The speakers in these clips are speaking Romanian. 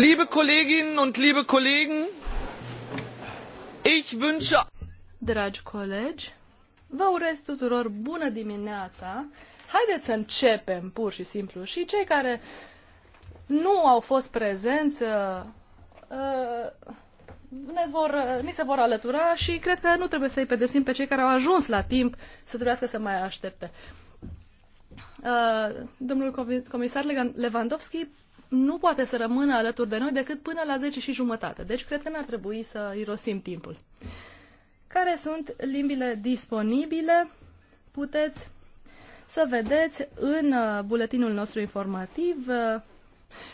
Liebe Kolleginnen und liebe Kollegen, ich wünsche... Dragi colegi, vă urez tuturor bună dimineața. Haideți să începem pur și simplu. Și cei care nu au fost prezenți uh, uh, ne vor, uh, ni se vor alătura și cred că nu trebuie să-i pedepsim pe cei care au ajuns la timp să trebuiască să mai aștepte. Domnul comisar Lewandowski nu poate să rămână alături de noi decât până la 10 și jumătate. Deci cred că n-ar trebui să irosim timpul. Care sunt limbile disponibile? Puteți să vedeți în uh, buletinul nostru informativ. Uh,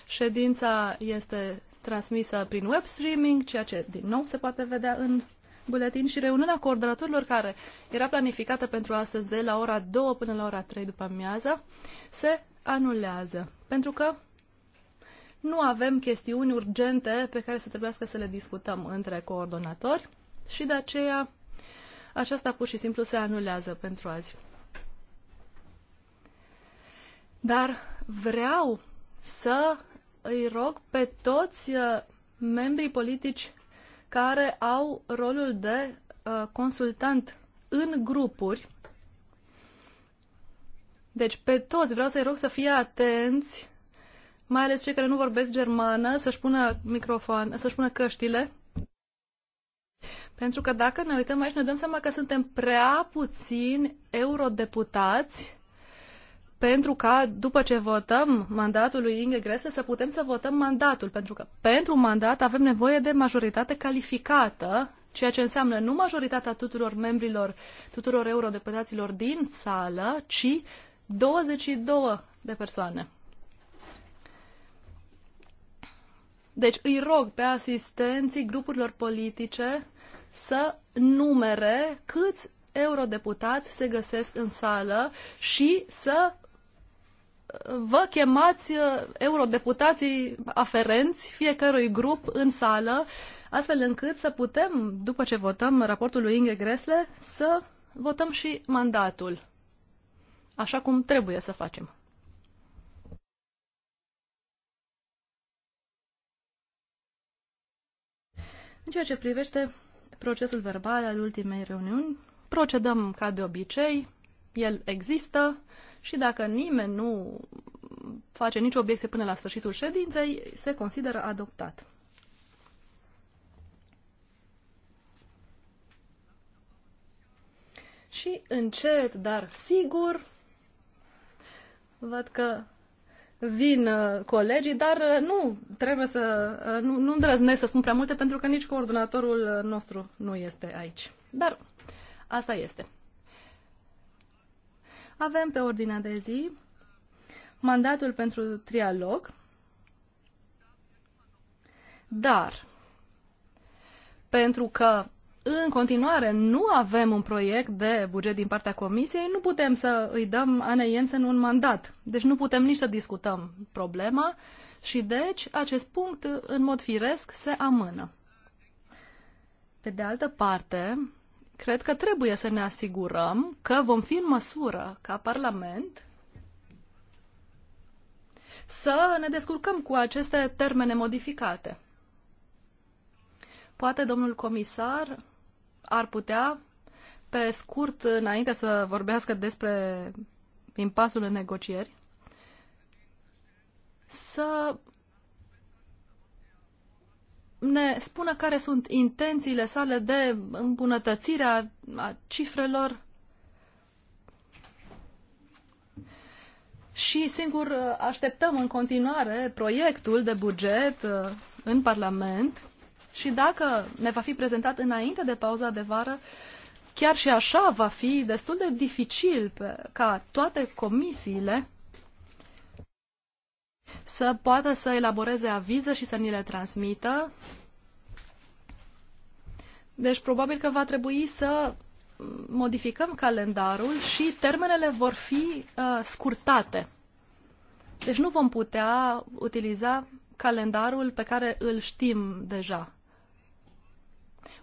ședința este transmisă prin web streaming, ceea ce din nou se poate vedea în buletin și reuniunea coordonatorilor care era planificată pentru astăzi de la ora 2 până la ora 3 după amiază se anulează pentru că nu avem chestiuni urgente pe care să trebuiască să le discutăm între coordonatori și de aceea aceasta pur și simplu se anulează pentru azi. Dar vreau să îi rog pe toți uh, membrii politici care au rolul de uh, consultant în grupuri. Deci pe toți vreau să-i rog să fie atenți mai ales cei care nu vorbesc germană, să-și pună microfon, să-și pună căștile. Pentru că dacă ne uităm aici, ne dăm seama că suntem prea puțini eurodeputați pentru ca, după ce votăm mandatul lui Inge Grese, să putem să votăm mandatul. Pentru că pentru mandat avem nevoie de majoritate calificată, ceea ce înseamnă nu majoritatea tuturor membrilor, tuturor eurodeputaților din sală, ci 22 de persoane. Deci îi rog pe asistenții grupurilor politice să numere câți eurodeputați se găsesc în sală și să uh, vă chemați uh, eurodeputații aferenți fiecărui grup în sală, astfel încât să putem, după ce votăm raportul lui Inge Gresle, să votăm și mandatul, așa cum trebuie să facem. În ceea ce privește procesul verbal al ultimei reuniuni, procedăm ca de obicei, el există și dacă nimeni nu face nicio obiecție până la sfârșitul ședinței, se consideră adoptat. Și încet, dar sigur, văd că vin uh, colegii, dar uh, nu trebuie să, uh, nu, nu îndrăznesc să spun prea multe pentru că nici coordonatorul nostru nu este aici. Dar asta este. Avem pe ordinea de zi mandatul pentru trialog, dar pentru că în continuare nu avem un proiect de buget din partea Comisiei, nu putem să îi dăm Anei Jensen un mandat. Deci nu putem nici să discutăm problema și deci acest punct în mod firesc se amână. Pe de altă parte, cred că trebuie să ne asigurăm că vom fi în măsură ca Parlament să ne descurcăm cu aceste termene modificate. Poate domnul comisar ar putea, pe scurt, înainte să vorbească despre impasul în negocieri, să ne spună care sunt intențiile sale de îmbunătățire a, a cifrelor și, singur, așteptăm în continuare proiectul de buget uh, în Parlament și dacă ne va fi prezentat înainte de pauza de vară, chiar și așa va fi destul de dificil pe, ca toate comisiile să poată să elaboreze avize și să ni le transmită. Deci probabil că va trebui să modificăm calendarul și termenele vor fi uh, scurtate. Deci nu vom putea utiliza calendarul pe care îl știm deja.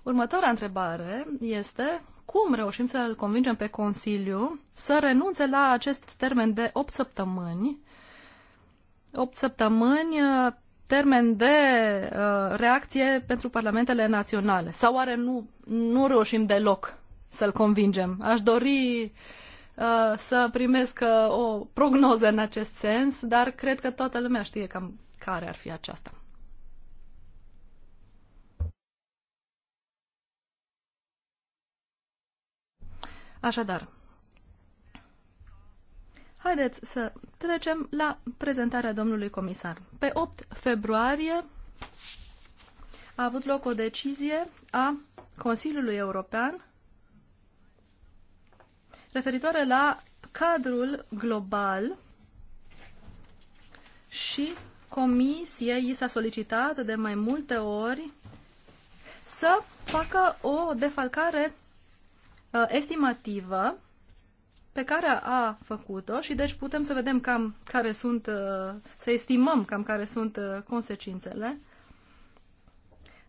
Următoarea întrebare este cum reușim să îl convingem pe Consiliu să renunțe la acest termen de 8 săptămâni, 8 săptămâni uh, termen de uh, reacție pentru parlamentele naționale? Sau oare nu, nu reușim deloc să-l convingem? Aș dori uh, să primesc uh, o prognoză în acest sens, dar cred că toată lumea știe cam care ar fi aceasta. Așadar, haideți să trecem la prezentarea domnului comisar. Pe 8 februarie a avut loc o decizie a Consiliului European referitoare la cadrul global și comisiei i s-a solicitat de mai multe ori să facă o defalcare Uh, estimativă pe care a făcut-o și deci putem să vedem cam care sunt, uh, să estimăm cam care sunt uh, consecințele.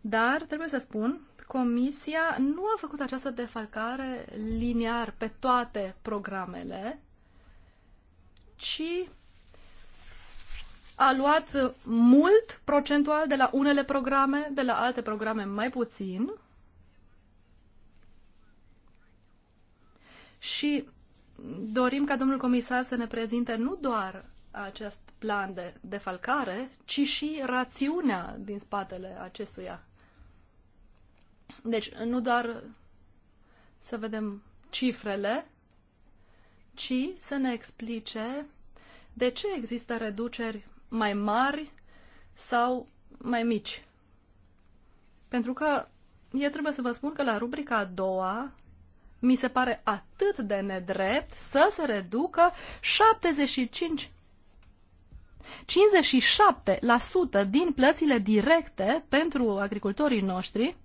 Dar trebuie să spun, Comisia nu a făcut această defalcare liniar pe toate programele, ci a luat mult procentual de la unele programe, de la alte programe mai puțin și dorim ca domnul comisar să ne prezinte nu doar acest plan de defalcare, ci și rațiunea din spatele acestuia. Deci, nu doar să vedem cifrele, ci să ne explice de ce există reduceri mai mari sau mai mici. Pentru că eu trebuie să vă spun că la rubrica a doua mi se pare atât de nedrept să se reducă 75 57% din plățile directe pentru agricultorii noștri.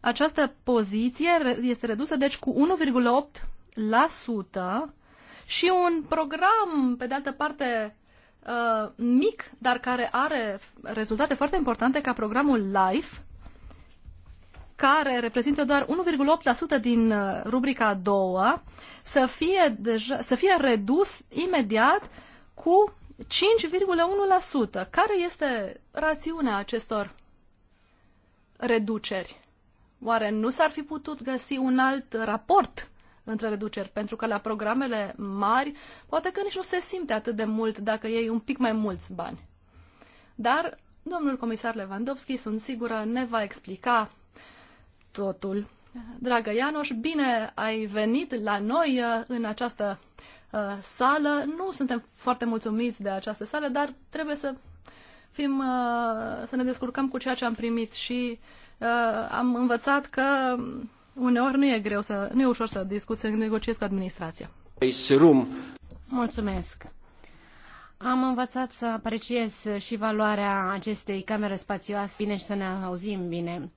Această poziție este redusă deci cu 1,8% și un program, pe de altă parte, uh, mic, dar care are rezultate foarte importante ca programul LIFE, care reprezintă doar 1,8% din uh, rubrica a doua, să fie, deja, să fie redus imediat cu 5,1%. Care este rațiunea acestor reduceri? Oare nu s-ar fi putut găsi un alt raport între reduceri? Pentru că la programele mari poate că nici nu se simte atât de mult dacă iei un pic mai mulți bani. Dar domnul comisar Lewandowski, sunt sigură, ne va explica totul. Dragă Ianoș, bine ai venit la noi uh, în această uh, sală. Nu suntem foarte mulțumiți de această sală, dar trebuie să fim, uh, să ne descurcăm cu ceea ce am primit și am învățat că uneori nu e greu să, nu e ușor să discuți, să negociezi cu administrația. Mulțumesc! Am învățat să apreciez și valoarea acestei camere spațioase bine și să ne auzim bine.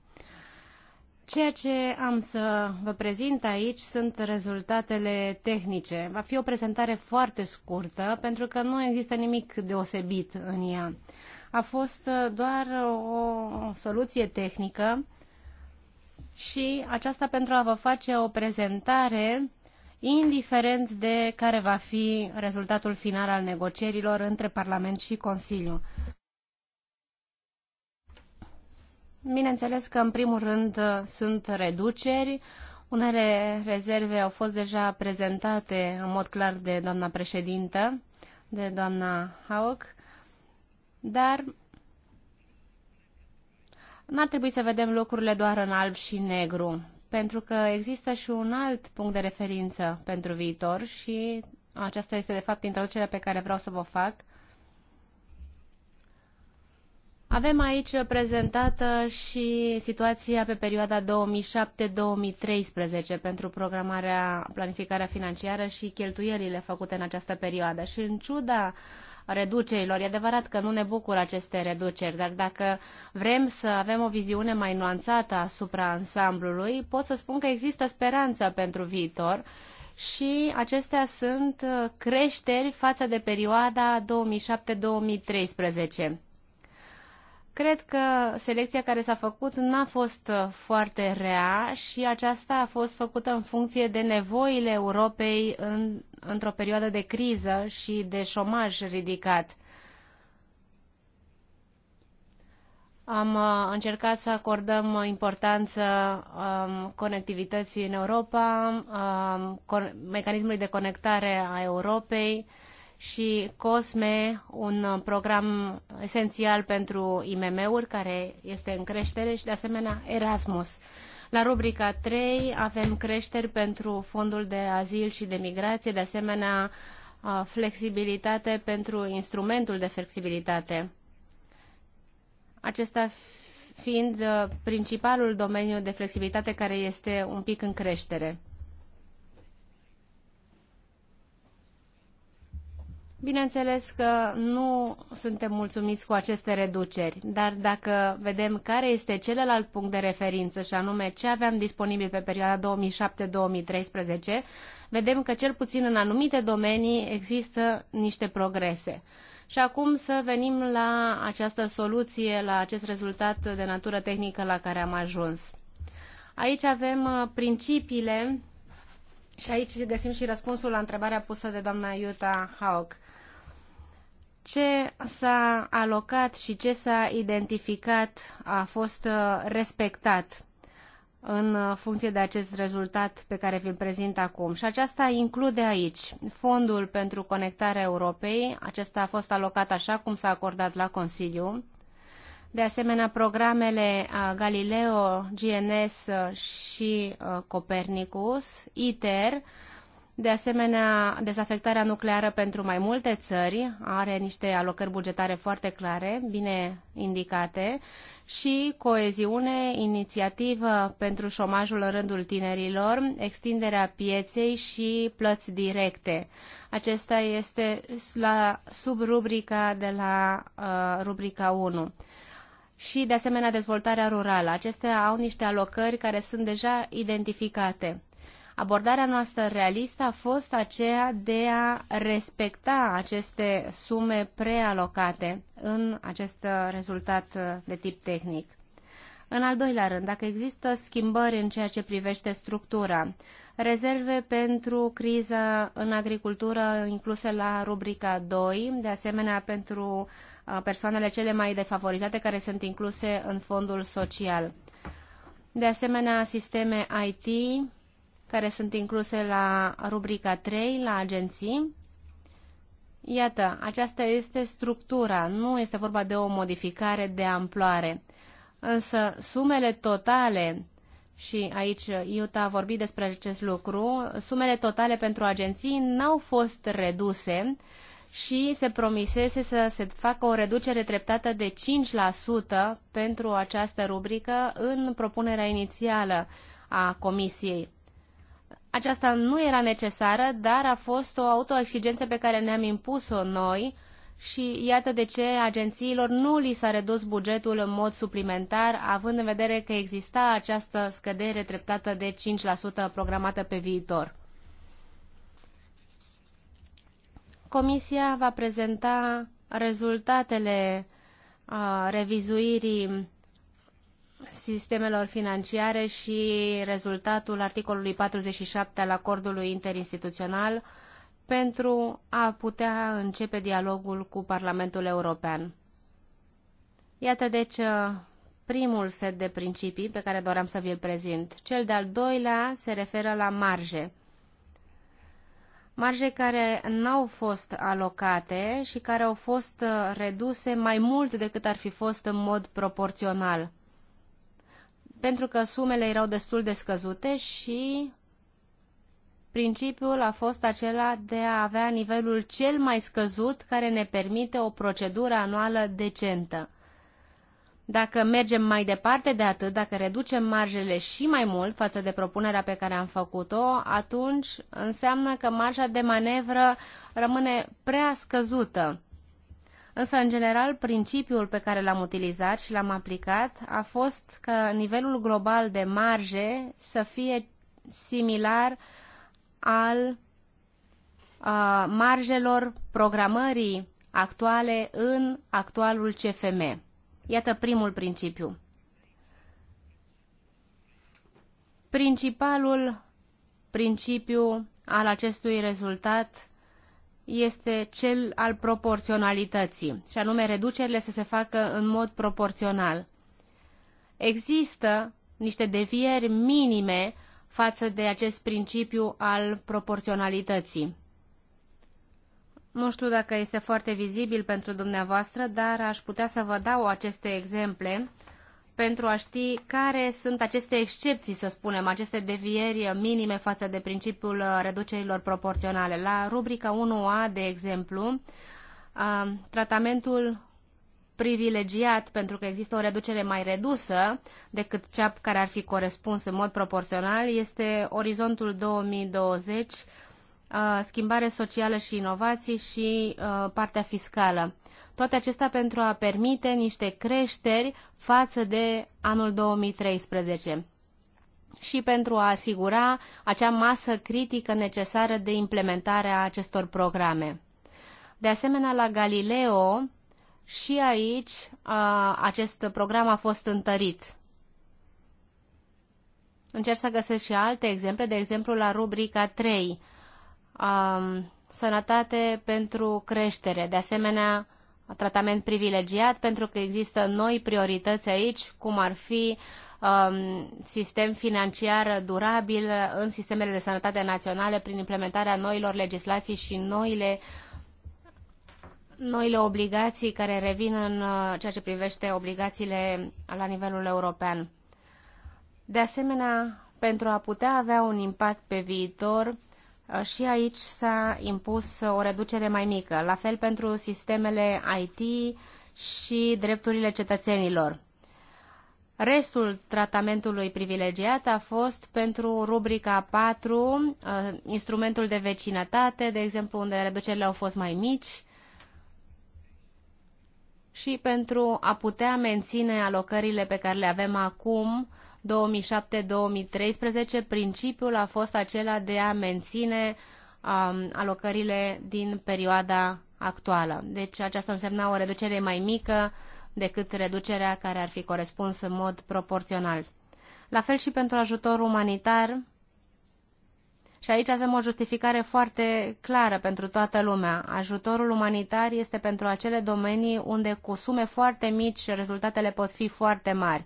Ceea ce am să vă prezint aici sunt rezultatele tehnice. Va fi o prezentare foarte scurtă pentru că nu există nimic deosebit în ea. A fost uh, doar o soluție tehnică și aceasta pentru a vă face o prezentare indiferent de care va fi rezultatul final al negocierilor între Parlament și Consiliu. Bineînțeles că, în primul rând, sunt reduceri. Unele rezerve au fost deja prezentate în mod clar de doamna președintă, de doamna Hauck, dar n-ar trebui să vedem lucrurile doar în alb și negru, pentru că există și un alt punct de referință pentru viitor și aceasta este, de fapt, introducerea pe care vreau să vă fac – avem aici prezentată și situația pe perioada 2007-2013 pentru programarea, planificarea financiară și cheltuielile făcute în această perioadă. Și în ciuda reducerilor. E adevărat că nu ne bucură aceste reduceri, dar dacă vrem să avem o viziune mai nuanțată asupra ansamblului, pot să spun că există speranță pentru viitor și acestea sunt creșteri față de perioada 2007-2013. Cred că selecția care s-a făcut n-a fost uh, foarte rea și aceasta a fost făcută în funcție de nevoile Europei în, într-o perioadă de criză și de șomaj ridicat. Am uh, încercat să acordăm importanță um, conectivității în Europa, um, mecanismului de conectare a Europei, și COSME, un program esențial pentru IMM-uri care este în creștere și de asemenea Erasmus. La rubrica 3 avem creșteri pentru fondul de azil și de migrație, de asemenea flexibilitate pentru instrumentul de flexibilitate. Acesta fiind principalul domeniu de flexibilitate care este un pic în creștere. Bineînțeles că nu suntem mulțumiți cu aceste reduceri, dar dacă vedem care este celălalt punct de referință, și anume ce aveam disponibil pe perioada 2007-2013, vedem că cel puțin în anumite domenii există niște progrese. Și acum să venim la această soluție, la acest rezultat de natură tehnică la care am ajuns. Aici avem uh, principiile și aici găsim și răspunsul la întrebarea pusă de doamna Iuta Haug ce s-a alocat și ce s-a identificat a fost uh, respectat în uh, funcție de acest rezultat pe care vi-l prezint acum. Și aceasta include aici fondul pentru conectarea Europei, acesta a fost alocat așa cum s-a acordat la Consiliu, de asemenea programele uh, Galileo, GNS și Copernicus, ITER, de asemenea, dezafectarea nucleară pentru mai multe țări are niște alocări bugetare foarte clare, bine indicate, și coeziune, inițiativă pentru șomajul în rândul tinerilor, extinderea pieței și plăți directe. Acesta este la subrubrica de la uh, rubrica 1 și, de asemenea, dezvoltarea rurală. Acestea au niște alocări care sunt deja identificate. Abordarea noastră realistă a fost aceea de a respecta aceste sume prealocate în acest rezultat de tip tehnic. În al doilea rând, dacă există schimbări în ceea ce privește structura, rezerve pentru criza în agricultură incluse la rubrica 2, de asemenea pentru uh, persoanele cele mai defavorizate care sunt incluse în fondul social. De asemenea, sisteme IT care sunt incluse la rubrica 3, la agenții. Iată, aceasta este structura, nu este vorba de o modificare de amploare. Însă sumele totale, și aici Iuta a vorbit despre acest lucru, sumele totale pentru agenții n-au fost reduse și se promisese să se facă o reducere treptată de 5% pentru această rubrică în propunerea inițială a Comisiei. Aceasta nu era necesară, dar a fost o autoexigență pe care ne-am impus-o noi și iată de ce agențiilor nu li s-a redus bugetul în mod suplimentar, având în vedere că exista această scădere treptată de 5% programată pe viitor. Comisia va prezenta rezultatele a, revizuirii sistemelor financiare și rezultatul articolului 47 al acordului interinstituțional pentru a putea începe dialogul cu Parlamentul European. Iată deci primul set de principii pe care doream să vi-l prezint. Cel de-al doilea se referă la marje. Marje care n-au fost alocate și care au fost reduse mai mult decât ar fi fost în mod proporțional pentru că sumele erau destul de scăzute și principiul a fost acela de a avea nivelul cel mai scăzut care ne permite o procedură anuală decentă. Dacă mergem mai departe de atât, dacă reducem marjele și mai mult față de propunerea pe care am făcut-o, atunci înseamnă că marja de manevră rămâne prea scăzută Însă, în general, principiul pe care l-am utilizat și l-am aplicat a fost că nivelul global de marge să fie similar al a, marjelor programării actuale în actualul CFM. Iată primul principiu. Principalul principiu al acestui rezultat este cel al proporționalității, și anume reducerile să se facă în mod proporțional. Există niște devieri minime față de acest principiu al proporționalității. Nu știu dacă este foarte vizibil pentru dumneavoastră, dar aș putea să vă dau aceste exemple pentru a ști care sunt aceste excepții, să spunem, aceste devieri minime față de principiul reducerilor proporționale. La rubrica 1A, de exemplu, tratamentul privilegiat pentru că există o reducere mai redusă decât cea care ar fi corespuns în mod proporțional este orizontul 2020, schimbare socială și inovații și partea fiscală. Toate acestea pentru a permite niște creșteri față de anul 2013 și pentru a asigura acea masă critică necesară de implementare a acestor programe. De asemenea, la Galileo, și aici acest program a fost întărit. Încerc să găsesc și alte exemple, de exemplu la rubrica 3, um, sănătate pentru creștere. De asemenea, tratament privilegiat pentru că există noi priorități aici, cum ar fi um, sistem financiar durabil în sistemele de sănătate naționale prin implementarea noilor legislații și noile noile obligații care revin în uh, ceea ce privește obligațiile la nivelul european. De asemenea, pentru a putea avea un impact pe viitor, Uh, și aici s-a impus o reducere mai mică, la fel pentru sistemele IT și drepturile cetățenilor. Restul tratamentului privilegiat a fost pentru rubrica 4, uh, instrumentul de vecinătate, de exemplu, unde reducerile au fost mai mici, și pentru a putea menține alocările pe care le avem acum 2007-2013, principiul a fost acela de a menține um, alocările din perioada actuală. Deci aceasta însemna o reducere mai mică decât reducerea care ar fi corespuns în mod proporțional. La fel și pentru ajutor umanitar, și aici avem o justificare foarte clară pentru toată lumea. Ajutorul umanitar este pentru acele domenii unde cu sume foarte mici rezultatele pot fi foarte mari.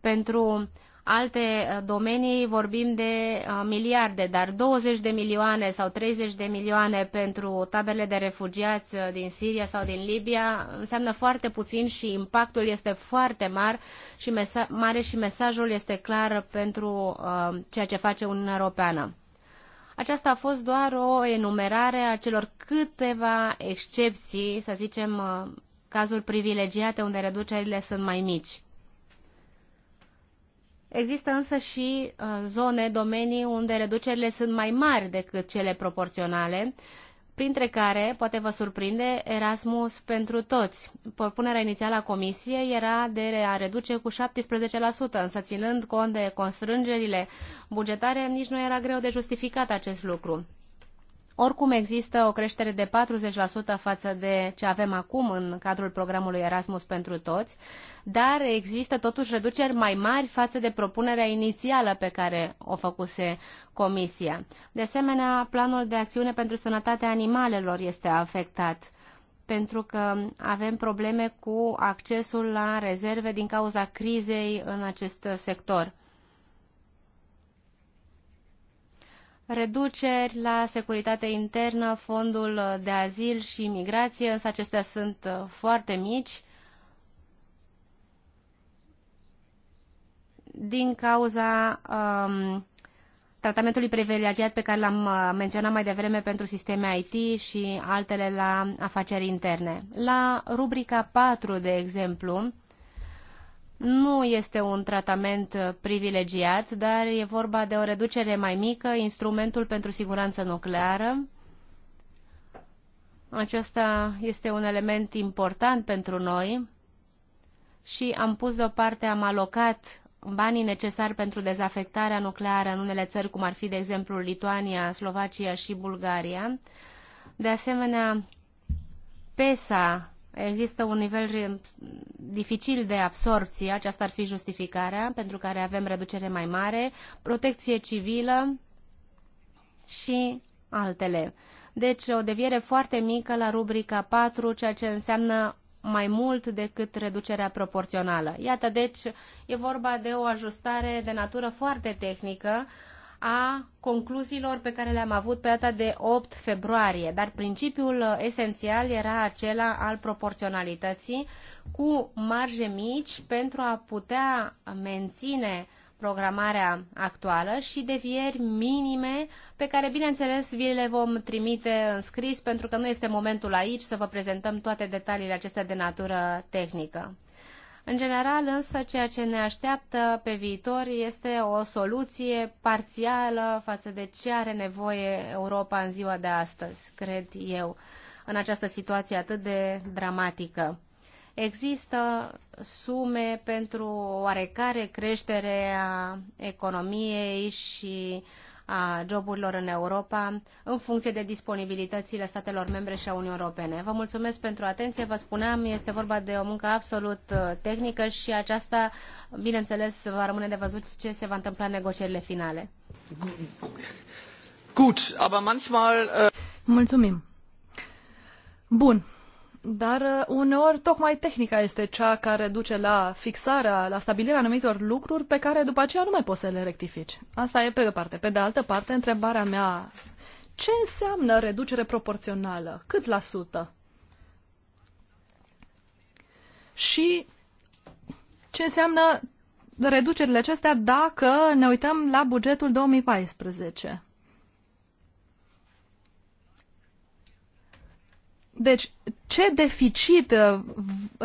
Pentru alte uh, domenii vorbim de uh, miliarde, dar 20 de milioane sau 30 de milioane pentru taberele de refugiați uh, din Siria sau din Libia înseamnă foarte puțin și impactul este foarte mare și, mesa- mare și mesajul este clar pentru uh, ceea ce face Uniunea Europeană. Aceasta a fost doar o enumerare a celor câteva excepții, să zicem, cazuri privilegiate unde reducerile sunt mai mici. Există însă și uh, zone, domenii unde reducerile sunt mai mari decât cele proporționale, printre care, poate vă surprinde, Erasmus pentru toți. Propunerea inițială a Comisiei era de a reduce cu 17%, însă ținând cont de constrângerile bugetare, nici nu era greu de justificat acest lucru. Oricum există o creștere de 40% față de ce avem acum în cadrul programului Erasmus pentru toți, dar există totuși reduceri mai mari față de propunerea inițială pe care o făcuse Comisia. De asemenea, planul de acțiune pentru sănătatea animalelor este afectat pentru că avem probleme cu accesul la rezerve din cauza crizei în acest sector. reduceri la securitate internă, fondul de azil și migrație, însă acestea sunt uh, foarte mici din cauza um, tratamentului privilegiat pe care l-am uh, menționat mai devreme pentru sisteme IT și altele la afaceri interne. La rubrica 4, de exemplu, nu este un tratament uh, privilegiat, dar e vorba de o reducere mai mică, instrumentul pentru siguranță nucleară. Acesta este un element important pentru noi și am pus deoparte, am alocat banii necesari pentru dezafectarea nucleară în unele țări, cum ar fi, de exemplu, Lituania, Slovacia și Bulgaria. De asemenea, PESA Există un nivel dificil de absorpție, aceasta ar fi justificarea, pentru care avem reducere mai mare, protecție civilă și altele. Deci o deviere foarte mică la rubrica 4, ceea ce înseamnă mai mult decât reducerea proporțională. Iată, deci, e vorba de o ajustare de natură foarte tehnică, a concluziilor pe care le-am avut pe data de 8 februarie, dar principiul uh, esențial era acela al proporționalității cu marje mici pentru a putea menține programarea actuală și devieri minime pe care, bineînțeles, vi le vom trimite în scris pentru că nu este momentul aici să vă prezentăm toate detaliile acestea de natură tehnică. În general, însă, ceea ce ne așteaptă pe viitor este o soluție parțială față de ce are nevoie Europa în ziua de astăzi, cred eu, în această situație atât de dramatică. Există sume pentru oarecare creștere a economiei și uh, a joburilor în Europa în funcție de disponibilitățile statelor membre și a Uniunii Europene. Vă mulțumesc pentru atenție. Vă spuneam, este vorba de o muncă absolut uh, tehnică și aceasta, bineînțeles, va rămâne de văzut ce se va întâmpla în negocierile finale. Gut, aber manchmal... Uh, Mulțumim. Bun. Dar uh, uneori tocmai tehnica este cea care duce la fixarea, la stabilirea anumitor lucruri pe care după aceea nu mai poți să le rectifici. Asta e pe de-o parte. Pe de altă parte, întrebarea mea, ce înseamnă reducere proporțională? Cât la sută? Și ce înseamnă reducerile acestea dacă ne uităm la bugetul 2014? Deci, ce deficit uh,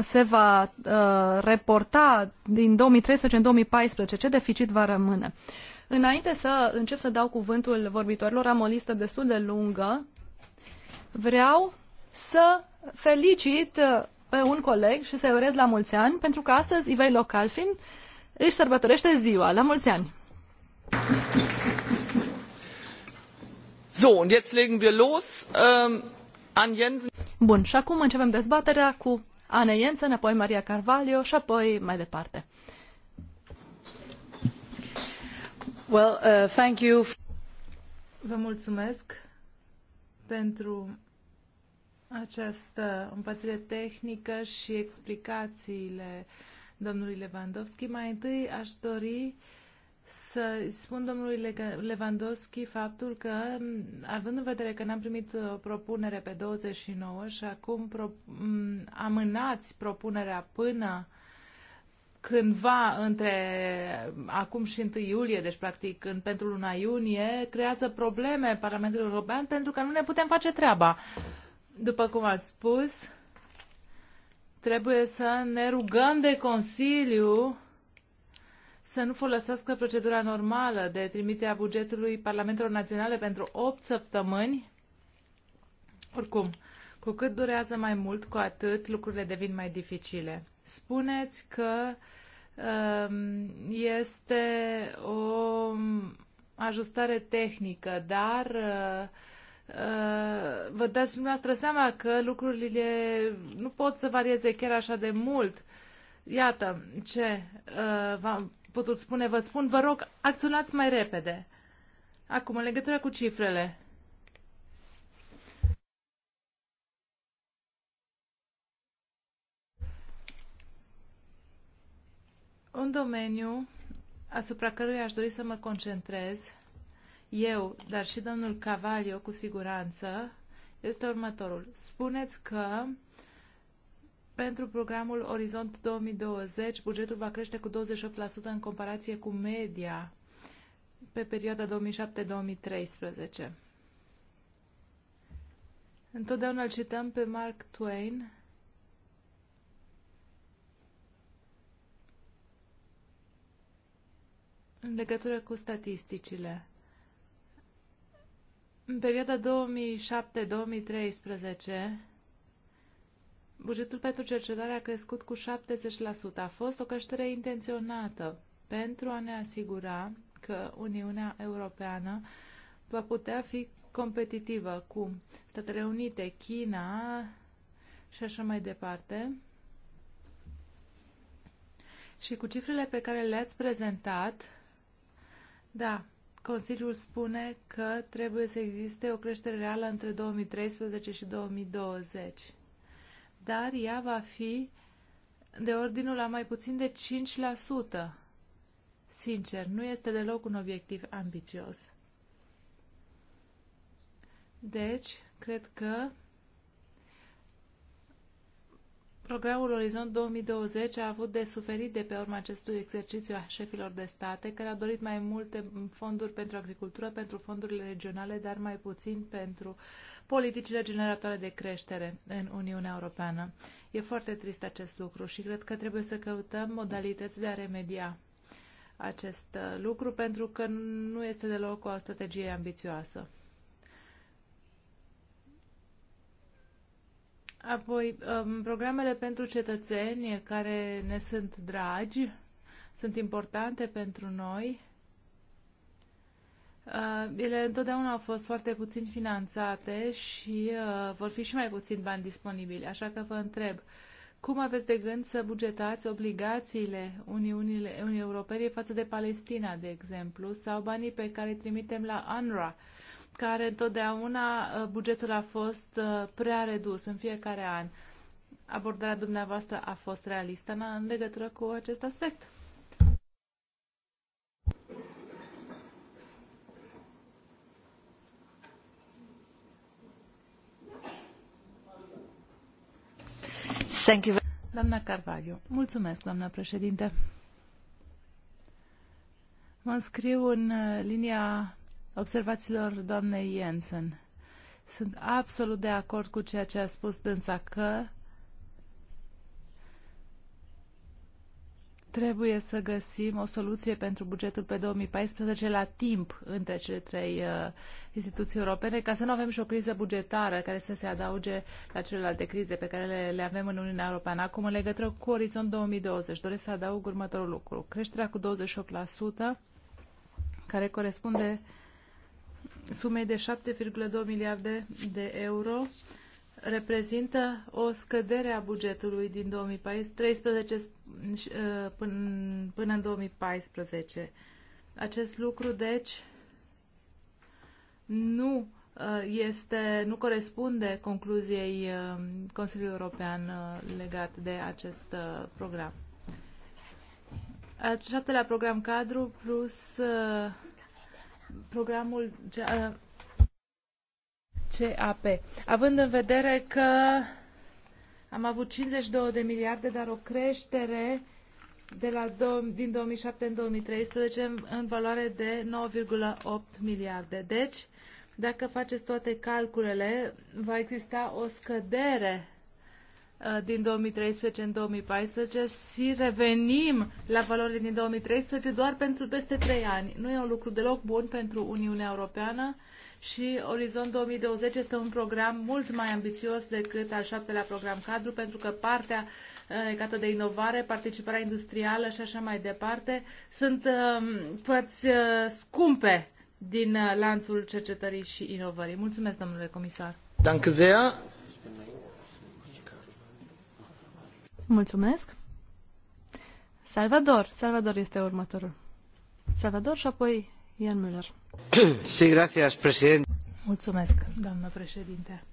se va uh, reporta din 2013 în 2014? Ce deficit va rămâne? Înainte să încep să dau cuvântul vorbitorilor, am o listă destul de lungă. Vreau să felicit uh, pe un coleg și să-i urez la mulți ani, pentru că astăzi Ivei Localfin își sărbătorește ziua. La mulți ani! So, und jetzt legen wir los. Ähm, Bun, și acum începem dezbaterea cu Anne Jensen, apoi Maria Carvalho și apoi mai departe. Well, uh, thank you. Vă mulțumesc pentru această împărțire tehnică și explicațiile domnului Lewandowski. Mai întâi aș dori uh, să spun domnului Lewandowski faptul că, având în vedere că n-am primit o uh, propunere pe 29 și acum pro, amânați propunerea până cândva între acum și 1 iulie, deci practic în, pentru luna iunie, creează probleme Parlamentului European pentru că nu ne putem face treaba. După cum ați spus, trebuie să ne rugăm de Consiliu să nu folosească procedura normală de trimitere a bugetului Parlamentelor Naționale pentru 8 săptămâni. Oricum, cu cât durează mai mult, cu atât lucrurile devin mai dificile. Spuneți că um, este o um, ajustare tehnică, dar uh, uh, vă dați și dumneavoastră seama că lucrurile nu pot să varieze chiar așa de mult. Iată ce uh, putut spune, vă spun, vă rog, acționați mai repede. Acum, în legătură cu cifrele. Un domeniu asupra căruia aș dori să mă concentrez, eu, dar și domnul Cavalio, cu siguranță, este următorul. Spuneți că pentru programul Orizont 2020, bugetul va crește cu 28% în comparație cu media pe perioada 2007-2013. Întotdeauna îl cităm pe Mark Twain. În legătură cu statisticile. În perioada 2007-2013, Bugetul pentru cercetare a crescut cu 70%. A fost o creștere intenționată pentru a ne asigura că Uniunea Europeană va putea fi competitivă cu Statele Unite, China și așa mai departe. Și cu cifrele pe care le-ați prezentat, da, Consiliul spune că trebuie să existe o creștere reală între 2013 și 2020 dar ea va fi de ordinul la mai puțin de 5%. Sincer, nu este deloc un obiectiv ambițios. Deci, cred că Programul Orizont 2020 a avut de suferit de pe urma acestui exercițiu a șefilor de state, care au dorit mai multe fonduri pentru agricultură, pentru fondurile regionale, dar mai puțin pentru politicile generatoare de creștere în Uniunea Europeană. E foarte trist acest lucru și cred că trebuie să căutăm modalități de a remedia acest lucru, pentru că nu este deloc o strategie ambițioasă. Apoi, um, programele pentru cetățeni care ne sunt dragi sunt importante pentru noi. Uh, ele întotdeauna au fost foarte puțin finanțate și uh, vor fi și mai puțin bani disponibili. Așa că vă întreb, cum aveți de gând să bugetați obligațiile Uniunii Europene față de Palestina, de exemplu, sau banii pe care îi trimitem la UNRWA? care întotdeauna uh, bugetul a fost uh, prea redus în fiecare an. Abordarea dumneavoastră a fost realistă în legătură cu acest aspect? Thank you. Doamna Carvalho. Mulțumesc, doamna președinte. Mă înscriu în uh, linia observațiilor doamnei Jensen. Sunt absolut de acord cu ceea ce a spus dânsa că trebuie să găsim o soluție pentru bugetul pe 2014 la timp între cele trei uh, instituții europene, ca să nu avem și o criză bugetară care să se adauge la celelalte crize pe care le, le avem în Uniunea Europeană. Acum, în legătură cu Orizont 2020, doresc să adaug următorul lucru. Creșterea cu 28%, care corespunde uh, sumei de 7,2 miliarde de euro reprezintă o scădere a bugetului din 2013 uh, până în 2014. Acest lucru, deci, nu uh, este, nu corespunde concluziei uh, Consiliului European legat de acest program. Al șaptelea program cadru plus programul CAP, având în vedere că am avut 52 de miliarde, dar o creștere de la do- din 2007 în 2013 în, în valoare de 9,8 miliarde. Deci, dacă faceți toate calculele, va exista o scădere Uh, din 2013 în 2014 și revenim la valorile din 2013 doar pentru peste 3 ani. Nu e un lucru deloc bun pentru Uniunea Europeană și Orizont 2020 este un program mult mai ambițios decât al șaptelea program cadru, pentru că partea uh, legată de inovare, participarea industrială și așa mai departe sunt um, părți uh, scumpe din lanțul cercetării și inovării. Mulțumesc, domnule comisar. Danke sehr. Mulțumesc. Salvador. Salvador este următorul. Salvador și apoi Ian Müller. Sí, gracias, presidente. Mulțumesc, doamnă președinte.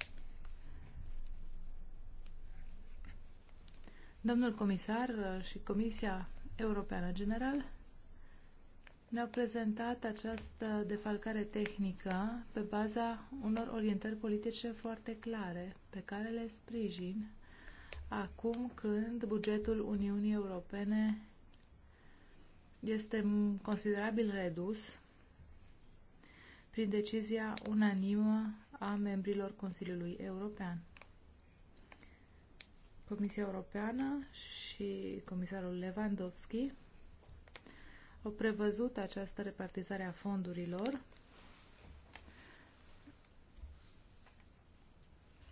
Domnul comisar și Comisia Europeană General ne-au prezentat această defalcare tehnică pe baza unor orientări politice foarte clare, pe care le sprijin acum când bugetul Uniunii Europene este considerabil redus prin decizia unanimă a membrilor Consiliului European. Comisia Europeană și comisarul Lewandowski au prevăzut această repartizare a fondurilor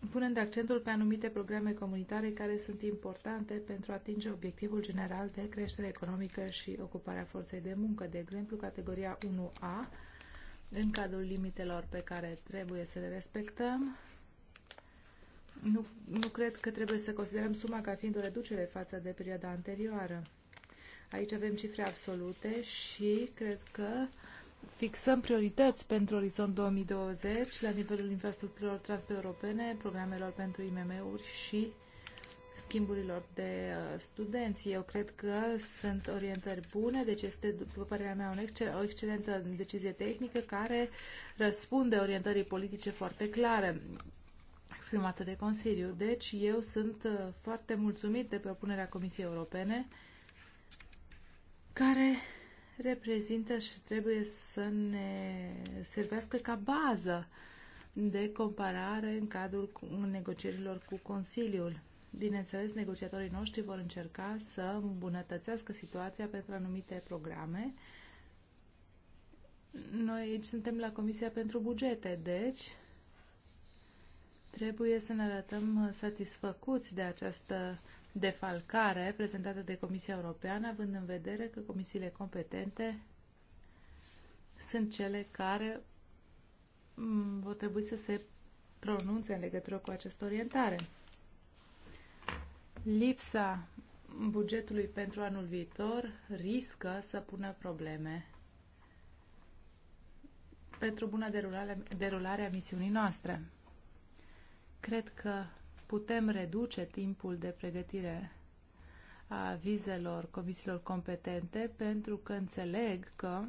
punând accentul pe anumite programe comunitare care sunt importante pentru a atinge obiectivul general de creștere economică și ocuparea forței de muncă, de exemplu categoria 1A, în cadrul limitelor pe care trebuie să le respectăm. Nu, nu cred că trebuie să considerăm suma ca fiind o reducere față de perioada anterioară. Aici avem cifre absolute și cred că fixăm priorități pentru Orizont 2020 la nivelul infrastructurilor transeuropene, programelor pentru IMM-uri și schimburilor de uh, studenți. Eu cred că sunt orientări bune, deci este, după părerea mea, un excel, o excelentă decizie tehnică care răspunde orientării politice foarte clare exprimată de Consiliu. Deci eu sunt uh, foarte mulțumit de propunerea Comisiei Europene care reprezintă și trebuie să ne servească ca bază de comparare în cadrul negocierilor cu Consiliul. Bineînțeles, negociatorii noștri vor încerca să îmbunătățească situația pentru anumite programe. Noi aici suntem la Comisia pentru Bugete, deci trebuie să ne arătăm satisfăcuți de această defalcare prezentată de Comisia Europeană, având în vedere că comisiile competente sunt cele care mm, vor trebui să se pronunțe în legătură cu această orientare. Lipsa bugetului pentru anul viitor riscă să pună probleme pentru buna derulare, derulare a misiunii noastre. Cred că putem reduce timpul de pregătire a vizelor comisiilor competente pentru că înțeleg că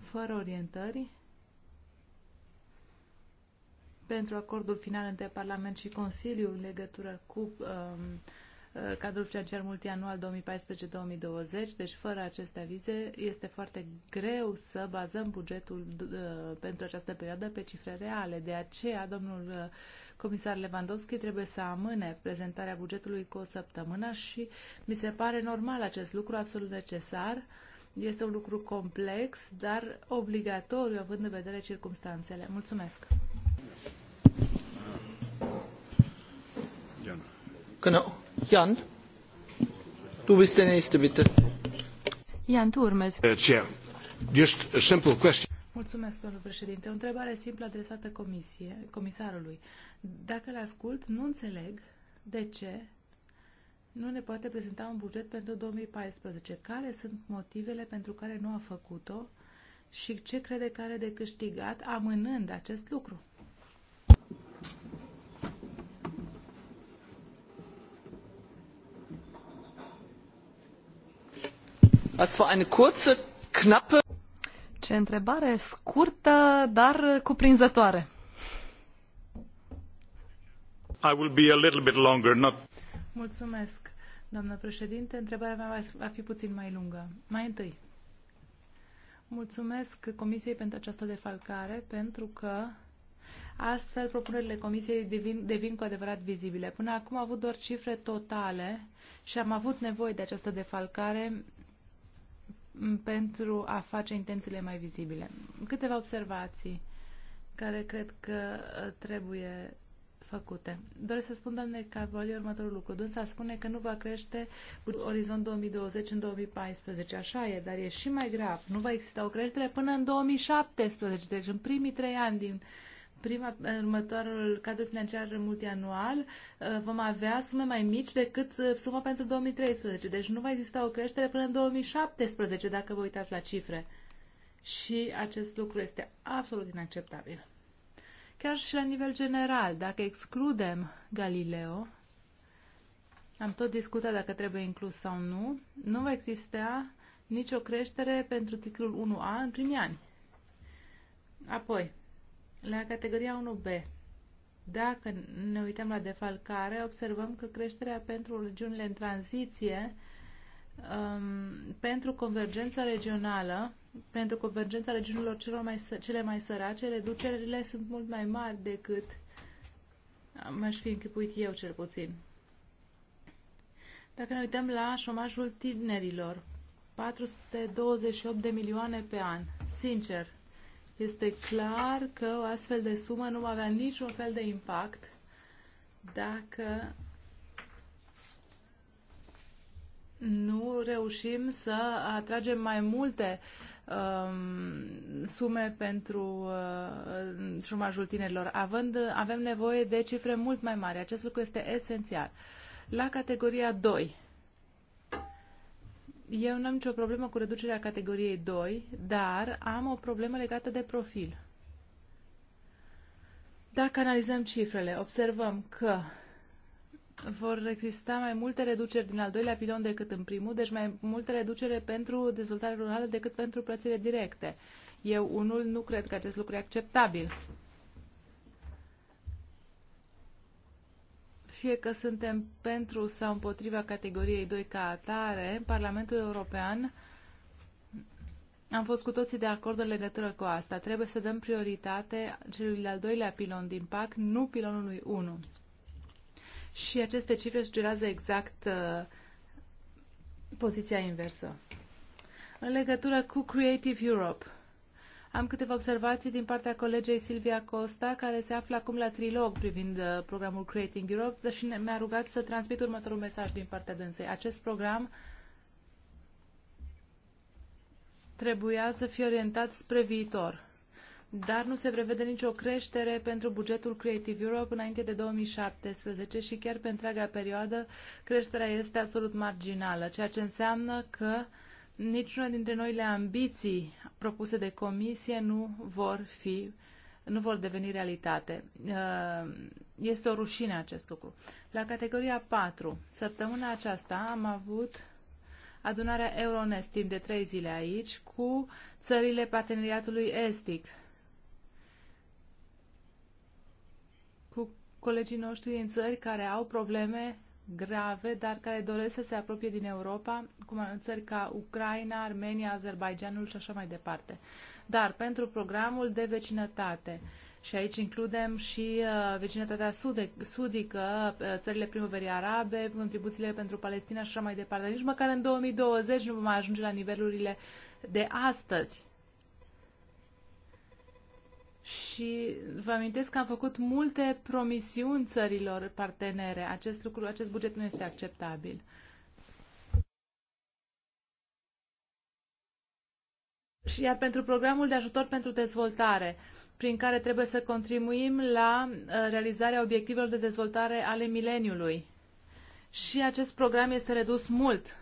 fără orientări pentru acordul final între Parlament și Consiliu în legătură cu uh, Uh, cadrul financiar multianual 2014-2020, deci fără aceste avize este foarte greu să bazăm bugetul uh, pentru această perioadă pe cifre reale. De aceea, domnul uh, comisar Lewandowski trebuie să amâne prezentarea bugetului cu o săptămână și mi se pare normal acest lucru, absolut necesar. Este un lucru complex, dar obligatoriu, având în vedere circumstanțele. Mulțumesc! Genau. Jan, du bist der Nächste, bitte. Jan, tu urmezi. Uh, chair, just a simple question. Mulțumesc, domnul președinte. O întrebare simplă adresată comisie, comisarului. Dacă le ascult, nu înțeleg de ce nu ne poate prezenta un buget pentru 2014. Care sunt motivele pentru care nu a făcut-o și ce crede că are de câștigat amânând acest lucru? Ce întrebare scurtă, dar cuprinzătoare. I will be a little bit longer, not... Mulțumesc, doamnă președinte. Întrebarea mea va fi puțin mai lungă. Mai întâi, mulțumesc Comisiei pentru această defalcare, pentru că Astfel, propunerile Comisiei devin, devin cu adevărat vizibile. Până acum am avut doar cifre totale și am avut nevoie de această defalcare pentru a face intențiile mai vizibile. Câteva observații care cred că uh, trebuie făcute. Doresc să spun, doamne Cavalier, următorul lucru. Dânsa spune că nu va crește orizont 2020 în 2014. Așa e, dar e și mai grav. Nu va exista o creștere până în 2017, deci în primii trei ani din uh, prima, în următorul cadru financiar multianual uh, vom avea sume mai mici decât uh, suma pentru 2013. Deci nu va exista o creștere până în 2017, dacă vă uitați la cifre. Și acest lucru este absolut inacceptabil. Chiar și la nivel general, dacă excludem Galileo, am tot discutat dacă trebuie inclus sau nu, nu va exista nicio creștere pentru titlul 1A în primii ani. Apoi, la categoria 1B, dacă ne uităm la defalcare, observăm că creșterea pentru regiunile în tranziție, um, pentru convergența regională, pentru convergența regiunilor celor mai, cele mai sărace, reducerile sunt mult mai mari decât m-aș fi închipuit eu cel puțin. Dacă ne uităm la șomajul tinerilor, 428 de milioane pe an. Sincer, este clar că o astfel de sumă nu va avea niciun fel de impact dacă nu reușim să atragem mai multe um, sume pentru uh, șumajul tinerilor. Având, avem nevoie de cifre mult mai mari. Acest lucru este esențial. La categoria 2, eu nu am nicio problemă cu reducerea categoriei 2, dar am o problemă legată de profil. Dacă analizăm cifrele, observăm că vor exista mai multe reduceri din al doilea pilon decât în primul, deci mai multe reducere pentru dezvoltare rurală decât pentru plățile directe. Eu, unul, nu cred că acest lucru e acceptabil. fie că suntem pentru sau împotriva categoriei 2 ca atare, Parlamentul European am fost cu toții de acord în legătură cu asta. Trebuie să dăm prioritate celui de-al doilea pilon din PAC, nu pilonului 1. Și aceste cifre sugerează exact uh, poziția inversă. În legătură cu Creative Europe, am câteva observații din partea colegei Silvia Costa, care se află acum la trilog privind uh, programul Creating Europe și mi-a rugat să transmit următorul mesaj din partea dânsei. Acest program trebuia să fie orientat spre viitor, dar nu se prevede nicio creștere pentru bugetul Creative Europe înainte de 2017 și chiar pe întreaga perioadă creșterea este absolut marginală, ceea ce înseamnă că uh, niciuna dintre noile ambiții propuse de comisie nu vor fi nu vor deveni realitate. Uh, este o rușine acest lucru. La categoria 4, săptămâna aceasta am avut adunarea Euronest timp de trei zile aici cu țările parteneriatului estic. Cu colegii noștri din țări care au probleme grave, dar care doresc să se apropie din Europa, cum în țări ca Ucraina, Armenia, Azerbaijanul și așa mai departe. Dar pentru programul de vecinătate, și aici includem și uh, vecinătatea sudică, uh, țările primăverii arabe, contribuțiile pentru Palestina și așa mai departe. Nici măcar în 2020 nu vom ajunge la nivelurile de astăzi și vă amintesc că am făcut multe promisiuni țărilor partenere. Acest lucru, acest buget nu este acceptabil. Și iar pentru programul de ajutor pentru dezvoltare, prin care trebuie să contribuim la uh, realizarea obiectivelor de dezvoltare ale mileniului. Și acest program este redus mult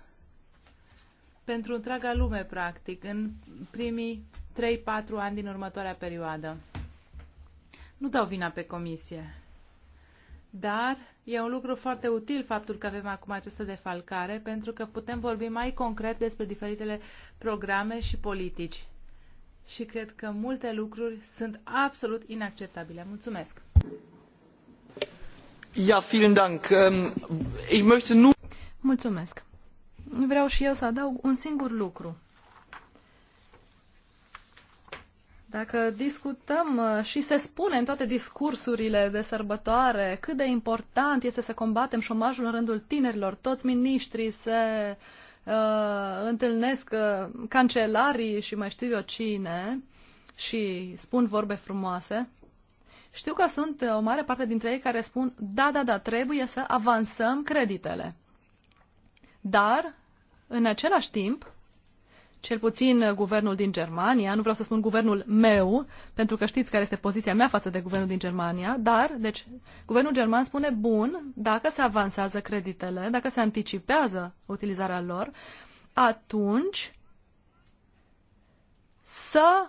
pentru întreaga lume, practic, în primii 3-4 ani din următoarea perioadă. Nu dau vina pe comisie. Dar e un lucru foarte util faptul că avem acum această defalcare, pentru că putem vorbi mai concret despre diferitele programe și politici. Și cred că multe lucruri sunt absolut inacceptabile. Mulțumesc! Ja, vielen Dank. Ähm, ich möchte nur... Mulțumesc. Vreau și eu să adaug un singur lucru. Dacă discutăm uh, și se spune în toate discursurile de sărbătoare cât de important este să combatem șomajul în rândul tinerilor, toți miniștrii se uh, întâlnesc uh, cancelarii și mai știu eu cine și spun vorbe frumoase, știu că sunt uh, o mare parte dintre ei care spun da, da, da, trebuie să avansăm creditele. Dar, în același timp, cel puțin uh, guvernul din Germania, nu vreau să spun guvernul meu, pentru că știți care este poziția mea față de guvernul din Germania, dar, deci, guvernul german spune, bun, dacă se avansează creditele, dacă se anticipează utilizarea lor, atunci să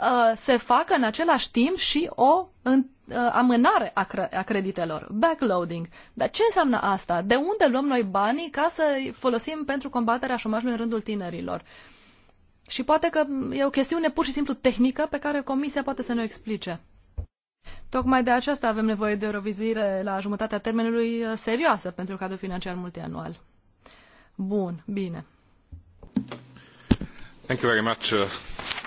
uh, se facă în același timp și o întâlnire Uh, amânare a, cre- a creditelor, backloading. Dar ce înseamnă asta? De unde luăm noi banii ca să folosim pentru combaterea șomajului în rândul tinerilor? Și poate că e o chestiune pur și simplu tehnică pe care Comisia poate să ne o explice. Tocmai de aceasta avem nevoie de o revizuire la jumătatea termenului uh, serioasă pentru cadrul financiar multianual. Bun, bine. Thank you very much, uh,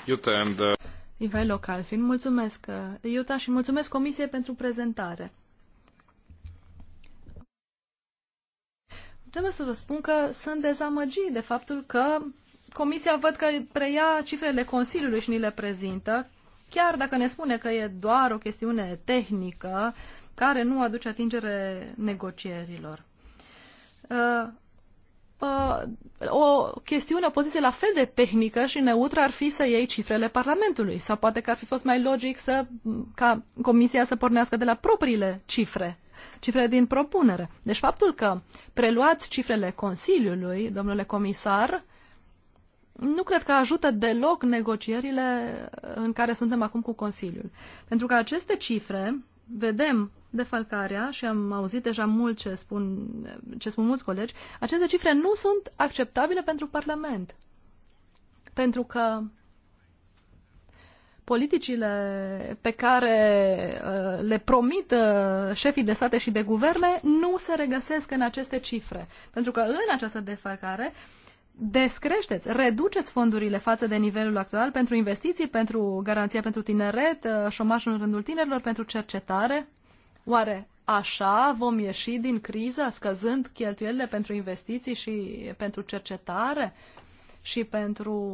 Jutta, and, uh nivel local fiind. Mulțumesc, uh, Iuta, și mulțumesc Comisiei pentru prezentare. Trebuie să vă spun că sunt dezamăgit de faptul că Comisia văd că preia cifrele Consiliului și ni le prezintă, chiar dacă ne spune că e doar o chestiune tehnică care nu aduce atingere negocierilor. Uh, uh, o chestiune, o poziție la fel de tehnică și neutră ar fi să iei cifrele Parlamentului. Sau poate că ar fi fost mai logic să, ca Comisia să pornească de la propriile cifre, cifrele din propunere. Deci faptul că preluați cifrele Consiliului, domnule comisar, nu cred că ajută deloc negocierile în care suntem acum cu Consiliul. Pentru că aceste cifre vedem defalcarea și am auzit deja mult ce spun, ce spun mulți colegi, aceste cifre nu sunt acceptabile pentru Parlament. Pentru că politicile pe care uh, le promit uh, șefii de state și de guverne nu se regăsesc în aceste cifre. Pentru că în această defalcare uh, descreșteți, reduceți fondurile față de nivelul actual pentru investiții, pentru garanția pentru tineret, uh, șomașul în rândul tinerilor, pentru cercetare? Oare așa vom ieși din criză, scăzând cheltuielile pentru investiții și pentru cercetare și pentru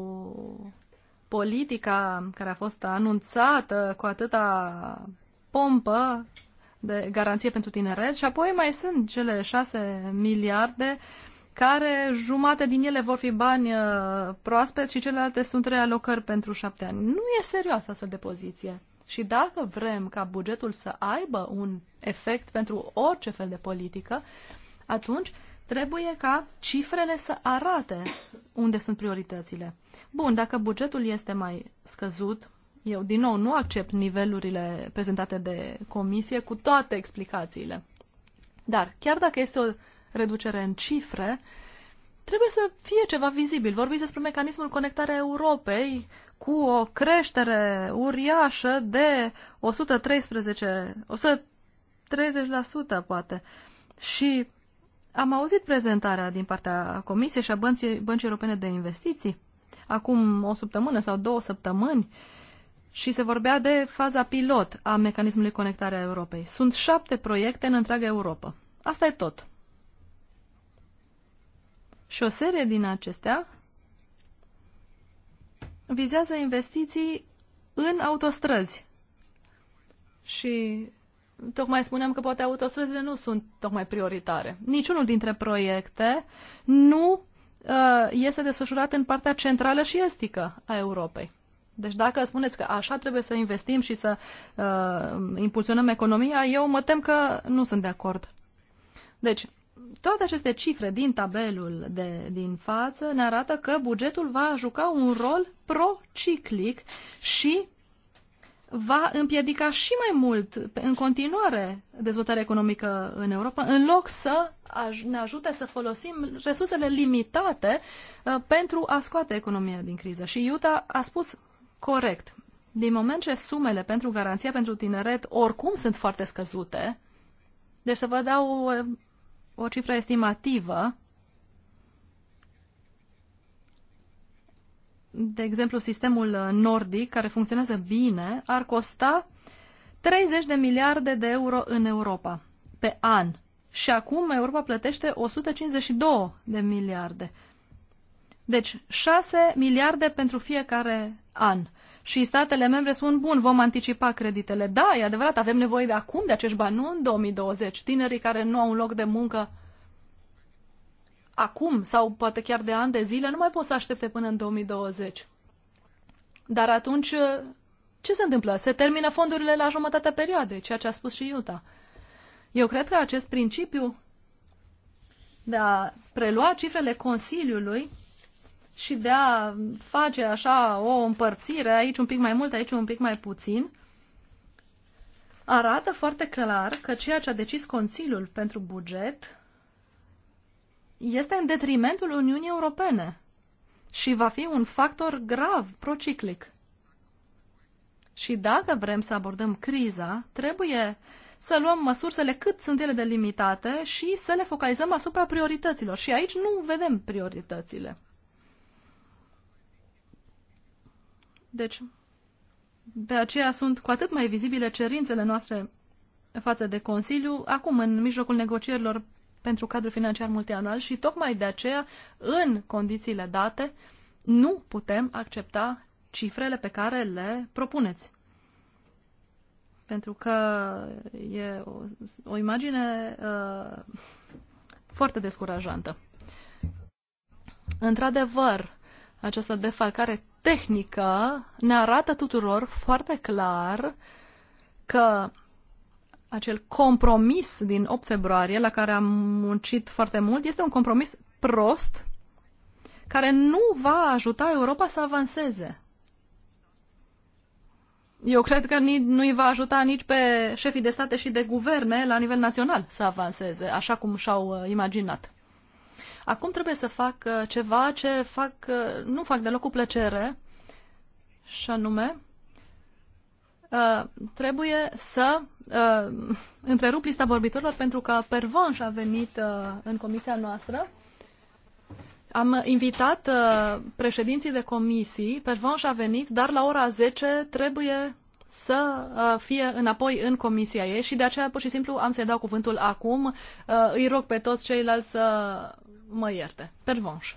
politica care a fost anunțată cu atâta pompă de garanție pentru tineret și apoi mai sunt cele șase miliarde uh, care jumate din ele vor fi bani uh, proaspeți și celelalte sunt realocări pentru șapte ani. Nu e serioasă astfel de poziție. Și dacă vrem ca bugetul să aibă un efect pentru orice fel de politică, atunci trebuie ca cifrele să arate unde sunt prioritățile. Bun, dacă bugetul este mai scăzut, eu din nou nu accept nivelurile prezentate de comisie cu toate explicațiile. Dar chiar dacă este o reducere în cifre, trebuie să fie ceva vizibil. Vorbiți despre mecanismul conectarea Europei cu o creștere uriașă de 113, 130% poate. Și am auzit prezentarea din partea Comisiei și a Băncii, Băncii Europene de Investiții acum o săptămână sau două săptămâni și se vorbea de faza pilot a mecanismului conectarea Europei. Sunt șapte proiecte în întreaga Europa. Asta e tot. Și o serie din acestea vizează investiții în autostrăzi. Și tocmai spuneam că poate autostrăzile nu sunt tocmai prioritare. Niciunul dintre proiecte nu uh, este desfășurat în partea centrală și estică a Europei. Deci dacă spuneți că așa trebuie să investim și să uh, impulsionăm economia, eu mă tem că nu sunt de acord. Deci, toate aceste cifre din tabelul de, din față ne arată că bugetul va juca un rol prociclic și va împiedica și mai mult în continuare dezvoltarea economică în Europa, în loc să ne ajute să folosim resursele limitate uh, pentru a scoate economia din criză. Și Iuta a spus corect. Din moment ce sumele pentru garanția pentru tineret oricum sunt foarte scăzute, deci să vă dau uh, o cifră estimativă. De exemplu, sistemul nordic, care funcționează bine, ar costa 30 de miliarde de euro în Europa pe an. Și acum Europa plătește 152 de miliarde. Deci 6 miliarde pentru fiecare an și statele membre spun, bun, vom anticipa creditele. Da, e adevărat, avem nevoie de acum de acești bani, nu în 2020. Tinerii care nu au un loc de muncă acum sau poate chiar de ani de zile, nu mai pot să aștepte până în 2020. Dar atunci, ce se întâmplă? Se termină fondurile la jumătatea perioadei, ceea ce a spus și Iuta. Eu cred că acest principiu de a prelua cifrele Consiliului și de a face așa o împărțire, aici un pic mai mult, aici un pic mai puțin, arată foarte clar că ceea ce a decis Consiliul pentru buget este în detrimentul Uniunii Europene și va fi un factor grav prociclic. Și dacă vrem să abordăm criza, trebuie să luăm măsurile cât sunt ele delimitate și să le focalizăm asupra priorităților. Și aici nu vedem prioritățile. Deci, de aceea sunt cu atât mai vizibile cerințele noastre față de Consiliu, acum, în mijlocul negocierilor pentru cadrul financiar multianual și tocmai de aceea, în condițiile date, nu putem accepta cifrele pe care le propuneți. Pentru că e o, o imagine uh, foarte descurajantă. Într-adevăr, această defalcare tehnică ne arată tuturor foarte clar că acel compromis din 8 februarie, la care am muncit foarte mult, este un compromis prost care nu va ajuta Europa să avanseze. Eu cred că nu îi va ajuta nici pe șefii de state și de guverne la nivel național să avanseze, așa cum și-au uh, imaginat. Acum trebuie să fac uh, ceva ce fac, uh, nu fac deloc cu plăcere, și anume, uh, trebuie să întrerup lista vorbitorilor pentru că Pervonș a venit în comisia noastră. Am invitat președinții de comisii, Pervanș a venit, dar la ora 10 trebuie să fie înapoi în comisia ei și de aceea pur și simplu am să-i dau cuvântul acum. îi rog pe toți ceilalți să mă ierte. Pervonș.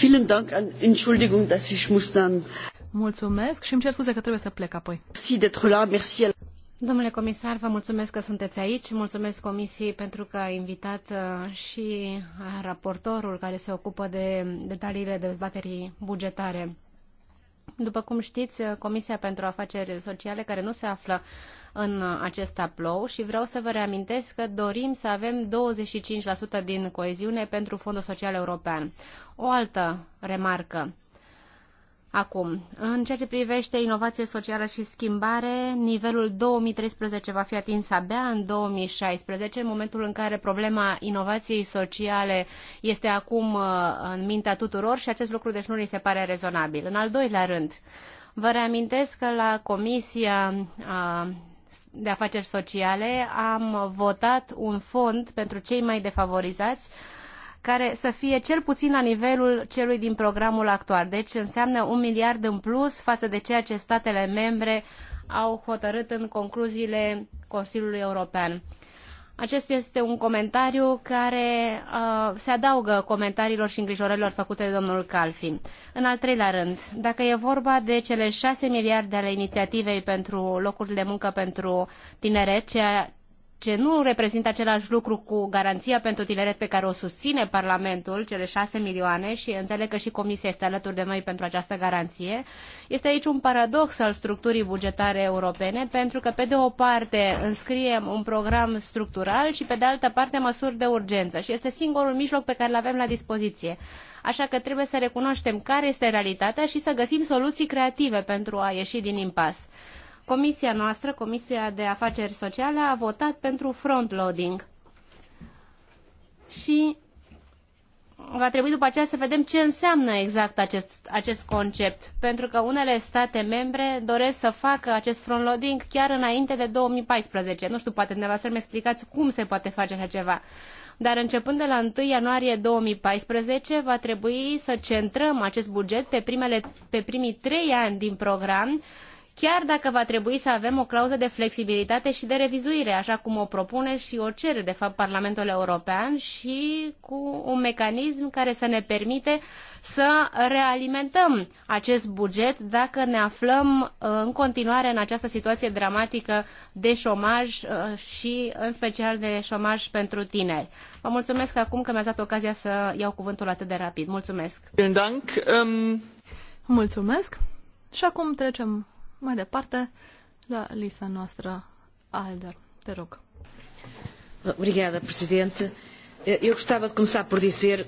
Vielen Dank Entschuldigung, dass ich muss dann Mulțumesc și îmi cer scuze că trebuie să plec apoi. Si d'être là, merci. Domnule comisar, vă mulțumesc că sunteți aici, mulțumesc comisiei pentru că a invitat uh, și raportorul care se ocupă de detaliile dezbaterii bugetare. După cum știți, uh, Comisia pentru Afaceri Sociale, care nu se află în acest tablou și vreau să vă reamintesc că dorim să avem 25% din coeziune pentru Fondul Social European. O altă remarcă. Acum, în ceea ce privește inovație socială și schimbare, nivelul 2013 va fi atins abia în 2016, în momentul în care problema inovației sociale este acum uh, în mintea tuturor și acest lucru deci nu ni se pare rezonabil. În al doilea rând, vă reamintesc că la Comisia uh, de Afaceri Sociale am votat un fond pentru cei mai defavorizați care să fie cel puțin la nivelul celui din programul actual. Deci înseamnă un miliard în plus față de ceea ce statele membre au hotărât în concluziile Consiliului European. Acest este un comentariu care uh, se adaugă comentariilor și îngrijorărilor făcute de domnul Calfin. În al treilea rând, dacă e vorba de cele 6 miliarde ale inițiativei pentru locuri de muncă pentru tineret, ceea ce nu reprezintă același lucru cu garanția pentru tineret pe care o susține Parlamentul, cele șase milioane, și înțeleg că și Comisia este alături de noi pentru această garanție, este aici un paradox al structurii bugetare europene, pentru că, pe de o parte, înscriem un program structural și, pe de altă parte, măsuri de urgență. Și este singurul mijloc pe care îl avem la dispoziție. Așa că trebuie să recunoaștem care este realitatea și să găsim soluții creative pentru a ieși din impas. Comisia noastră, Comisia de Afaceri Sociale, a votat pentru frontloading. Și va trebui după aceea să vedem ce înseamnă exact acest, acest concept, pentru că unele state membre doresc să facă acest frontloading chiar înainte de 2014. Nu știu, poate dumneavoastră mi explicați cum se poate face așa ceva. Dar începând de la 1 ianuarie 2014 va trebui să centrăm acest buget pe, primele, pe primii trei ani din program chiar dacă va trebui să avem o clauză de flexibilitate și de revizuire, așa cum o propune și o cere, de fapt, Parlamentul European și cu un mecanism care să ne permite să realimentăm acest buget dacă ne aflăm uh, în continuare în această situație dramatică de șomaj uh, și în special de șomaj pentru tineri. Vă mulțumesc acum că mi-ați dat ocazia să iau cuvântul atât de rapid. Mulțumesc! Um, mulțumesc! Și acum trecem mai departe la lista noastră Alder. Te rog. Obrigada, președinte. Eh, eu gostava de começar por dizer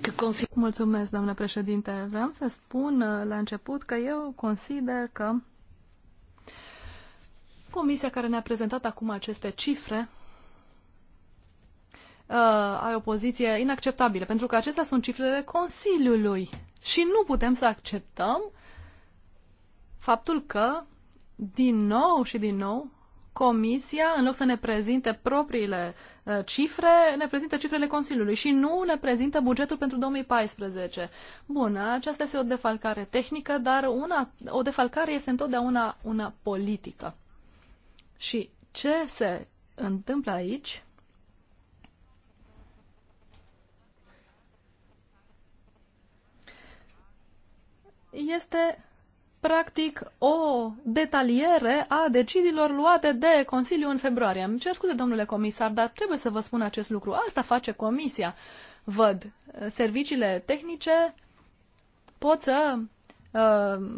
că consider... Mulțumesc, doamnă președinte. Vreau să spun eh, la început că eu consider că comisia care ne-a prezentat acum aceste cifre uh, are o poziție inacceptabilă, pentru că acestea sunt cifrele Consiliului și nu putem să acceptăm uh, faptul că, din nou și din nou, Comisia, în loc să ne prezinte propriile uh, cifre, ne prezintă cifrele Consiliului și nu ne prezintă bugetul pentru 2014. Bun, aceasta este o defalcare tehnică, dar una, o defalcare este întotdeauna una politică. Și ce se întâmplă aici este practic, o detaliere a deciziilor luate de Consiliu în februarie. Îmi cer scuze, domnule comisar, dar trebuie să vă spun acest lucru. Asta face Comisia. Văd, eh, serviciile tehnice pot să uh,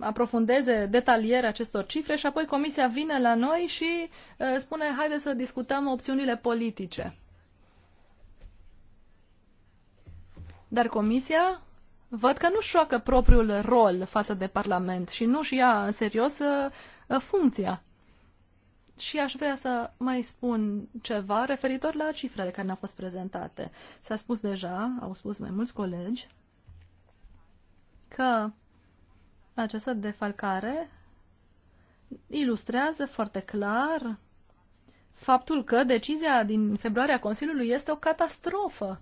aprofundeze detaliere acestor cifre și apoi Comisia vine la noi și uh, spune, haide să discutăm opțiunile politice. Dar Comisia văd că nu-și joacă propriul rol față de Parlament și nu-și ia în serios uh, uh, funcția. Și aș vrea să mai spun ceva referitor la cifrele care ne-au fost prezentate. S-a spus deja, au spus mai mulți colegi, că această defalcare ilustrează foarte clar faptul că decizia din februarie a Consiliului este o catastrofă.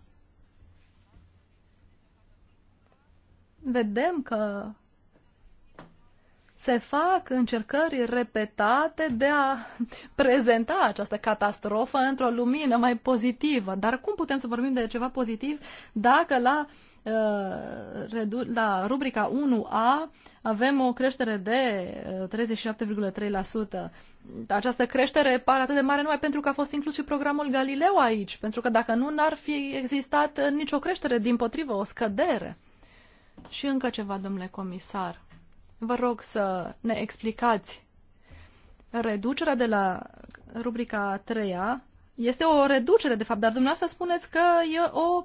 vedem că se fac încercări repetate de a prezenta această catastrofă într-o lumină mai pozitivă. Dar cum putem să vorbim de ceva pozitiv dacă la, uh, la rubrica 1A avem o creștere de 37,3%? Uh, această creștere pare atât de mare numai pentru că a fost inclus și programul Galileo aici, pentru că dacă nu, n-ar fi existat nicio creștere, din potrivă, o scădere. Și încă ceva, domnule comisar. Vă rog să ne explicați. Reducerea de la rubrica a treia este o reducere, de fapt, dar dumneavoastră spuneți că e o,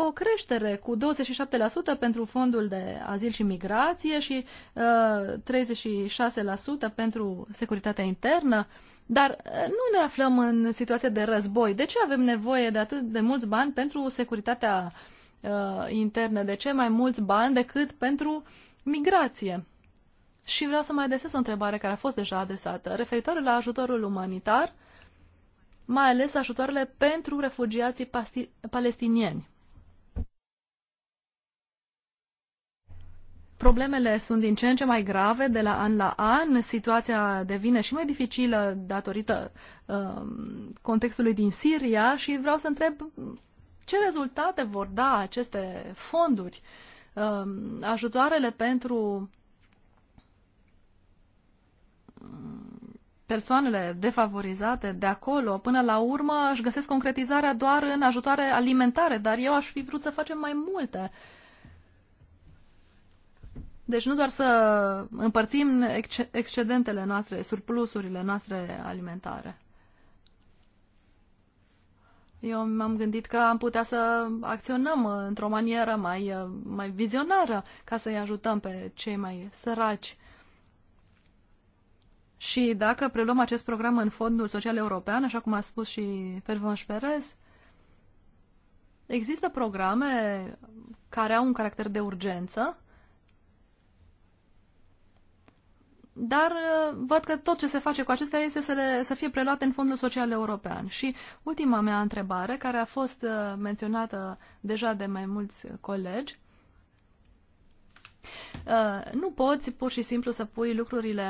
o creștere cu 27% pentru fondul de azil și migrație și uh, 36% pentru securitatea internă. Dar uh, nu ne aflăm în situație de război. De ce avem nevoie de atât de mulți bani pentru securitatea uh, uh, interne de ce mai mulți bani decât pentru migrație. Și vreau să mai adresez o întrebare care a fost deja adresată, referitoare la ajutorul umanitar, mai ales ajutoarele pentru refugiații palestinieni. Problemele sunt din ce în ce mai grave de la an la an, situația devine și mai dificilă datorită uh, contextului din Siria și vreau să întreb ce rezultate vor da aceste fonduri? Um, ajutoarele pentru um, persoanele defavorizate de acolo, până la urmă, își găsesc concretizarea doar în ajutoare alimentare, dar eu aș fi vrut să facem mai multe. Deci nu doar să împărțim excedentele noastre, surplusurile noastre alimentare. Eu m-am gândit că am putea să acționăm într-o manieră mai, mai vizionară ca să-i ajutăm pe cei mai săraci. Și dacă preluăm acest program în Fondul Social European, așa cum a spus și Pervonș Perez, există programe care au un caracter de urgență dar uh, văd că tot ce se face cu acestea este să, le, să fie preluate în Fondul Social European. Și ultima mea întrebare, care a fost uh, menționată deja de mai mulți colegi, uh, nu poți pur și simplu să pui lucrurile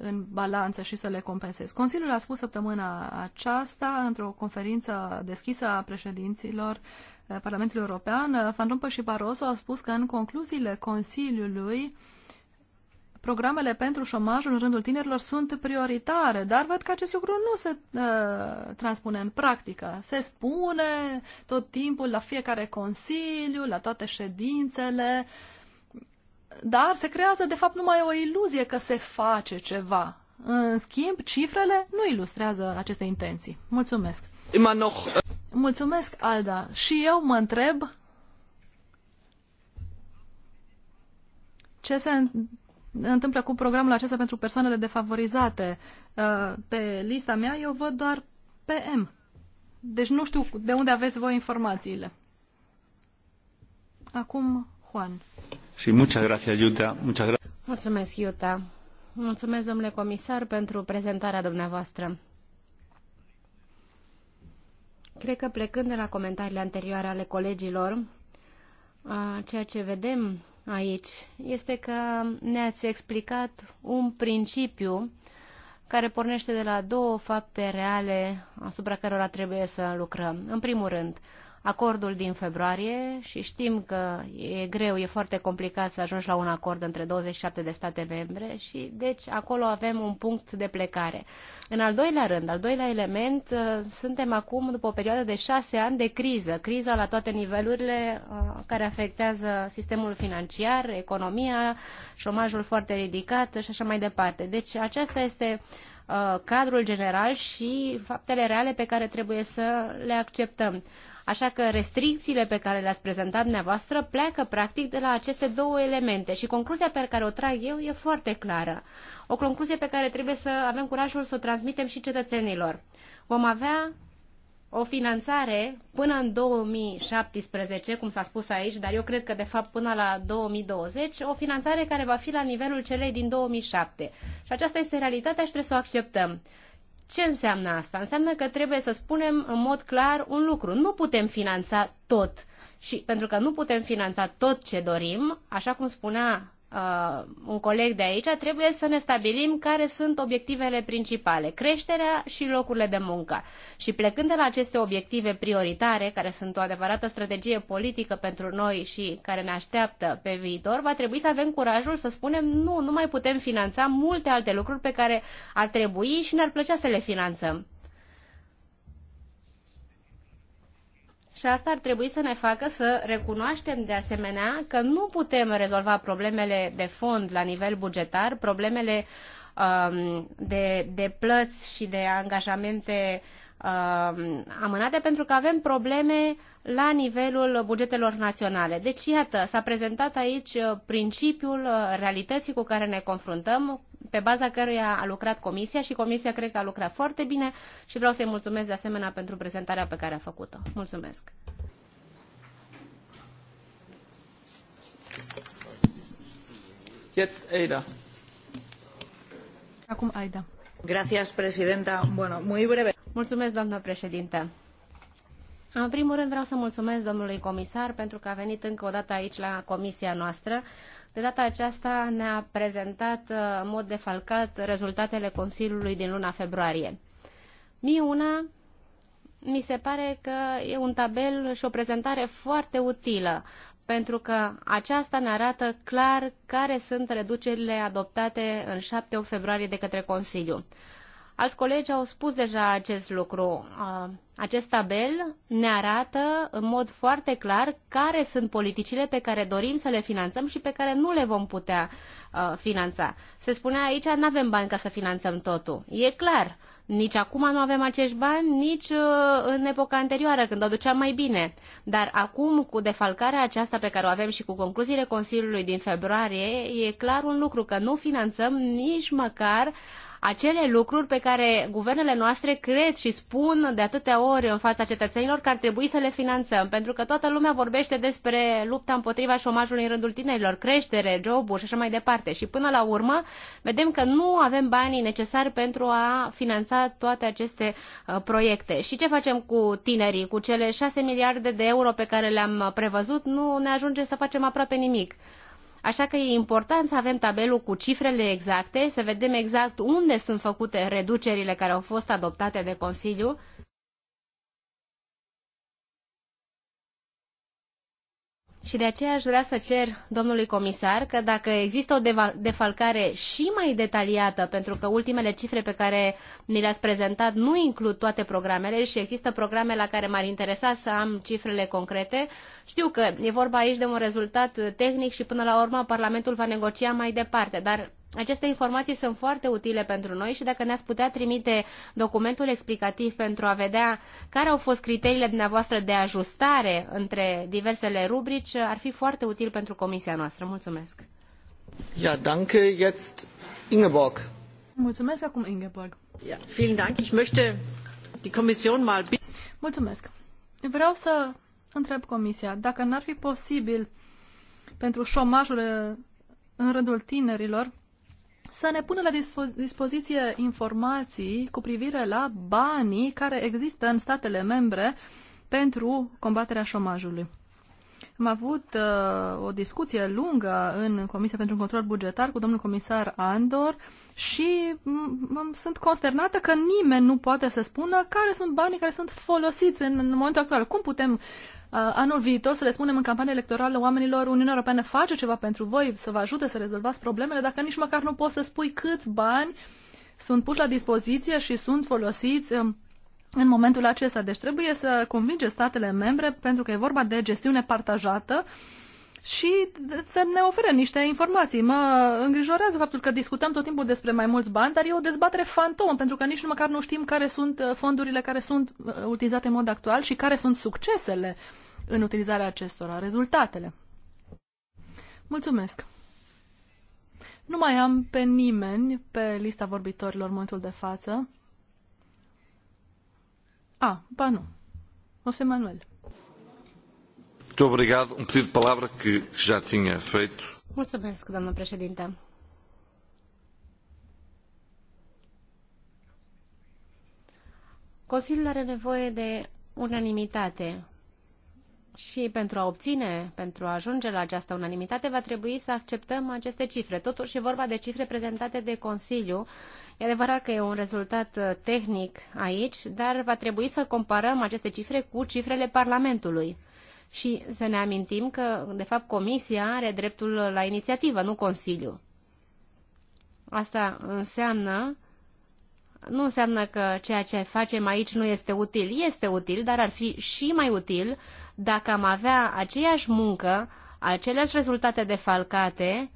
în balanță și să le compensezi. Consiliul a spus săptămâna aceasta, într-o conferință deschisă a președinților Parlamentului European, Van Rompuy și Barroso au spus că în concluziile Consiliului programele pentru șomajul în rândul tinerilor sunt prioritare, dar văd că acest lucru nu se uh, transpune în practică. Se spune tot timpul la fiecare consiliu, la toate ședințele, dar se creează de fapt numai o iluzie că se face ceva. În schimb, cifrele nu ilustrează aceste intenții. Mulțumesc! Uh, Mulțumesc, Alda. Și eu mă întreb ce se întâmplă cu programul acesta pentru persoanele defavorizate. Uh, pe lista mea eu văd doar PM. Deci nu știu de unde aveți voi informațiile. Acum, Juan. Sí, muchas gracias, Iuta. Muchas gra- Mulțumesc, Iuta. Mulțumesc, domnule comisar, pentru prezentarea dumneavoastră. Cred că plecând de la comentariile anterioare ale colegilor, ceea ce vedem aici este că ne-ați explicat un principiu care pornește de la două fapte reale asupra cărora trebuie să lucrăm. În primul rând, acordul din februarie și știm că e greu, e foarte complicat să ajungi la un acord între 27 de state membre și deci acolo avem un punct de plecare. În al doilea rând, al doilea element, uh, suntem acum după o perioadă de șase ani de criză, criza la toate nivelurile uh, care afectează sistemul financiar, economia, șomajul foarte ridicat și așa mai departe. Deci aceasta este uh, cadrul general și faptele reale pe care trebuie să le acceptăm. Așa că restricțiile pe care le-ați prezentat dumneavoastră pleacă practic de la aceste două elemente și concluzia pe care o trag eu e foarte clară. O concluzie pe care trebuie să avem curajul să o transmitem și cetățenilor. Vom avea o finanțare până în 2017, cum s-a spus aici, dar eu cred că de fapt până la 2020, o finanțare care va fi la nivelul celei din 2007. Și aceasta este realitatea și trebuie să o acceptăm. Ce înseamnă asta? Înseamnă că trebuie să spunem în mod clar un lucru. Nu putem finanța tot. Și pentru că nu putem finanța tot ce dorim, așa cum spunea uh, un coleg de aici, trebuie să ne stabilim care sunt obiectivele principale, creșterea și locurile de muncă. Și plecând de la aceste obiective prioritare, care sunt o adevărată strategie politică pentru noi și care ne așteaptă pe viitor, va trebui să avem curajul să spunem nu, nu mai putem finanța multe alte lucruri pe care ar trebui și ne-ar plăcea să le finanțăm. Și asta ar trebui să ne facă să recunoaștem de asemenea că nu putem rezolva problemele de fond la nivel bugetar, problemele um, de, de plăți și de angajamente um, amânate, pentru că avem probleme la nivelul bugetelor naționale. Deci, iată, s-a prezentat aici uh, principiul uh, realității cu care ne confruntăm, pe baza căruia a lucrat comisia și comisia cred că a lucrat foarte bine și vreau să-i mulțumesc de asemenea pentru prezentarea pe care a făcut-o. Mulțumesc! Jetzt Acum Aida. Gracias, presidenta. Bueno, muy breve. Mulțumesc, doamnă președinte. În primul rând vreau să mulțumesc domnului comisar pentru că a venit încă o dată aici la comisia noastră de data aceasta ne-a prezentat uh, în mod defalcat rezultatele Consiliului din luna februarie. Mie una, mi se pare că e un tabel și o prezentare foarte utilă, pentru că aceasta ne arată clar care sunt reducerile adoptate în 7-8 februarie de către Consiliu. Alți colegi au spus deja acest lucru. Acest tabel ne arată în mod foarte clar care sunt politicile pe care dorim să le finanțăm și pe care nu le vom putea finanța. Se spunea aici, nu avem bani ca să finanțăm totul. E clar, nici acum nu avem acești bani, nici în epoca anterioară, când o duceam mai bine. Dar acum, cu defalcarea aceasta pe care o avem și cu concluziile Consiliului din februarie, e clar un lucru, că nu finanțăm nici măcar uh, acele lucruri pe care guvernele noastre cred și spun de atâtea ori în fața cetățenilor că ar trebui să le finanțăm, pentru că toată lumea vorbește despre lupta împotriva șomajului în rândul tinerilor, creștere, joburi și așa mai departe. Și până la urmă vedem că nu avem banii necesari pentru a finanța toate aceste uh, proiecte. Și ce facem cu tinerii, cu cele 6 miliarde de euro pe care le-am prevăzut? Nu ne ajunge să facem aproape nimic. Așa că e important să avem tabelul cu cifrele exacte, să vedem exact unde sunt făcute reducerile care au fost adoptate de Consiliu. Și de aceea aș vrea să cer domnului comisar că dacă există o defalcare și mai detaliată, pentru că ultimele cifre pe care ni le-ați prezentat nu includ toate programele și există programe la care m-ar interesa să am cifrele concrete, știu că e vorba aici de un rezultat tehnic și până la urmă Parlamentul va negocia mai departe, dar aceste informații sunt foarte utile pentru noi și dacă ne-ați putea trimite documentul explicativ pentru a vedea care au fost criteriile dumneavoastră de ajustare între diversele rubrici, ar fi foarte util pentru comisia noastră. Mulțumesc! Ja, danke. Jetzt Ingeborg. Mulțumesc acum Ingeborg. Ja, vielen Dank. Ich möchte die Kommission mal Mulțumesc. Vreau să întreb Comisia dacă n-ar fi posibil pentru șomajul uh, în rândul tinerilor să ne pună la dispo dispoziție informații cu privire la banii care există în statele membre pentru combaterea șomajului. Am avut uh, o discuție lungă în Comisia pentru Control Bugetar cu domnul comisar Andor și sunt consternată că nimeni nu poate să spună care sunt banii care sunt folosiți în, în momentul actual. Cum putem anul viitor să le spunem în campanie electorală oamenilor Uniunea Europeană face ceva pentru voi, să vă ajute să rezolvați problemele, dacă nici măcar nu poți să spui câți bani sunt puși la dispoziție și sunt folosiți um, în momentul acesta. Deci trebuie să convinge statele membre, pentru că e vorba de gestiune partajată, uh, și să ne ofere niște informații. Mă îngrijorează faptul că discutăm tot timpul despre mai mulți bani, dar e o dezbatere fantom, pentru că nici nu măcar nu știm care sunt uh, fondurile care sunt uh, utilizate în mod actual și care sunt succesele în utilizarea acestora, rezultatele. Mulțumesc! Nu mai am pe nimeni pe lista vorbitorilor în momentul de față. A, ba nu. José Manuel. Muito obrigado. Um pedido de palavra que já tinha feito. Consiliul are nevoie de unanimitate și pentru a obține, pentru a ajunge la această unanimitate, va trebui să acceptăm aceste cifre. Totuși e vorba de cifre prezentate de Consiliu. E adevărat că e un rezultat uh, tehnic aici, dar va trebui să comparăm aceste cifre cu cifrele Parlamentului și să ne amintim că, de fapt, Comisia are dreptul la inițiativă, nu Consiliu. Asta înseamnă nu înseamnă că ceea ce facem aici nu este util. Este util, dar ar fi și mai util dacă am avea aceeași muncă, aceleași rezultate defalcate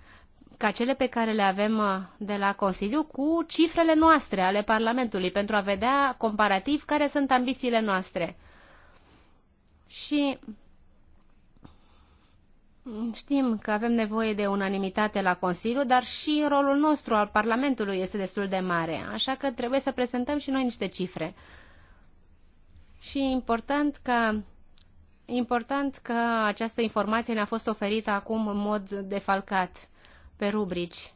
ca cele pe care le avem uh, de la Consiliu cu cifrele noastre ale Parlamentului pentru a vedea comparativ care sunt ambițiile noastre. Și Știm că avem nevoie de unanimitate la Consiliu, dar și rolul nostru al Parlamentului este destul de mare, așa că trebuie să prezentăm și noi niște cifre. Și important că important că această informație ne-a fost oferită acum în mod defalcat pe rubrici.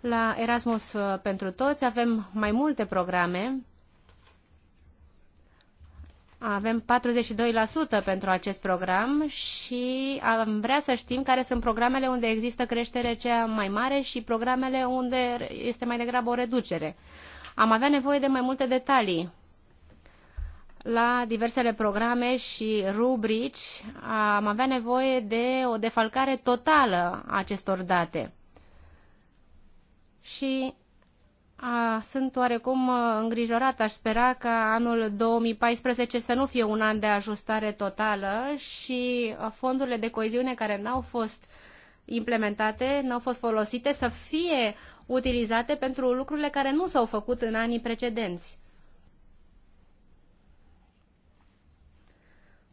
La Erasmus uh, pentru toți avem mai multe programe avem 42% pentru acest program și am vrea să știm care sunt programele unde există creștere cea mai mare și programele unde este mai degrabă o reducere. Am avea nevoie de mai multe detalii la diversele programe și rubrici, am avea nevoie de o defalcare totală a acestor date. Și a, sunt oarecum uh, îngrijorat. Aș spera ca anul 2014 să nu fie un an de ajustare totală și uh, fondurile de coeziune care n-au fost implementate, n-au fost folosite, să fie utilizate pentru lucrurile care nu s-au făcut în anii precedenți.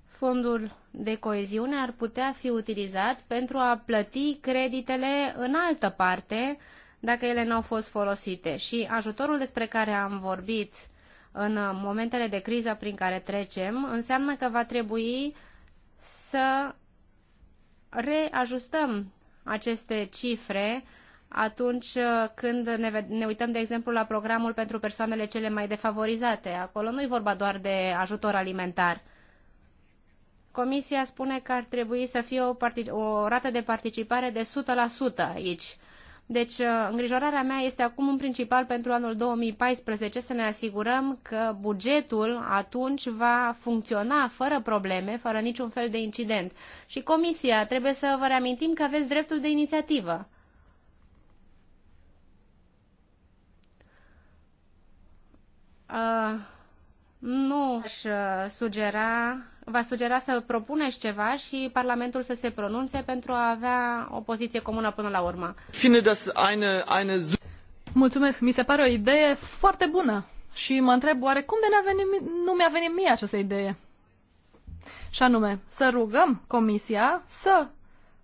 Fondul de coeziune ar putea fi utilizat pentru a plăti creditele în altă parte, dacă ele nu au fost folosite. Și ajutorul despre care am vorbit în momentele de criză prin care trecem înseamnă că va trebui să reajustăm aceste cifre atunci când ne, ne uităm, de exemplu, la programul pentru persoanele cele mai defavorizate. Acolo nu e vorba doar de ajutor alimentar. Comisia spune că ar trebui să fie o, o rată de participare de 100% aici. Deci, uh, îngrijorarea mea este acum în principal pentru anul 2014 să ne asigurăm că bugetul atunci va funcționa fără probleme, fără niciun fel de incident. Și Comisia, trebuie să vă reamintim că aveți dreptul de inițiativă. Uh, nu aș uh, sugera va sugera să propuneți ceva și Parlamentul să se pronunțe pentru a avea o poziție comună până la urmă. Mulțumesc, mi se pare o idee foarte bună și mă întreb oare cum de venit, nu mi-a venit mie această idee? Și anume, să rugăm Comisia să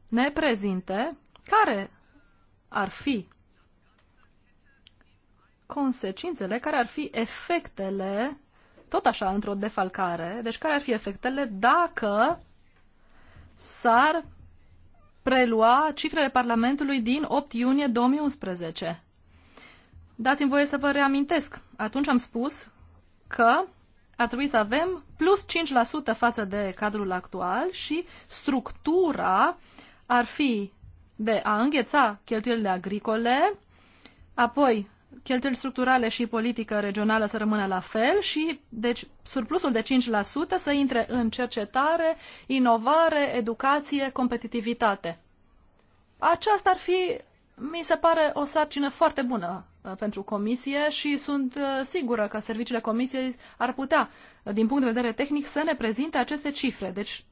ne prezinte care ar fi consecințele, care ar fi efectele tot așa într-o defalcare. Deci care ar fi efectele dacă s-ar prelua cifrele Parlamentului din 8 iunie 2011? Dați-mi voie să vă reamintesc. Atunci am spus că ar trebui să avem plus 5% față de cadrul actual și structura ar fi de a îngheța cheltuielile agricole, apoi cheltuieli structurale și politică regională să rămână la fel și deci surplusul de 5% să intre în cercetare, inovare, educație, competitivitate. Aceasta ar fi, mi se pare, o sarcină foarte bună uh, pentru comisie și sunt uh, sigură că serviciile comisiei ar putea, uh, din punct de vedere tehnic, să ne prezinte aceste cifre. Deci,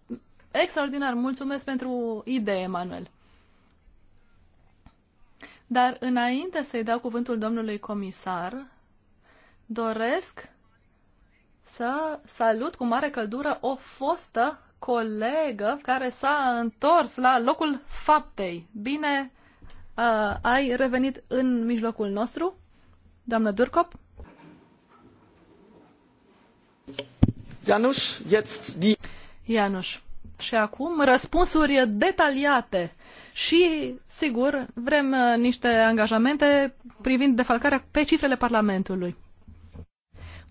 extraordinar, mulțumesc pentru idee, Emanuel. Dar înainte să-i dau cuvântul domnului comisar, doresc să salut cu mare căldură o fostă colegă care s-a întors la locul faptei. Bine uh, ai revenit în mijlocul nostru, doamnă Durcop. Ianuș, jetzt die... Ianuș. Și acum răspunsuri detaliate și, sigur, vrem uh, niște angajamente privind defalcarea pe cifrele Parlamentului.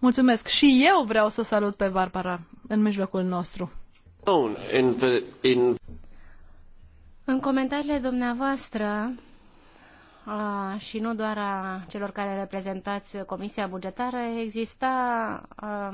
Mulțumesc. Și eu vreau să salut pe Barbara în mijlocul nostru. În comentariile dumneavoastră a, și nu doar a celor care reprezentați Comisia Bugetară, exista a,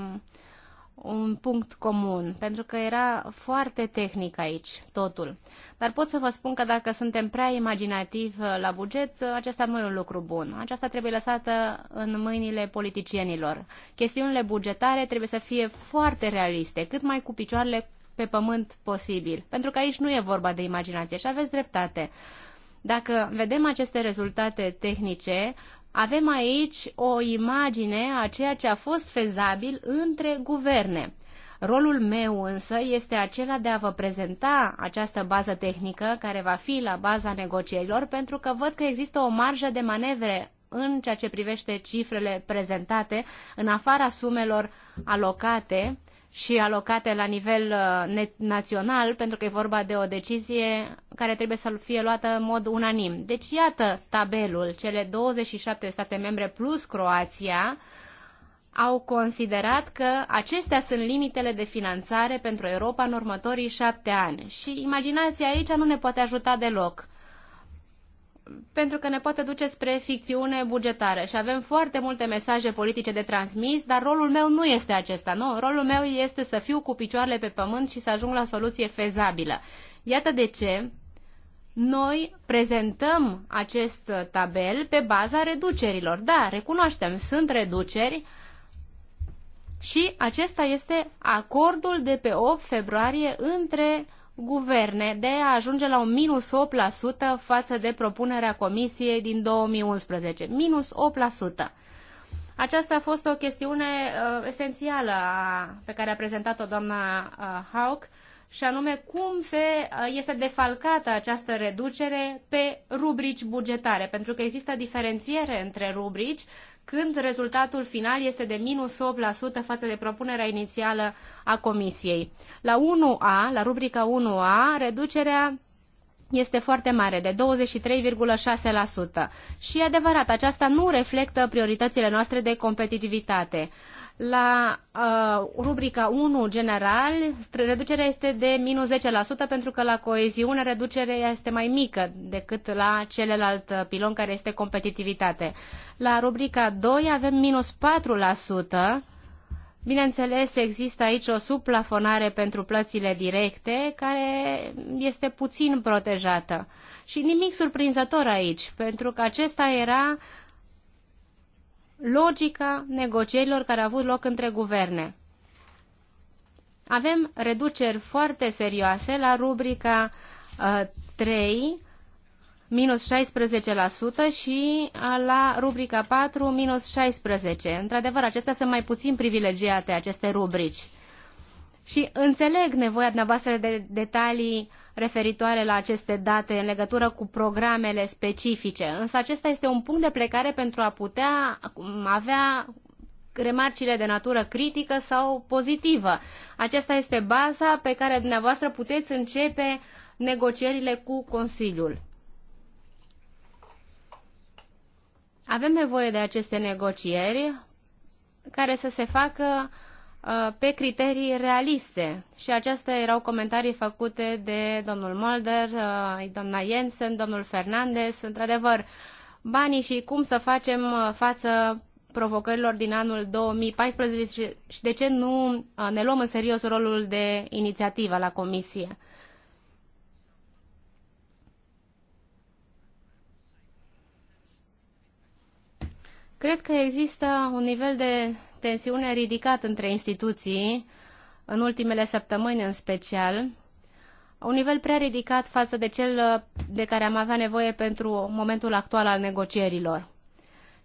un punct comun, pentru că era foarte tehnic aici totul. Dar pot să vă spun că dacă suntem prea imaginativi uh, la buget, uh, acesta nu e un lucru bun. Aceasta trebuie lăsată în mâinile politicienilor. Chestiunile bugetare trebuie să fie foarte realiste, cât mai cu picioarele pe pământ posibil, pentru că aici nu e vorba de imaginație și aveți dreptate. Dacă vedem aceste rezultate tehnice, avem aici o imagine a ceea ce a fost fezabil între guverne. Rolul meu însă este acela de a vă prezenta această bază tehnică care va fi la baza negocierilor pentru că văd că există o marjă de manevre în ceea ce privește cifrele prezentate în afara sumelor alocate și alocate la nivel uh, național, pentru că e vorba de o decizie care trebuie să fie luată în mod unanim. Deci iată tabelul, cele 27 state membre plus Croația au considerat că acestea sunt limitele de finanțare pentru Europa în următorii șapte ani. Și imaginația aici nu ne poate ajuta deloc pentru că ne poate duce spre ficțiune bugetară și avem foarte multe mesaje politice de transmis, dar rolul meu nu este acesta, nu? Rolul meu este să fiu cu picioarele pe pământ și să ajung la soluție fezabilă. Iată de ce noi prezentăm acest tabel pe baza reducerilor. Da, recunoaștem, sunt reduceri și acesta este acordul de pe 8 februarie între guverne de a ajunge la un minus 8% față de propunerea Comisiei din 2011. Minus 8%. Aceasta a fost o chestiune uh, esențială a, pe care a prezentat-o doamna uh, Hauck și anume cum se, uh, este defalcată această reducere pe rubrici bugetare, pentru că există diferențiere între rubrici când rezultatul final este de minus 8% față de propunerea inițială a Comisiei. La 1A, la rubrica 1A, reducerea este foarte mare, de 23,6%. Și e adevărat, aceasta nu reflectă prioritățile noastre de competitivitate. La uh, rubrica 1 general, reducerea este de minus 10% pentru că la coeziune reducerea este mai mică decât la celălalt pilon care este competitivitate. La rubrica 2 avem minus 4%. Bineînțeles, există aici o suplafonare pentru plățile directe, care este puțin protejată. Și nimic surprinzător aici, pentru că acesta era logica negocierilor care au avut loc între guverne. Avem reduceri foarte serioase la rubrica uh, 3, minus 16% și uh, la rubrica 4, minus 16%. Într-adevăr, acestea sunt mai puțin privilegiate, aceste rubrici. Și înțeleg nevoia dumneavoastră de detalii uh, referitoare la aceste date în legătură cu programele specifice. Însă acesta este un punct de plecare pentru a putea avea remarcile de natură critică sau pozitivă. Aceasta este baza pe care dumneavoastră puteți începe negocierile cu Consiliul. Avem nevoie de aceste negocieri care să se facă uh, Uh, pe criterii realiste. Și acestea erau comentarii făcute de domnul Mulder, uh, doamna Jensen, domnul Fernandez. Într-adevăr, banii și cum să facem uh, față provocărilor din anul 2014 și de ce nu ne luăm în serios rolul de inițiativă la Comisie. Cred că există un nivel de tensiune ridicat între instituții, în ultimele săptămâni în special, un nivel prea ridicat față de cel uh, de care am avea nevoie pentru momentul actual al negocierilor.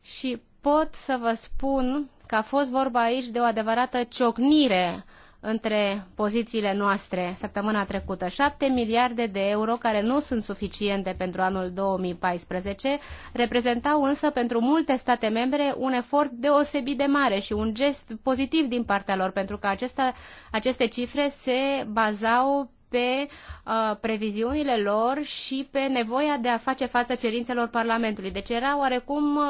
Și pot să vă spun că a fost vorba aici de o adevărată ciocnire între pozițiile noastre săptămâna trecută. 7 miliarde de euro care nu sunt suficiente pentru anul 2014 reprezentau însă pentru multe state membre un efort deosebit de mare și un gest pozitiv din partea lor pentru că acesta, aceste cifre se bazau pe uh, previziunile lor și pe nevoia de a face față cerințelor Parlamentului. Deci era oarecum uh,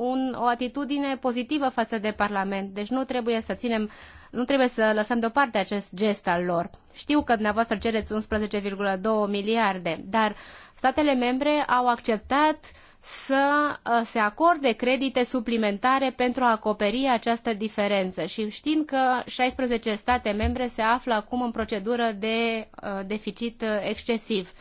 un, o atitudine pozitivă față de Parlament. Deci nu trebuie să ținem uh, nu trebuie să lăsăm deoparte acest gest al lor. Știu că dumneavoastră cereți 11,2 miliarde, dar statele membre au acceptat să uh, se acorde credite suplimentare pentru a acoperi această diferență. Și știm că 16 state membre se află acum în procedură de uh, deficit uh, excesiv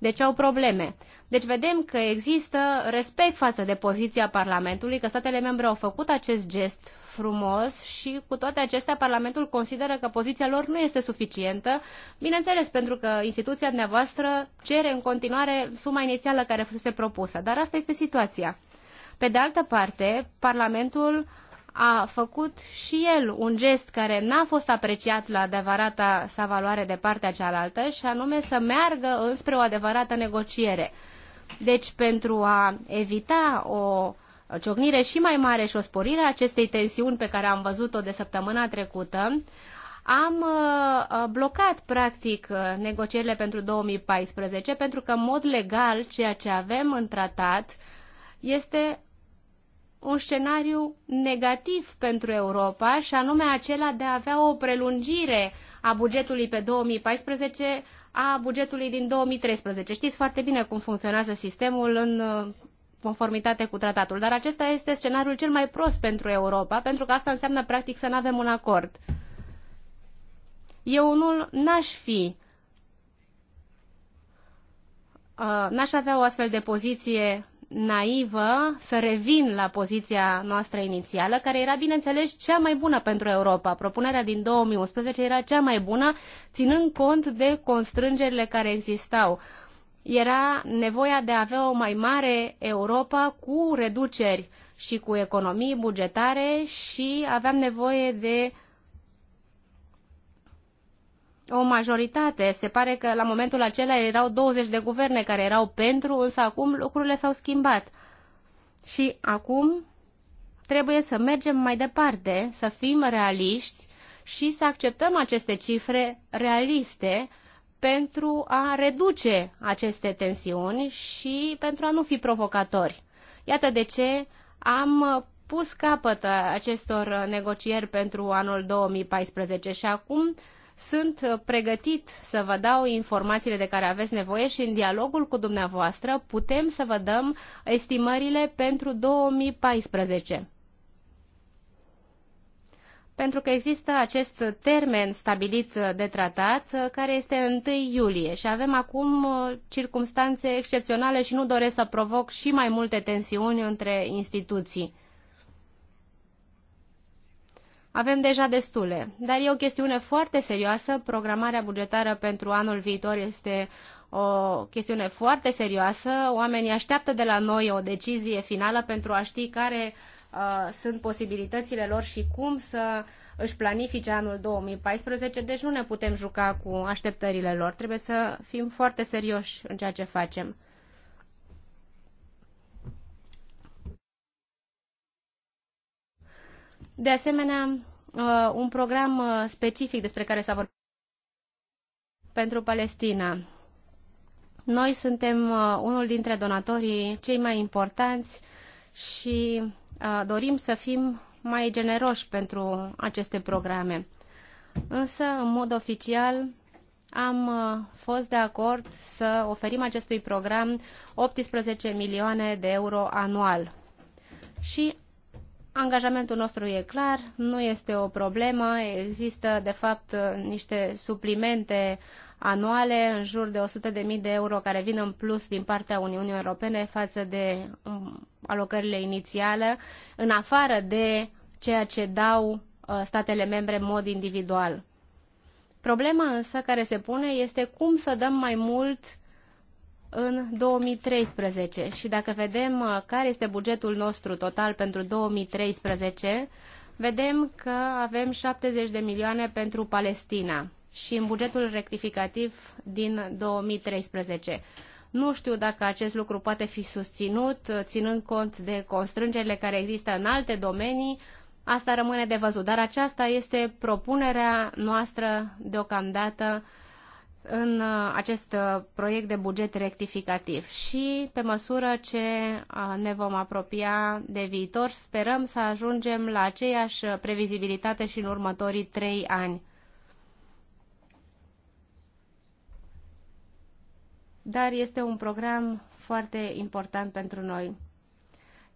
deci au probleme. Deci vedem că există respect față de poziția Parlamentului, că statele membre au făcut acest gest frumos și cu toate acestea Parlamentul consideră că poziția lor nu este suficientă, bineînțeles pentru că instituția dumneavoastră cere în continuare suma inițială care fusese propusă, dar asta este situația. Pe de altă parte, Parlamentul uh, a făcut și el un gest care n-a fost apreciat la adevărata sa valoare de partea cealaltă și anume să meargă înspre o adevărată negociere. Deci pentru a evita o ciocnire și mai mare și o sporire a acestei tensiuni pe care am văzut-o de săptămâna trecută, am uh, uh blocat practic uh, negocierile pentru 2014 pentru că în mod legal ceea ce avem în tratat este un scenariu negativ pentru Europa și anume acela de a avea o prelungire a bugetului pe 2014 a bugetului din 2013. Știți foarte bine cum funcționează sistemul în uh, conformitate cu tratatul, dar acesta este scenariul cel mai prost pentru Europa, pentru că asta înseamnă practic să nu avem un acord. Eu unul n-aș fi uh, n-aș avea o astfel de poziție naivă să revin la poziția noastră inițială, care era, bineînțeles, cea mai bună pentru Europa. Propunerea din 2011 era cea mai bună, ținând cont de constrângerile care existau. Era nevoia de a avea o mai mare Europa cu reduceri și cu economii bugetare și aveam nevoie de o majoritate. Se pare că la momentul acela erau 20 de guverne care erau pentru, însă acum lucrurile s-au schimbat. Și acum trebuie să mergem mai departe, să fim realiști și să acceptăm aceste cifre realiste pentru a reduce aceste tensiuni și pentru a nu fi provocatori. Iată de ce am pus capăt acestor negocieri pentru anul 2014 și acum sunt uh, pregătit să vă dau informațiile de care aveți nevoie și în dialogul cu dumneavoastră putem să vă dăm estimările pentru 2014 pentru că există acest termen stabilit uh, de tratat, uh, care este 1 iulie și avem acum circumstanțe excepționale și nu doresc să provoc și mai multe tensiuni între instituții. Avem deja destule, dar e o chestiune foarte serioasă. Programarea bugetară pentru anul viitor este o chestiune foarte serioasă. Oamenii așteaptă de la noi o decizie finală pentru a ști care uh, sunt posibilitățile lor și cum să își planifice anul 2014, deci nu ne putem juca cu așteptările lor. Trebuie să fim foarte serioși în ceea ce facem. De asemenea, uh, un program uh, specific despre care s-a vorbit pentru Palestina. Noi suntem uh, unul dintre donatorii cei mai importanți și dorim să fim mai generoși pentru aceste programe. Însă, în mod oficial, am fost de acord să oferim acestui program 18 milioane de euro anual. Și Angajamentul nostru e clar, nu este o problemă, există de fapt niște suplimente anuale în jur de 100.000 de euro care vin în plus din partea Uniunii Europene față de um, alocările inițiale, în afară de ceea ce dau uh, statele membre în mod individual. Problema însă care se pune este cum să dăm mai mult uh, în 2013 și dacă vedem uh, care este bugetul nostru total pentru 2013, vedem că avem 70 de milioane pentru Palestina și în bugetul rectificativ din 2013. Nu știu dacă acest lucru poate fi susținut, uh, ținând cont de constrângerile care există în alte domenii, asta rămâne de văzut, dar aceasta este propunerea noastră deocamdată uh, în uh, acest uh, proiect de buget rectificativ și pe măsură ce uh, ne vom apropia de viitor, sperăm să ajungem la aceeași previzibilitate și în următorii trei ani. Dar este un program foarte important pentru noi.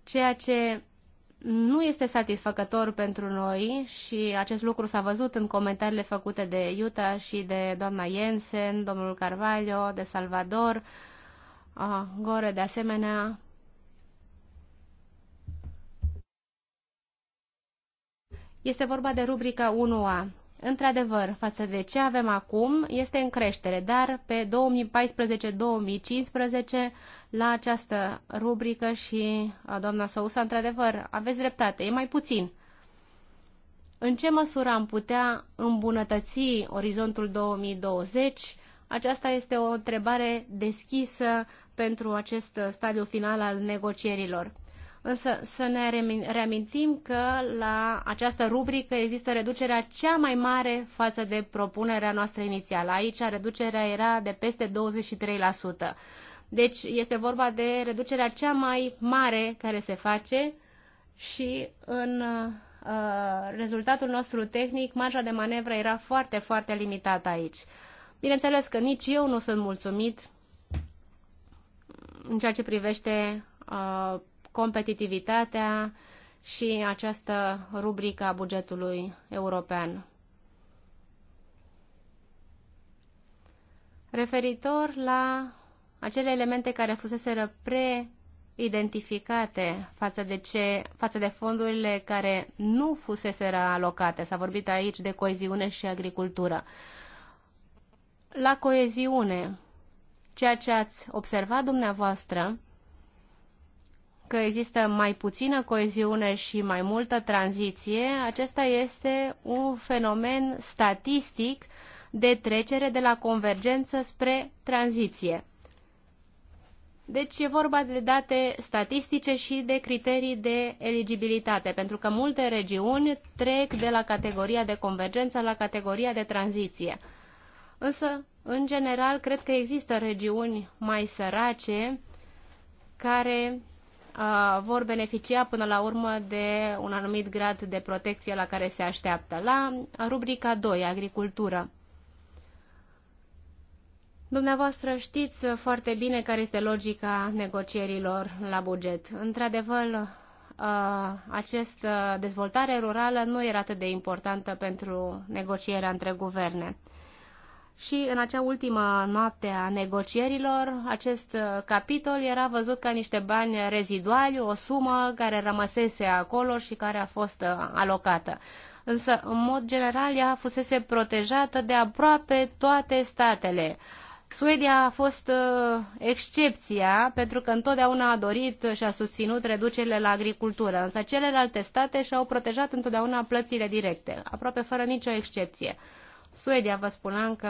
Ceea ce nu este satisfăcător pentru noi și acest lucru s-a văzut în comentariile făcute de Iuta și de doamna Jensen, domnul Carvalho, de Salvador, a, ah, Gore de asemenea. Este vorba de rubrica 1A. Într-adevăr, față de ce avem acum, este în creștere, dar pe 2014-2015 la această rubrică și, doamna Sousa, într-adevăr, aveți dreptate, e mai puțin. În ce măsură am putea îmbunătăți orizontul 2020? Aceasta este o întrebare deschisă pentru acest uh, stadiu final al negocierilor. Însă să ne reamintim că la această rubrică există reducerea cea mai mare față de propunerea noastră inițială. Aici reducerea era de peste 23%. Deci este vorba de reducerea cea mai mare care se face și în uh, rezultatul nostru tehnic marja de manevră era foarte, foarte limitată aici. Bineînțeles că nici eu nu sunt mulțumit în ceea ce privește uh, competitivitatea și această rubrică a bugetului european. Referitor la acele elemente care fuseseră pre-identificate față de, ce, față de fondurile care nu fuseseră alocate. S-a vorbit aici de coeziune și agricultură. La coeziune, ceea ce ați observat dumneavoastră, că există mai puțină coeziune și mai multă tranziție, acesta este un fenomen statistic de trecere de la convergență spre tranziție. Deci e vorba de date statistice și de criterii de eligibilitate, pentru că multe regiuni trec de la categoria de convergență la categoria de tranziție. Însă, în general, cred că există regiuni mai sărace care uh, vor beneficia până la urmă de un anumit grad de protecție la care se așteaptă. La rubrica 2, agricultură. Dumneavoastră știți foarte bine care este logica negocierilor la buget. Într-adevăr, uh, această dezvoltare rurală nu era atât de importantă pentru negocierea între guverne. Și în acea ultimă noapte a negocierilor, acest uh, capitol era văzut ca niște bani reziduali, o sumă care rămăsese acolo și care a fost uh, alocată. Însă, în mod general, ea fusese protejată de aproape toate statele. Uh, Suedia a fost uh, excepția pentru că întotdeauna a dorit și a susținut reducerile la agricultură, însă celelalte state și-au protejat întotdeauna plățile directe, aproape fără nicio excepție. Suedia, vă spuneam că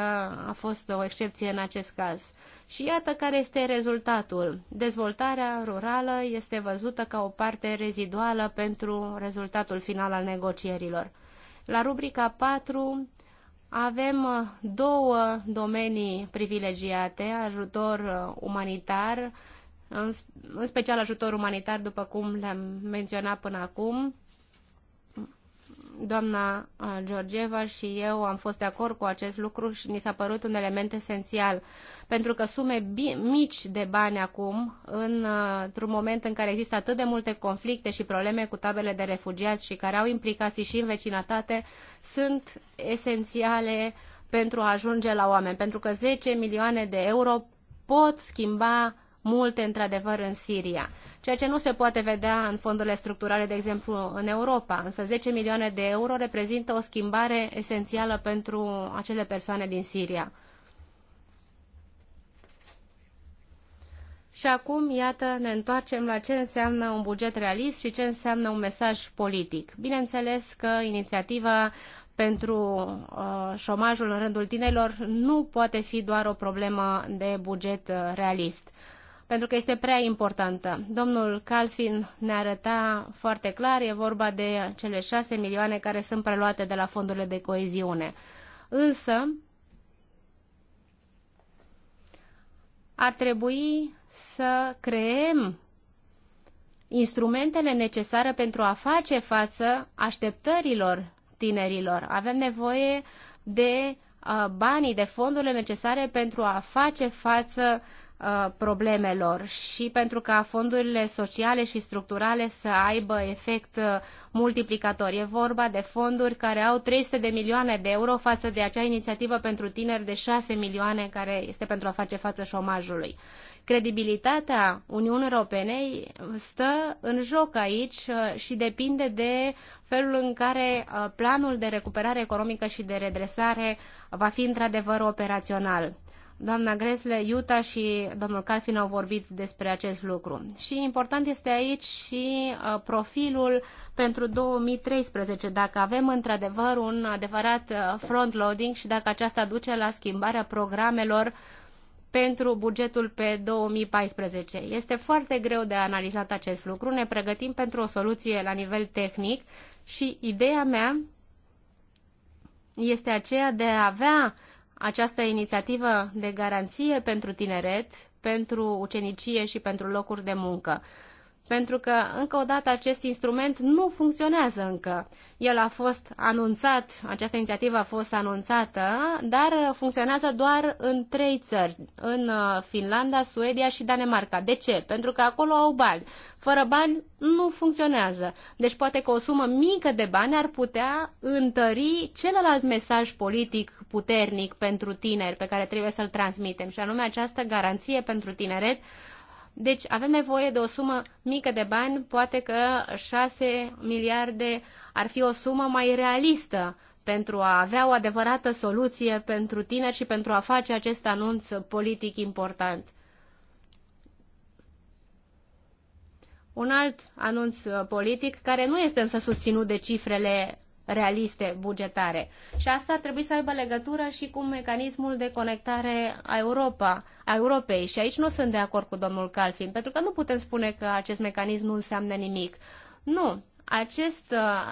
a fost o excepție în acest caz. Și iată care este rezultatul. Dezvoltarea rurală este văzută ca o parte reziduală pentru rezultatul final al negocierilor. La rubrica 4 avem uh, două domenii privilegiate, ajutor uh, umanitar, în special ajutor umanitar, după cum le-am menționat până acum, doamna uh, Georgieva și eu am fost de acord cu acest lucru și ni s-a părut un element esențial, pentru că sume mici de bani acum, uh, într-un moment în care există atât de multe conflicte și probleme cu tabele de refugiați și care au implicații și în vecinătate, sunt esențiale pentru a ajunge la oameni, pentru că 10 milioane de euro pot schimba multe într-adevăr în Siria, ceea ce nu se poate vedea în fondurile structurale, de exemplu, în Europa. Însă 10 milioane de euro reprezintă o schimbare esențială pentru acele persoane din Siria. Și acum, iată, ne întoarcem la ce înseamnă un buget realist și ce înseamnă un mesaj politic. Bineînțeles că inițiativa pentru uh, șomajul în rândul tinerilor nu poate fi doar o problemă de buget uh, realist pentru că este prea importantă. Domnul Calfin ne arăta foarte clar, e vorba de cele șase milioane care sunt preluate de la fondurile de coeziune. Însă, ar trebui să creem instrumentele necesare pentru a face față așteptărilor tinerilor. Avem nevoie de uh, banii, de fondurile necesare pentru a face față uh, Uh, problemelor și pentru ca fondurile sociale și structurale să aibă efect uh, multiplicator. E vorba de fonduri care au 300 de milioane de euro față de acea inițiativă pentru tineri de 6 milioane care este pentru a face față șomajului. Credibilitatea Uniunii Europene stă în joc aici uh, și depinde de felul în care planul de recuperare economică și de redresare va fi într-adevăr operațional. Doamna Gresle, Iuta și domnul Calfin au vorbit despre acest lucru. Și important este aici și uh, profilul pentru 2013, dacă avem într-adevăr un adevărat uh, front-loading și dacă aceasta duce la schimbarea programelor pentru bugetul pe 2014. Este foarte greu de analizat acest lucru. Ne pregătim pentru o soluție la nivel tehnic și ideea mea este aceea de a avea această inițiativă de garanție pentru tineret, pentru ucenicie și pentru locuri de muncă pentru că, încă o dată, acest instrument nu funcționează încă. El a fost anunțat, această inițiativă a fost anunțată, dar funcționează doar în trei țări, în uh, Finlanda, Suedia și Danemarca. De ce? Pentru că acolo au bani. Fără bani nu funcționează. Deci poate că o sumă mică de bani ar putea întări celălalt mesaj politic puternic pentru tineri pe care trebuie să-l transmitem, și anume această garanție pentru tineret deci avem nevoie de o sumă mică de bani, poate că 6 miliarde ar fi o sumă mai realistă pentru a avea o adevărată soluție pentru tineri și pentru a face acest anunț politic important. Un alt anunț politic, care nu este însă susținut de cifrele realiste bugetare. Și asta ar trebui să aibă legătură și cu mecanismul de conectare a, Europa, a Europei. Și aici nu sunt de acord cu domnul Calfin, pentru că nu putem spune că acest mecanism nu înseamnă nimic. Nu, acest, uh,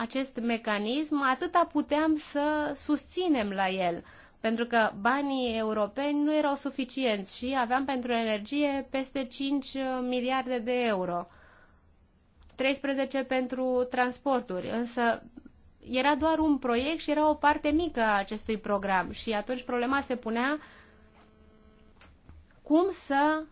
acest mecanism atâta puteam să susținem la el pentru că banii europeni nu erau suficienți și aveam pentru energie peste 5 miliarde de euro. 13 pentru transporturi, însă era doar un proiect și era o parte mică a acestui program și atunci problema se punea cum să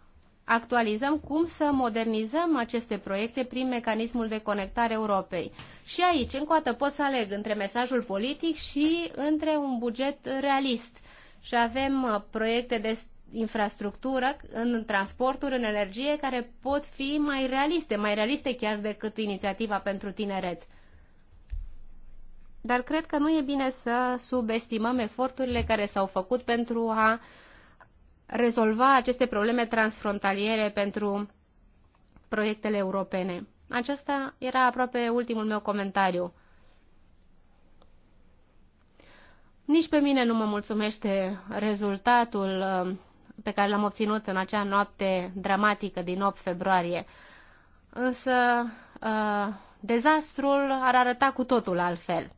actualizăm, cum să modernizăm aceste proiecte prin mecanismul de conectare Europei. Și aici, încă o dată, pot să aleg între mesajul politic și între un buget realist. Și avem uh, proiecte de infrastructură, în transporturi, în energie, care pot fi mai realiste, mai realiste chiar decât inițiativa pentru tineret. Dar cred că nu e bine să subestimăm eforturile care s-au făcut pentru a rezolva aceste probleme transfrontaliere pentru proiectele europene. Acesta era aproape ultimul meu comentariu. Nici pe mine nu mă mulțumește rezultatul uh, pe care l-am obținut în acea noapte dramatică din 8 februarie. Însă, uh, dezastrul ar arăta cu totul altfel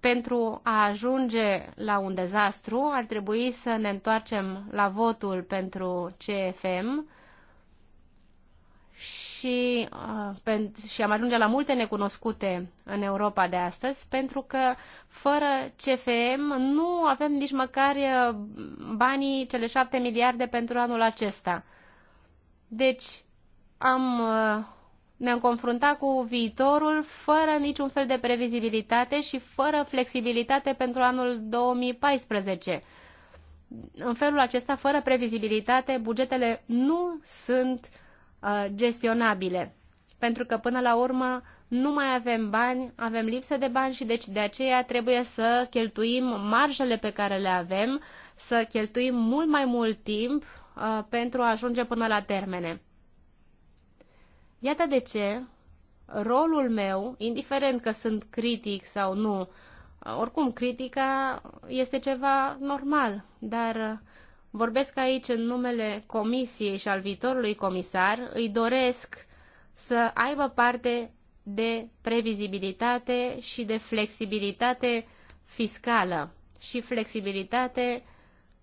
pentru a ajunge la un dezastru, ar trebui să ne întoarcem la votul pentru CFM și, uh, și am ajunge la multe necunoscute în Europa de astăzi, pentru că fără CFM nu avem nici măcar uh, banii, cele șapte miliarde pentru anul acesta. Deci am uh, ne-am confruntat cu viitorul fără niciun fel de previzibilitate și fără flexibilitate pentru anul 2014. În felul acesta, fără previzibilitate, bugetele nu sunt uh, gestionabile, pentru că până la urmă nu mai avem bani, avem lipsă de bani și deci de aceea trebuie să cheltuim marjele pe care le avem, să cheltuim mult mai mult timp uh, pentru a ajunge până la termene. Iată de ce rolul meu, indiferent că sunt critic sau nu, oricum critica este ceva normal, dar uh, vorbesc aici în numele comisiei și al viitorului comisar, îi doresc să aibă parte de previzibilitate și de flexibilitate fiscală și flexibilitate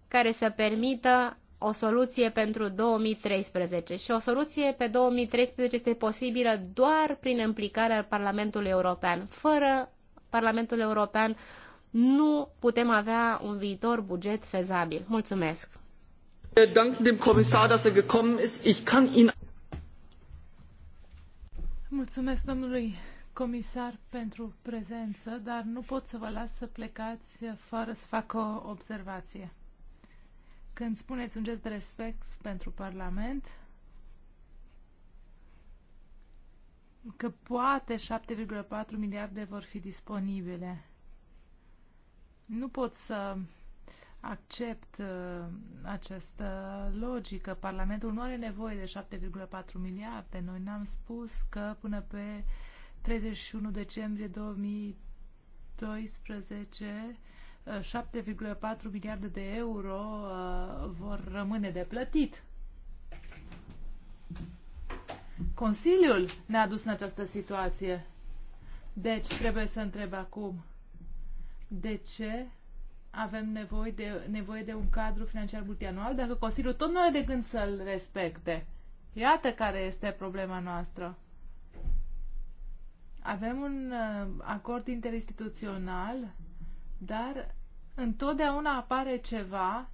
care să permită o soluție pentru 2013 și o soluție pe 2013 este posibilă doar prin implicarea Parlamentului European. Fără Parlamentul European nu putem avea un viitor buget fezabil. Mulțumesc! Er Mulțumesc domnului comisar pentru prezență, dar nu pot să vă las să plecați fără să fac o observație. Când spuneți un gest de respect pentru Parlament, că poate 7,4 miliarde vor fi disponibile. Nu pot să accept uh, această logică. Parlamentul nu are nevoie de 7,4 miliarde. Noi n-am spus că până pe 31 decembrie 2012 7,4 miliarde de euro uh, vor rămâne de plătit. Consiliul ne-a dus în această situație. Deci, trebuie să întreb acum, de ce avem nevoie de, nevoie de un cadru financiar multianual dacă Consiliul tot nu are de gând să-l respecte? Iată care este problema noastră. Avem un uh, acord interinstituțional, dar întotdeauna apare ceva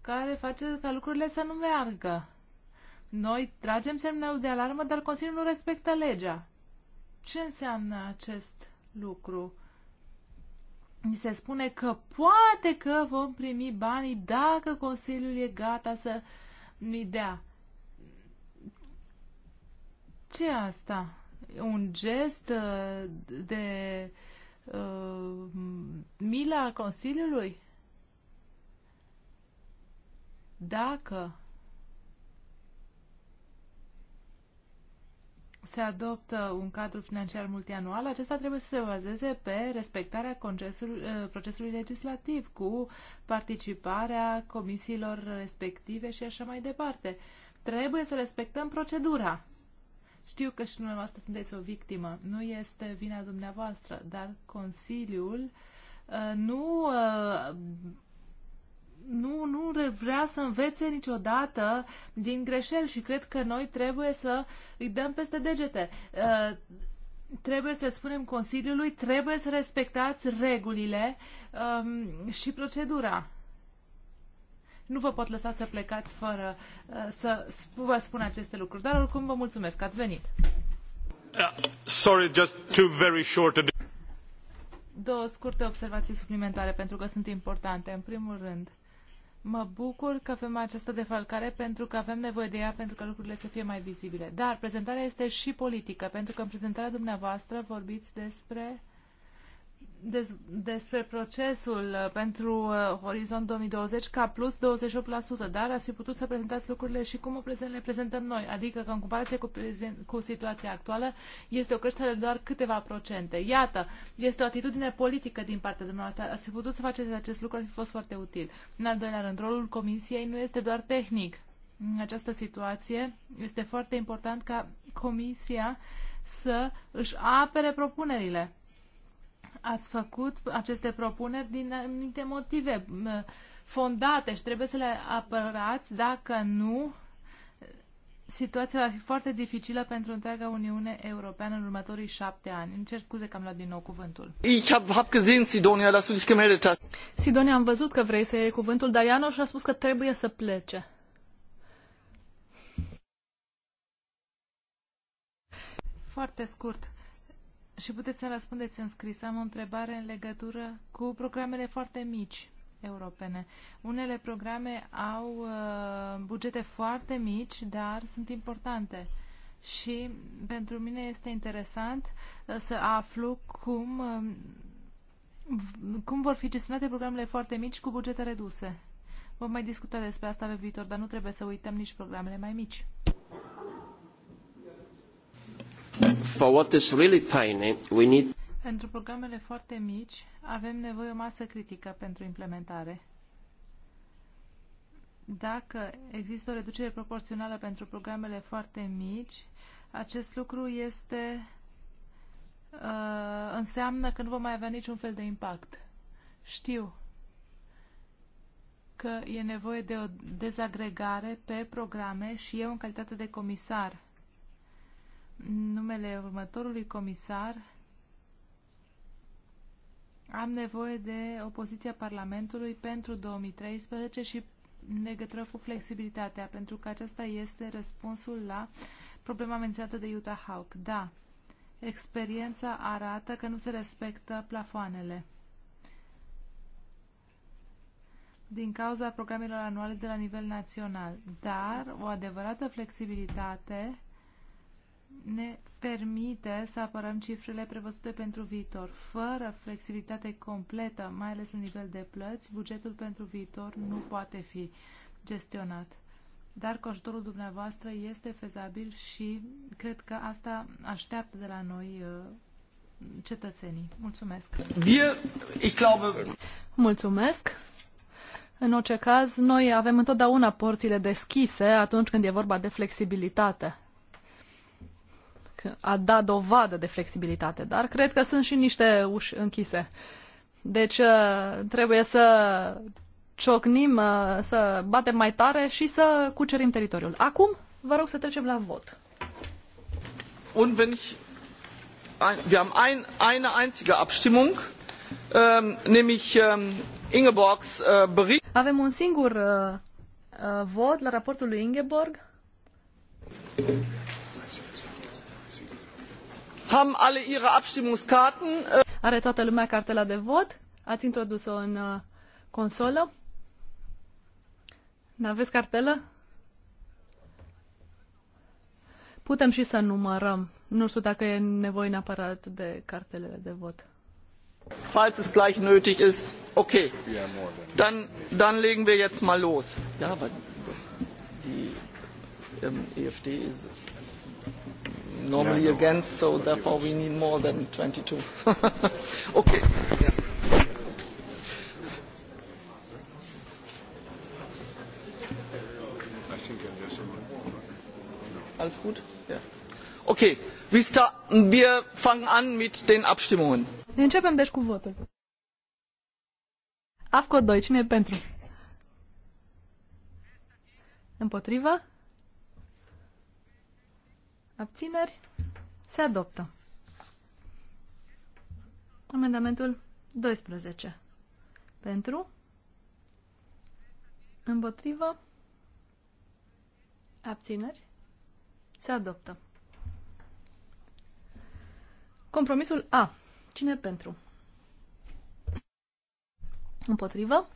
care face ca lucrurile să nu meargă. Noi tragem semnul de alarmă, dar Consiliul nu respectă legea. Ce înseamnă acest lucru? Mi se spune că poate că vom primi banii dacă Consiliul e gata să mi dea. Ce asta? Un gest uh, de uh, mila Consiliului? Dacă se adoptă un cadru financiar multianual, acesta trebuie să se bazeze pe respectarea uh, procesului legislativ cu participarea comisiilor respective și așa mai departe. Trebuie să respectăm procedura. Știu că și dumneavoastră sunteți o victimă. Nu este vina dumneavoastră, dar Consiliul uh, uh, nu nu, nu vrea să învețe niciodată din greșeli și cred că noi trebuie să îi dăm peste degete. Uh, trebuie să spunem Consiliului, trebuie să respectați regulile um, și procedura. Nu vă pot lăsa să plecați fără uh, să vă spun aceste lucruri, dar oricum vă mulțumesc că ați venit. Uh, sorry, just two very short... Două scurte observații suplimentare, pentru că sunt importante. În primul rând, Mă bucur că avem această defalcare pentru că avem nevoie de ea pentru că lucrurile să fie mai vizibile. Dar prezentarea este și politică, pentru că în prezentarea dumneavoastră vorbiți despre des, despre procesul uh, pentru uh, Horizon 2020 ca plus 28%, dar ați fi putut să prezentați lucrurile și cum le prezentăm noi, adică că în comparație cu, prezent, cu situația actuală este o creștere de doar câteva procente. Iată, este o atitudine politică din partea dumneavoastră. Ați fi putut să faceți acest lucru, ar fi fost foarte util. În al doilea rând, rolul Comisiei nu este doar tehnic. În această situație este foarte important ca Comisia să își apere propunerile ați făcut aceste propuneri din anumite motive fondate și trebuie să le apărați. Dacă nu, situația va fi foarte dificilă pentru întreaga Uniune Europeană în următorii șapte ani. Îmi cer scuze că am luat din nou cuvântul. Ich gesehen, Sidonia, dass du dich gemeldet hast. Sidonia, am văzut că vrei să iei cuvântul, dar și a spus că trebuie să plece. Foarte scurt și puteți să răspundeți în scris. Am o întrebare în legătură cu programele foarte mici europene. Unele programe au uh, bugete foarte mici, dar sunt importante. Și pentru mine este interesant uh, să aflu cum, uh, cum vor fi gestionate programele foarte mici cu bugete reduse. Vom mai discuta despre asta pe viitor, dar nu trebuie să uităm nici programele mai mici. For what is really tiny, we need... Pentru programele foarte mici, avem nevoie o masă critică pentru implementare. Dacă există o reducere proporțională pentru programele foarte mici, acest lucru este uh, înseamnă că nu vom mai avea niciun fel de impact. Știu că e nevoie de o dezagregare pe programe și eu, în calitate de comisar numele următorului comisar am nevoie de opoziția Parlamentului pentru 2013 și legătură cu flexibilitatea, pentru că acesta este răspunsul la problema menționată de Utah Hawk. Da, experiența arată că nu se respectă plafoanele. din cauza programelor anuale de la nivel național, dar o adevărată flexibilitate ne permite să apărăm cifrele prevăzute pentru viitor. Fără flexibilitate completă, mai ales la nivel de plăți, bugetul pentru viitor nu poate fi gestionat. Dar cu ajutorul dumneavoastră este fezabil și cred că asta așteaptă de la noi uh, cetățenii. Mulțumesc! ich glaube... Mulțumesc! În orice caz, noi avem întotdeauna porțile deschise atunci când e vorba de flexibilitate a da dovadă de flexibilitate, dar cred că sunt și niște uși închise. Deci uh, trebuie să ciocnim, uh, să batem mai tare și să cucerim teritoriul. Acum vă rog să trecem la vot. Und wenn ich ein, wir haben ein, eine einzige Abstimmung, ähm, nämlich ähm, Ingeborgs äh, Bericht. Avem un singur uh, uh vot la raportul lui Ingeborg. Äh Are toată lumea cartela de vot? Ați introdus-o în uh, consolă? N-aveți da, cartelă? Putem și să numărăm. Nu știu dacă e nevoie neapărat de cartelele de vot. Falls es gleich nötig ist, okay. Dann, dann legen wir jetzt mal los. Ja, aber das, die ähm, EFD ist normally yeah, no, against, so therefore we need more than 22. okay. Yeah. Alles gut? Ja. Okay, wir, wir fangen an mit den Abstimmungen. Ne începem deci cu votul. AFCO 2, cine e pentru? Împotriva? Abțineri? Se adoptă. Amendamentul 12. Pentru? Împotrivă? Abțineri? Se adoptă. Compromisul A. Cine pentru? Împotrivă?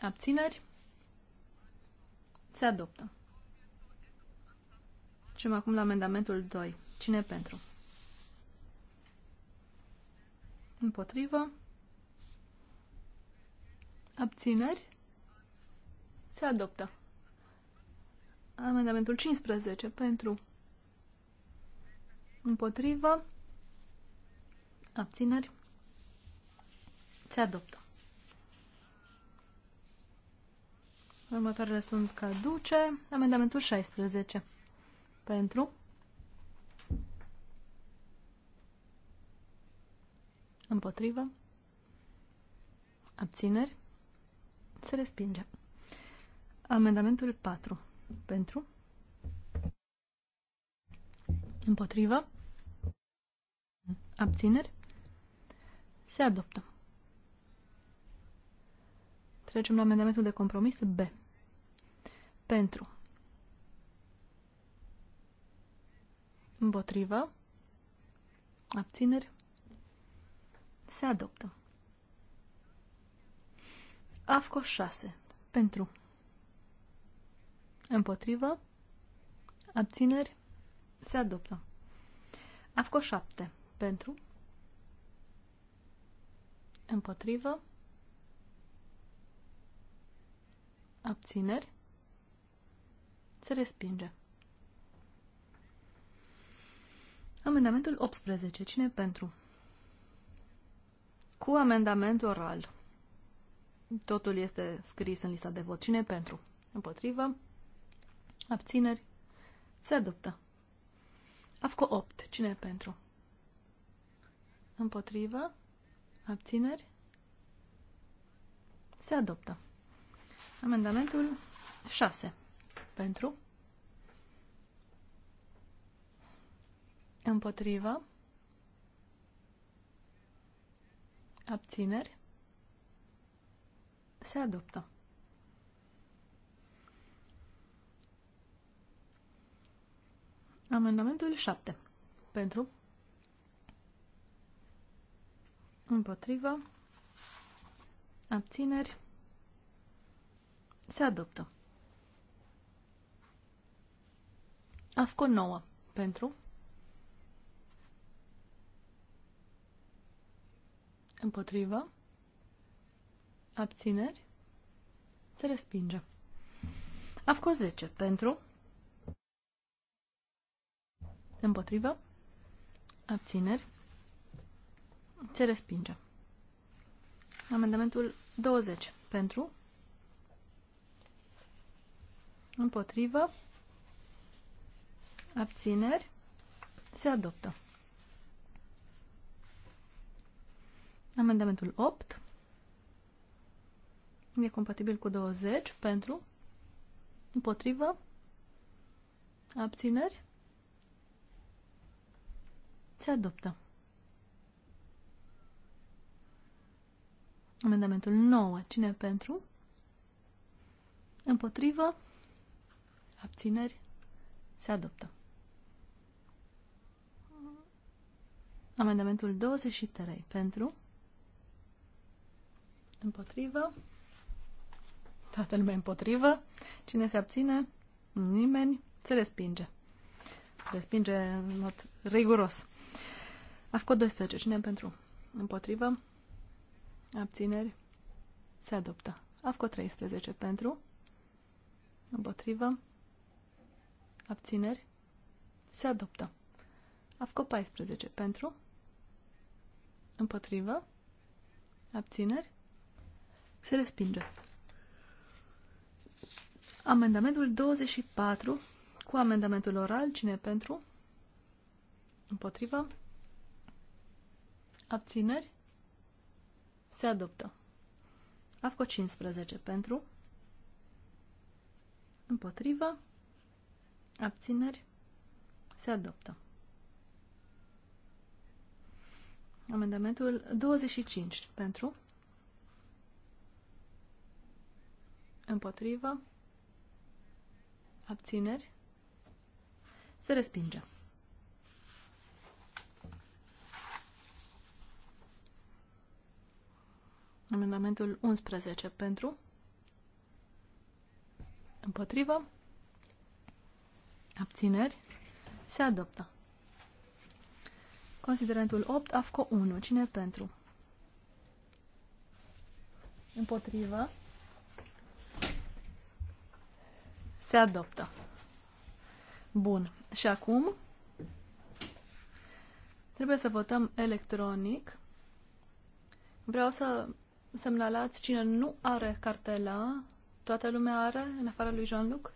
Abțineri? Se adoptă. Trecem acum la amendamentul 2. Cine pentru? Împotrivă. Abțineri. Se adoptă. Amendamentul 15 pentru împotrivă abțineri se adoptă. Următoarele sunt caduce. Amendamentul 16 pentru, împotrivă, abțineri, se respinge. Amendamentul 4 pentru, împotrivă, abțineri, se adoptă. Trecem la amendamentul de compromis B. Pentru. Împotrivă. Abțineri. Se adoptă. AFCO 6. Pentru. Împotrivă. Abțineri. Se adoptă. AFCO 7. Pentru. Împotrivă. Abțineri. Se respinge. Amendamentul 18. Cine pentru? Cu amendament oral. Totul este scris în lista de vot. Cine pentru? Împotrivă. Abțineri. Se adoptă. AFCO 8. Cine pentru? Împotrivă. Abțineri. Se adoptă. Amendamentul 6. Pentru. Împotrivă. Abțineri. Se adoptă. Amendamentul 7. Pentru. Împotrivă. Abțineri. Se adoptă. AFCO 9. Pentru. Împotrivă. Abțineri. Se respinge. A fost 10 pentru. Împotrivă. Abțineri. Se respinge. Amendamentul 20 pentru. Împotrivă. Abțineri. Se adoptă. Amendamentul 8 e compatibil cu 20 pentru, împotrivă, abțineri, se adoptă. Amendamentul 9. Cine pentru? Împotrivă? Abțineri? Se adoptă. Amendamentul 23. Pentru? Împotrivă. Toată lumea împotrivă. Cine se abține? Nimeni. Se respinge. Se respinge în mod riguros. AFCO 12. Cine pentru? Împotrivă. Abțineri. Se adoptă. AFCO 13 pentru. Împotrivă. Abțineri. Se adoptă. AFCO 14 pentru. Împotrivă. Abțineri. Se respinge. Amendamentul 24 cu amendamentul oral. Cine pentru? Împotrivă? Abțineri? Se adoptă. AFCO 15 pentru? Împotrivă? Abțineri? Se adoptă. Amendamentul 25 pentru? Împotrivă. Abțineri. Se respinge. Amendamentul 11 pentru. Împotrivă. Abțineri. Se adoptă. Considerentul 8, AFCO 1. Cine pentru? Împotrivă. Se adoptă. Bun. Și acum trebuie să votăm electronic. Vreau să semnalați cine nu are cartela. Toată lumea are, în afară lui Jean-Luc?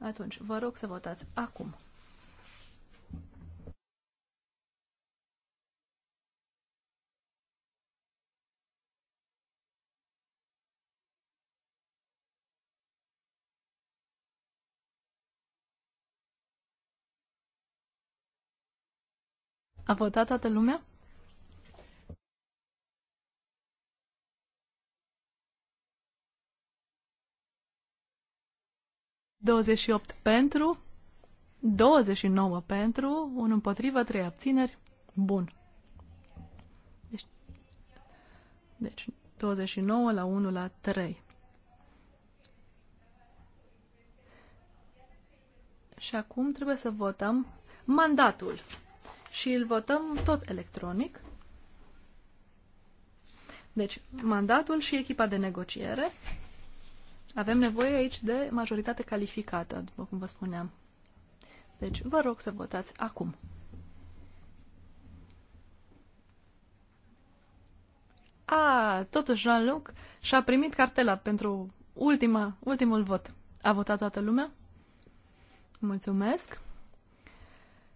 Atunci, vă rog să votați acum. A votat toată lumea? Douăzeci opt pentru, 29 pentru, un împotrivă, trei abțineri. Bun. Deci, deci 29 la 1 la 3. Și acum trebuie să votăm mandatul și îl votăm tot electronic. Deci, mandatul și echipa de negociere. Avem nevoie aici de majoritate calificată, după cum vă spuneam. Deci, vă rog să votați acum. A, totuși Jean-Luc și-a primit cartela pentru ultima, ultimul vot. A votat toată lumea? Mulțumesc!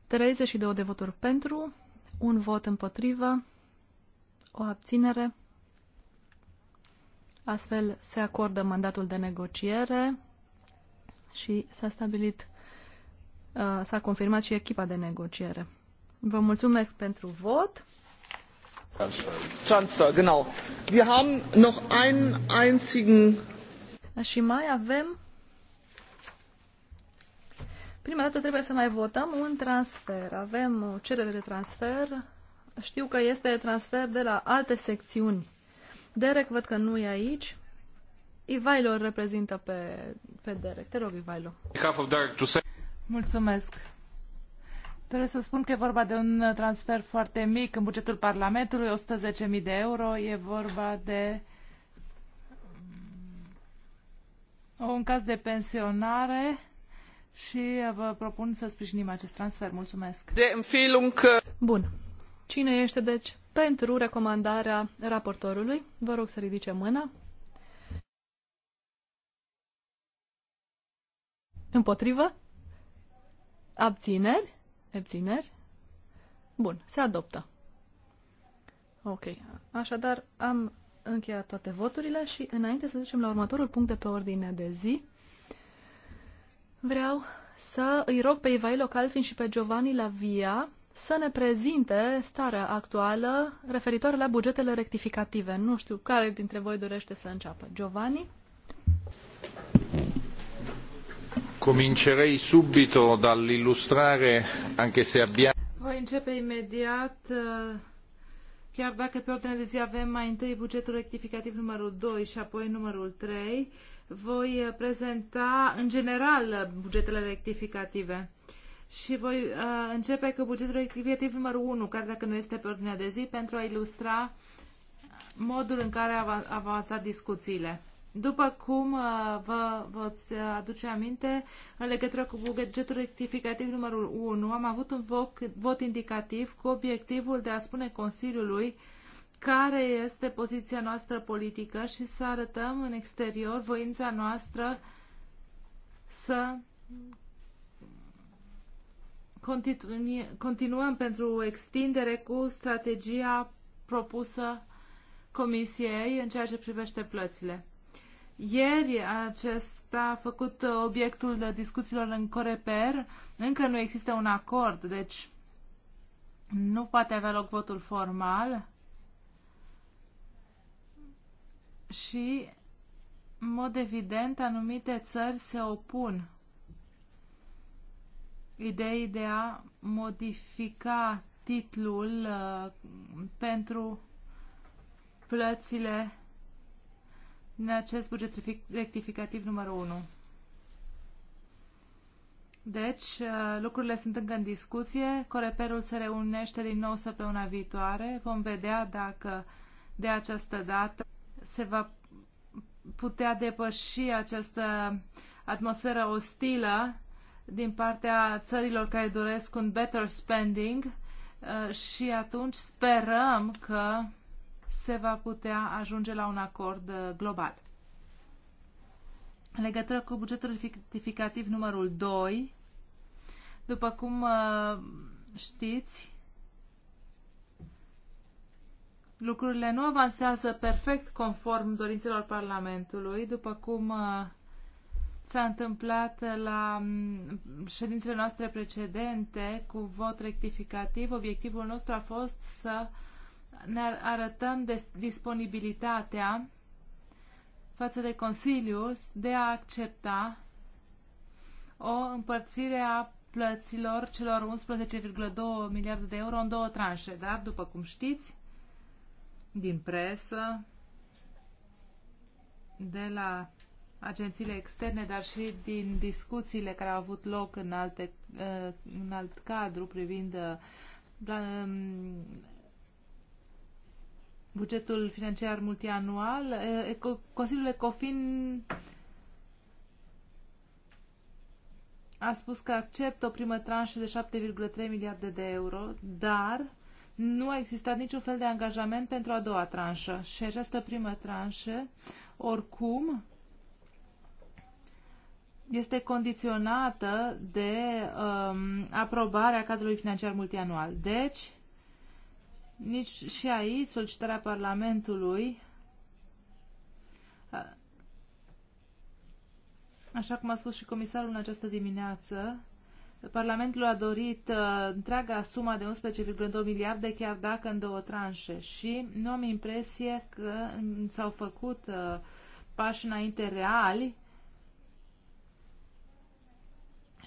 32 de voturi pentru, un vot împotrivă, o abținere. Astfel se acordă mandatul de negociere și s-a stabilit, uh, s-a confirmat și echipa de negociere. Vă mulțumesc pentru vot. Chancellor, genau. Wir haben noch einen einzigen... Și mai avem Prima dată trebuie să mai votăm un transfer. Avem o cerere de transfer. Știu că este transfer de la alte secțiuni. Derek văd că nu e aici. Ivailo reprezintă pe, pe Derek. Te rog, Ivailo. Mulțumesc. Trebuie să spun că e vorba de un transfer foarte mic în bugetul Parlamentului, 110.000 de euro. E vorba de un caz de pensionare și uh, vă propun să sprijinim acest transfer. Mulțumesc! De Bun. Cine este, deci, pentru recomandarea raportorului? Vă rog să ridice mâna. Împotrivă? Abțineri? Abțineri? Bun, se adoptă. Ok, așadar am încheiat toate voturile și înainte să trecem la următorul punct de pe ordinea de zi, Vreau să îi rog pe Ivailo Calfin și pe Giovanni Lavia să ne prezinte starea actuală referitoare la bugetele rectificative. Nu știu care dintre voi dorește să înceapă. Giovanni? Comincerei subito dall'illustrare, anche se abbiamo... Voi începe imediat, uh, chiar dacă pe ordine de zi avem mai întâi bugetul rectificativ numărul 2 și apoi numărul 3, voi uh, prezenta în general uh, bugetele rectificative. Și voi uh, începe cu bugetul rectificativ numărul 1, care dacă nu este pe ordinea de zi, pentru a ilustra uh, modul în care au avansat discuțiile. După cum uh, vă voți aduce aminte, în legătură cu bugetul rectificativ numărul 1, am avut un voc, vot indicativ cu obiectivul de a spune Consiliului uh, care este poziția noastră politică și să arătăm în exterior voința noastră să continu continuăm pentru extindere cu strategia propusă Comisiei în ceea ce privește plățile. Ieri acesta a făcut obiectul discuțiilor în Coreper. Încă nu există un acord, deci nu poate avea loc votul formal și, în mod evident, anumite țări se opun ideii de a modifica titlul uh, pentru plățile din acest buget rectificativ numărul 1. Deci, uh, lucrurile sunt încă în discuție. Coreperul se reunește din nou săptămâna viitoare. Vom vedea dacă de această dată se va putea depăși această atmosferă ostilă din partea țărilor care doresc un better spending uh, și atunci sperăm că se va putea ajunge la un acord uh, global. În legătură cu bugetul rectificativ numărul 2, după cum uh, știți, lucrurile nu avansează perfect conform dorințelor Parlamentului, după cum uh, s-a întâmplat la mm, ședințele noastre precedente cu vot rectificativ. Obiectivul nostru a fost să ne arătăm disponibilitatea față de Consiliu de a accepta o împărțire a plăților celor 11,2 miliarde de euro în două tranșe, dar, după cum știți, din presă, de la agențiile externe, dar și din discuțiile care au avut loc în, alte, uh, în alt cadru privind uh, um, bugetul financiar multianual. Uh, Consiliul Ecofin a spus că acceptă o primă tranșă de 7,3 miliarde de euro, dar nu a existat niciun fel de angajament pentru a doua tranșă. Și această primă tranșă, oricum, este condiționată de um, aprobarea cadrului financiar multianual. Deci, nici și aici solicitarea Parlamentului, așa cum a spus și comisarul în această dimineață, Parlamentul a dorit uh, întreaga suma de 11,2 miliarde, chiar dacă în două tranșe. Și nu am impresie că s-au făcut uh, pași înainte reali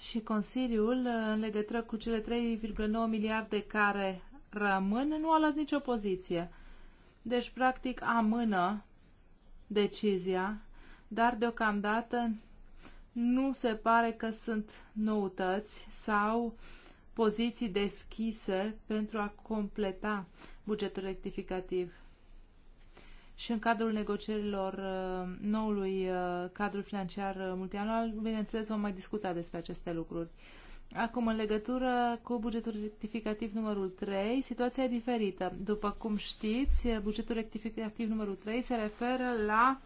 și Consiliul, uh, în legătură cu cele 3,9 miliarde care rămân, nu a luat nicio poziție. Deci, practic, amână decizia, dar deocamdată nu se pare că sunt noutăți sau poziții deschise pentru a completa bugetul rectificativ. Și în cadrul negocierilor uh, noului uh, cadru financiar uh, multianual, bineînțeles, vom mai discuta despre aceste lucruri. Acum, în legătură cu bugetul rectificativ numărul 3, situația e diferită. După cum știți, bugetul rectificativ numărul 3 se referă la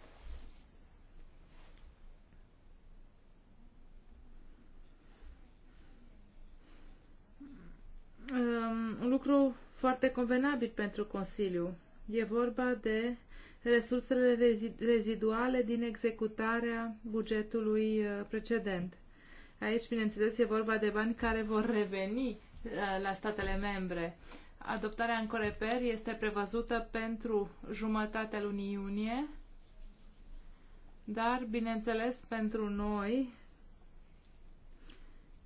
um, un lucru foarte convenabil pentru Consiliu. E vorba de resursele reziduale din executarea bugetului uh, precedent. Aici, bineînțeles, e vorba de bani care vor reveni uh, la statele membre. Adoptarea în Coreper este prevăzută pentru jumătatea lunii iunie, dar, bineînțeles, pentru noi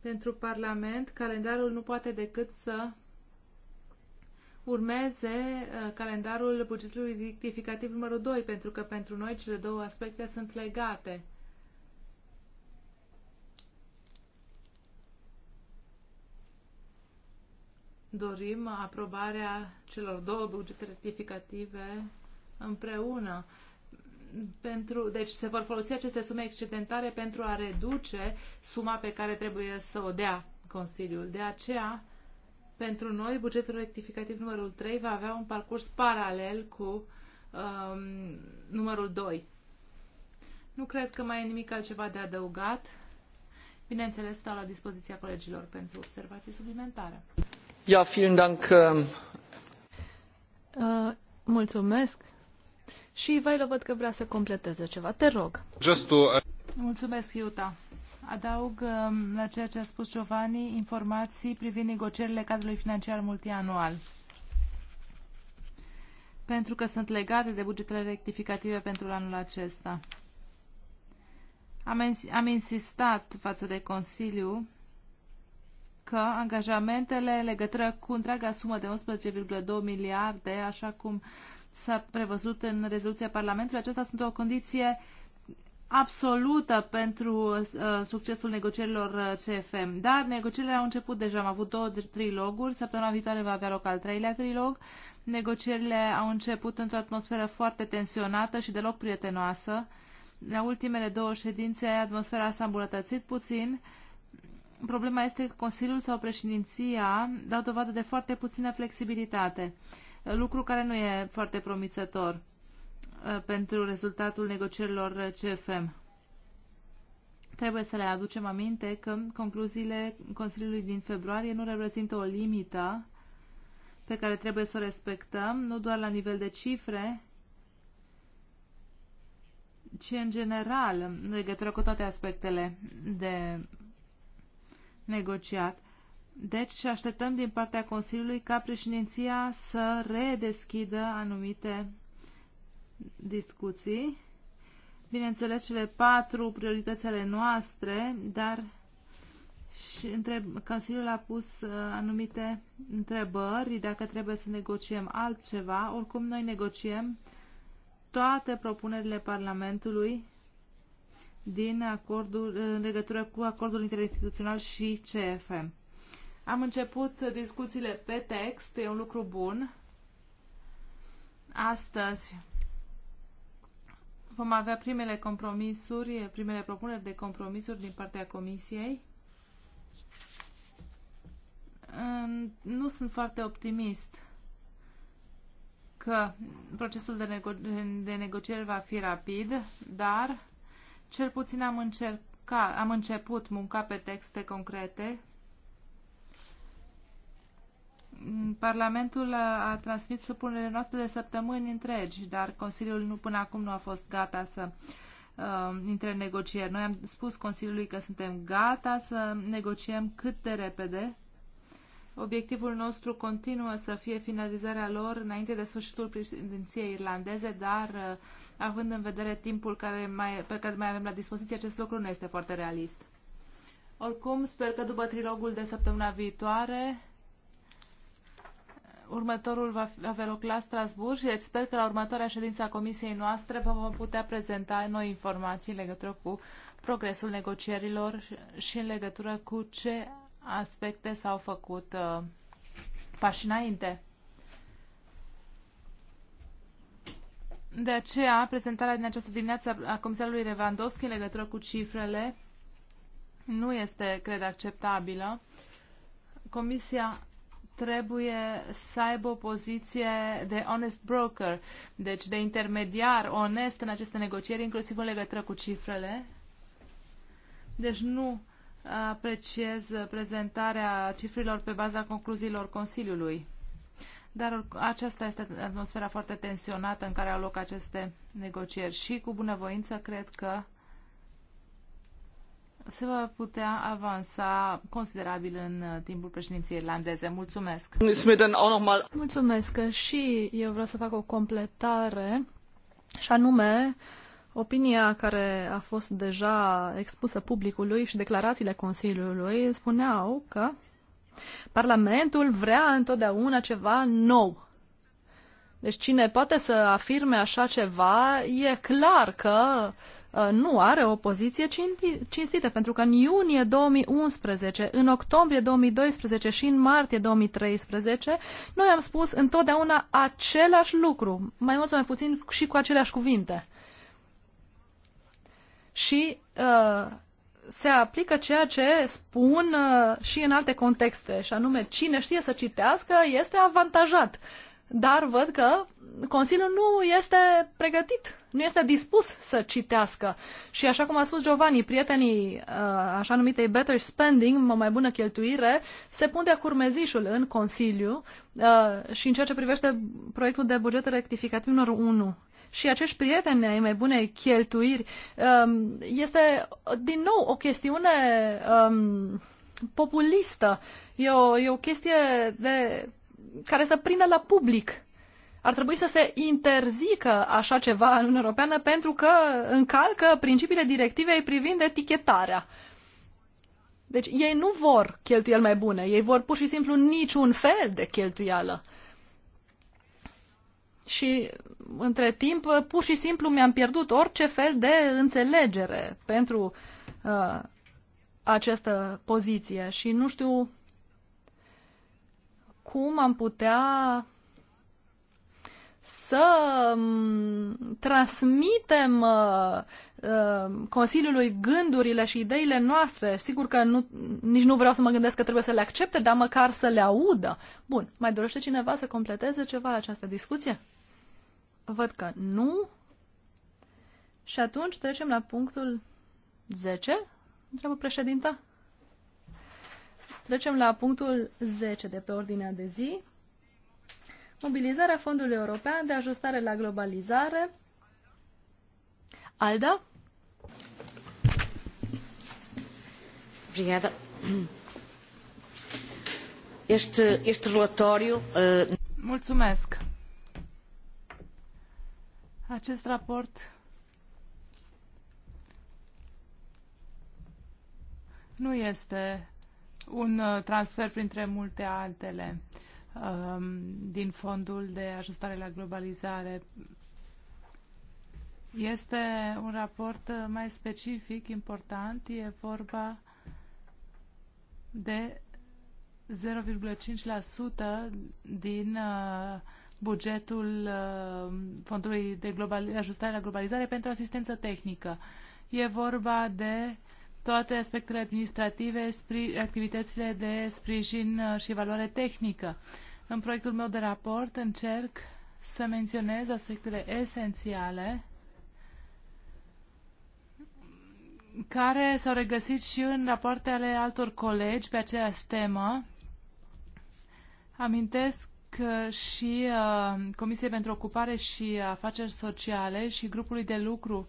pentru Parlament, calendarul nu poate decât să urmeze uh, calendarul bugetului rectificativ numărul 2, pentru că pentru noi cele două aspecte sunt legate. Dorim aprobarea celor două bugete rectificative împreună pentru, deci se vor folosi aceste sume excedentare pentru a reduce suma pe care trebuie să o dea Consiliul. De aceea, pentru noi, bugetul rectificativ numărul 3 va avea un parcurs paralel cu um, numărul 2. Nu cred că mai e nimic altceva de adăugat. Bineînțeles, stau la dispoziția colegilor pentru observații suplimentare. Ja, vielen Dank. Um, uh, mulțumesc, și Ivailo văd că vrea să completeze ceva. Te rog. Just to... Uh, Mulțumesc, Iuta. Adaug um, la ceea ce a spus Giovanni informații privind negocierile cadrului financiar multianual pentru că sunt legate de bugetele rectificative pentru anul acesta. Am, ins- am insistat față de Consiliu că angajamentele în legătură cu întreaga sumă de 11,2 miliarde, așa cum s-a prevăzut în rezoluția Parlamentului. aceasta sunt o condiție absolută pentru uh, succesul negocierilor uh, CFM. Dar negocierile au început deja, am avut două triloguri, săptămâna viitoare va avea loc al treilea trilog. Negocierile au început într-o atmosferă foarte tensionată și deloc prietenoasă. La ultimele două ședințe atmosfera s-a îmbunătățit puțin. Problema este că Consiliul sau președinția dau dovadă de foarte puțină flexibilitate. Uh, lucru care nu e foarte promițător uh, pentru rezultatul negocierilor CFM. Trebuie să le aducem aminte că concluziile Consiliului din februarie nu reprezintă o limită pe care trebuie să o respectăm, nu doar la nivel de cifre, ci în general, în legătură cu toate aspectele de negociat. Deci așteptăm din partea Consiliului ca președinția să redeschidă anumite discuții. Bineînțeles, cele patru priorități ale noastre, dar și între... Consiliul a pus uh, anumite întrebări dacă trebuie să negociem altceva. Oricum, noi negociem toate propunerile Parlamentului din acordul, în legătură cu acordul interinstituțional și CFM. Am început discuțiile pe text, e un lucru bun. Astăzi vom avea primele compromisuri, primele propuneri de compromisuri din partea Comisiei. Nu sunt foarte optimist că procesul de, nego de negociere va fi rapid, dar cel puțin am, încerca, am început munca pe texte concrete Parlamentul a transmis supunerile noastre de săptămâni întregi, dar Consiliul nu până acum nu a fost gata să uh, intre în negocieri. Noi am spus Consiliului că suntem gata să negociem cât de repede. Obiectivul nostru continuă să fie finalizarea lor înainte de sfârșitul președinției irlandeze, dar uh, având în vedere timpul care mai, pe care mai avem la dispoziție, acest lucru nu este foarte realist. Oricum, sper că după trilogul de săptămâna viitoare, Următorul va avea loc la Strasbourg. și deci sper că la următoarea ședință a comisiei noastre vom putea prezenta noi informații în legătură cu progresul negocierilor și în legătură cu ce aspecte s-au făcut uh, pași înainte. De aceea, prezentarea din această dimineață a comisarului Revandowski în legătură cu cifrele nu este, cred, acceptabilă. Comisia trebuie să aibă o poziție de honest broker, deci de intermediar onest în aceste negocieri, inclusiv în legătură cu cifrele. Deci nu apreciez prezentarea cifrelor pe baza concluziilor Consiliului. Dar aceasta este atmosfera foarte tensionată în care au loc aceste negocieri și cu bunăvoință cred că se va putea avansa considerabil în uh, timpul președinției irlandeze. Mulțumesc! Mulțumesc! Și eu vreau să fac o completare și anume opinia care a fost deja expusă publicului și declarațiile Consiliului spuneau că Parlamentul vrea întotdeauna ceva nou. Deci cine poate să afirme așa ceva, e clar că uh, Uh, nu are o poziție cinstită, pentru că în iunie 2011, în octombrie 2012 și în martie 2013, noi am spus întotdeauna același lucru, mai mult sau mai puțin și cu aceleași cuvinte. Și uh, se aplică ceea ce spun uh, și în alte contexte, și anume cine știe să citească este avantajat. Uh, dar văd că Consiliul nu este pregătit, nu este dispus să citească. Și așa cum a spus Giovanni, prietenii uh, așa numitei better spending, o mai bună cheltuire, se pun de curmezișul în Consiliu uh, și în ceea ce privește proiectul de buget rectificativ numărul 1 și acești prieteni ai mai bune cheltuiri, um, este din nou o chestiune um, populistă. E o, e o chestie de care să prindă la public. Ar trebui să se interzică așa ceva în Uniunea Europeană pentru că încalcă principiile directivei privind etichetarea. Deci ei nu vor cheltuieli mai bune, ei vor pur și simplu niciun fel de cheltuială. Și între timp, pur și simplu mi-am pierdut orice fel de înțelegere pentru uh, această poziție și nu știu cum am putea să transmitem uh, uh, Consiliului gândurile și ideile noastre. Sigur că nu, nici nu vreau să mă gândesc că trebuie să le accepte, dar măcar să le audă. Bun, mai dorește cineva să completeze ceva la această discuție? Văd că nu. Și atunci trecem la punctul 10? Întreabă președinta. Trecem la punctul 10 de pe ordinea de zi. Mobilizarea Fondului European de Ajustare la Globalizare. Alda? Obrigada. Este, este relatório. Uh... Mulțumesc. Acest raport nu este un uh, transfer printre multe altele um, din fondul de ajustare la globalizare. Este un raport uh, mai specific, important, e vorba de 0,5% din uh, bugetul fondului de ajustare la globalizare pentru asistență tehnică. E vorba de toate aspectele administrative, activitățile de sprijin uh, și valoare tehnică. În proiectul meu de raport încerc să menționez aspectele esențiale care s-au regăsit și în rapoarte ale altor colegi pe aceeași temă. Amintesc și uh, Comisiei pentru Ocupare și Afaceri Sociale și grupului de lucru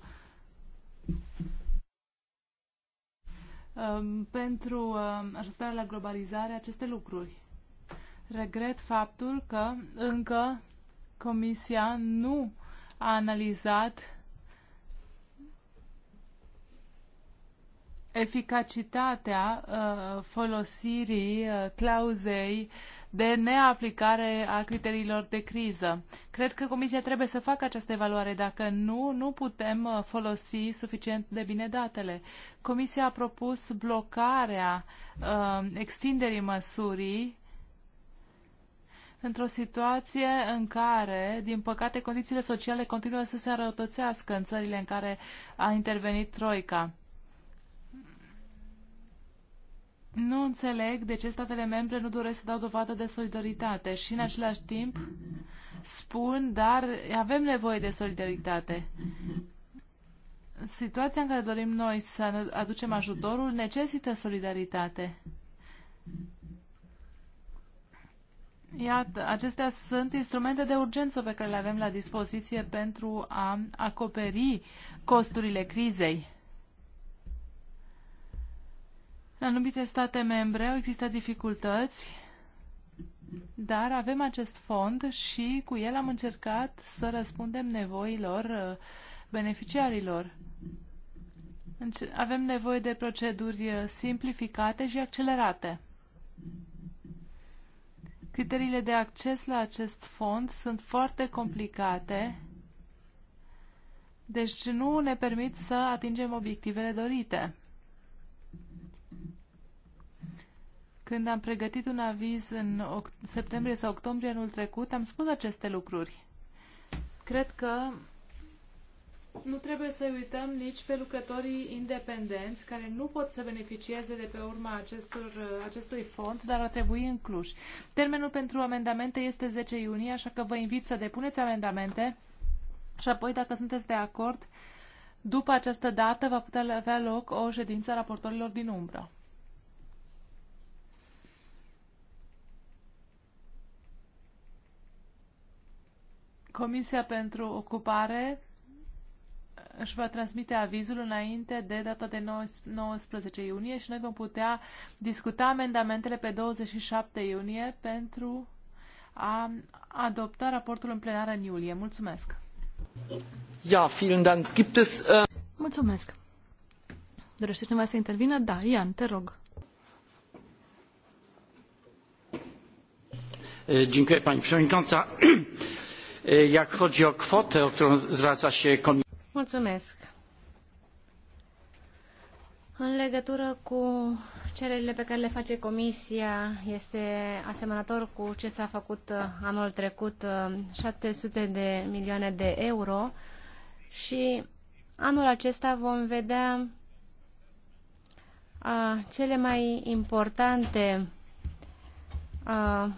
Um, pentru um, ajustarea la globalizare aceste lucruri. Regret faptul că încă Comisia nu a analizat eficacitatea uh, folosirii uh, clauzei de neaplicare a criteriilor de criză. Cred că Comisia trebuie să facă această evaluare. Dacă nu, nu putem uh, folosi suficient de bine datele. Comisia a propus blocarea uh, extinderii măsurii într-o situație în care, din păcate, condițiile sociale continuă să se înrăutățească în țările în care a intervenit Troica. Nu înțeleg de ce statele membre nu doresc să dau dovadă de solidaritate și în același timp spun, dar avem nevoie de solidaritate. Situația în care dorim noi să aducem ajutorul necesită solidaritate. Iată, acestea sunt instrumente de urgență pe care le avem la dispoziție pentru a acoperi costurile crizei. În anumite state membre au existat dificultăți, dar avem acest fond și cu el am încercat să răspundem nevoilor uh, beneficiarilor. Avem nevoie de proceduri uh, simplificate și accelerate. Criteriile de acces la acest fond sunt foarte complicate, deci nu ne permit să atingem obiectivele dorite. Când am pregătit un aviz în septembrie sau octombrie anul trecut, am spus aceste lucruri. Cred că nu trebuie să uităm nici pe lucrătorii independenți care nu pot să beneficieze de pe urma acestor, acestui fond, dar ar trebui incluși. Termenul pentru amendamente este 10 iunie, așa că vă invit să depuneți amendamente și apoi, dacă sunteți de acord, după această dată va putea avea loc o ședință a raportorilor din umbră. Comisia pentru Ocupare își va transmite avizul înainte de data de 19 iunie și noi vom putea discuta amendamentele pe 27 iunie pentru a adopta raportul în plenară în iulie. Mulțumesc! Ja, vielen Dank. Gibt es, uh... Mulțumesc! Dorește cineva să intervină? Da, Ian, te rog. Dziękuję Pani Przewodnicząca. Jak chodzi o kwotę, o którą zwraca się komisja... Mulțumesc. În legătură cu cererile pe care le face Comisia, este asemănător cu ce s-a făcut uh, anul trecut, 700 uh, de milioane de euro și anul acesta vom vedea uh, cele mai importante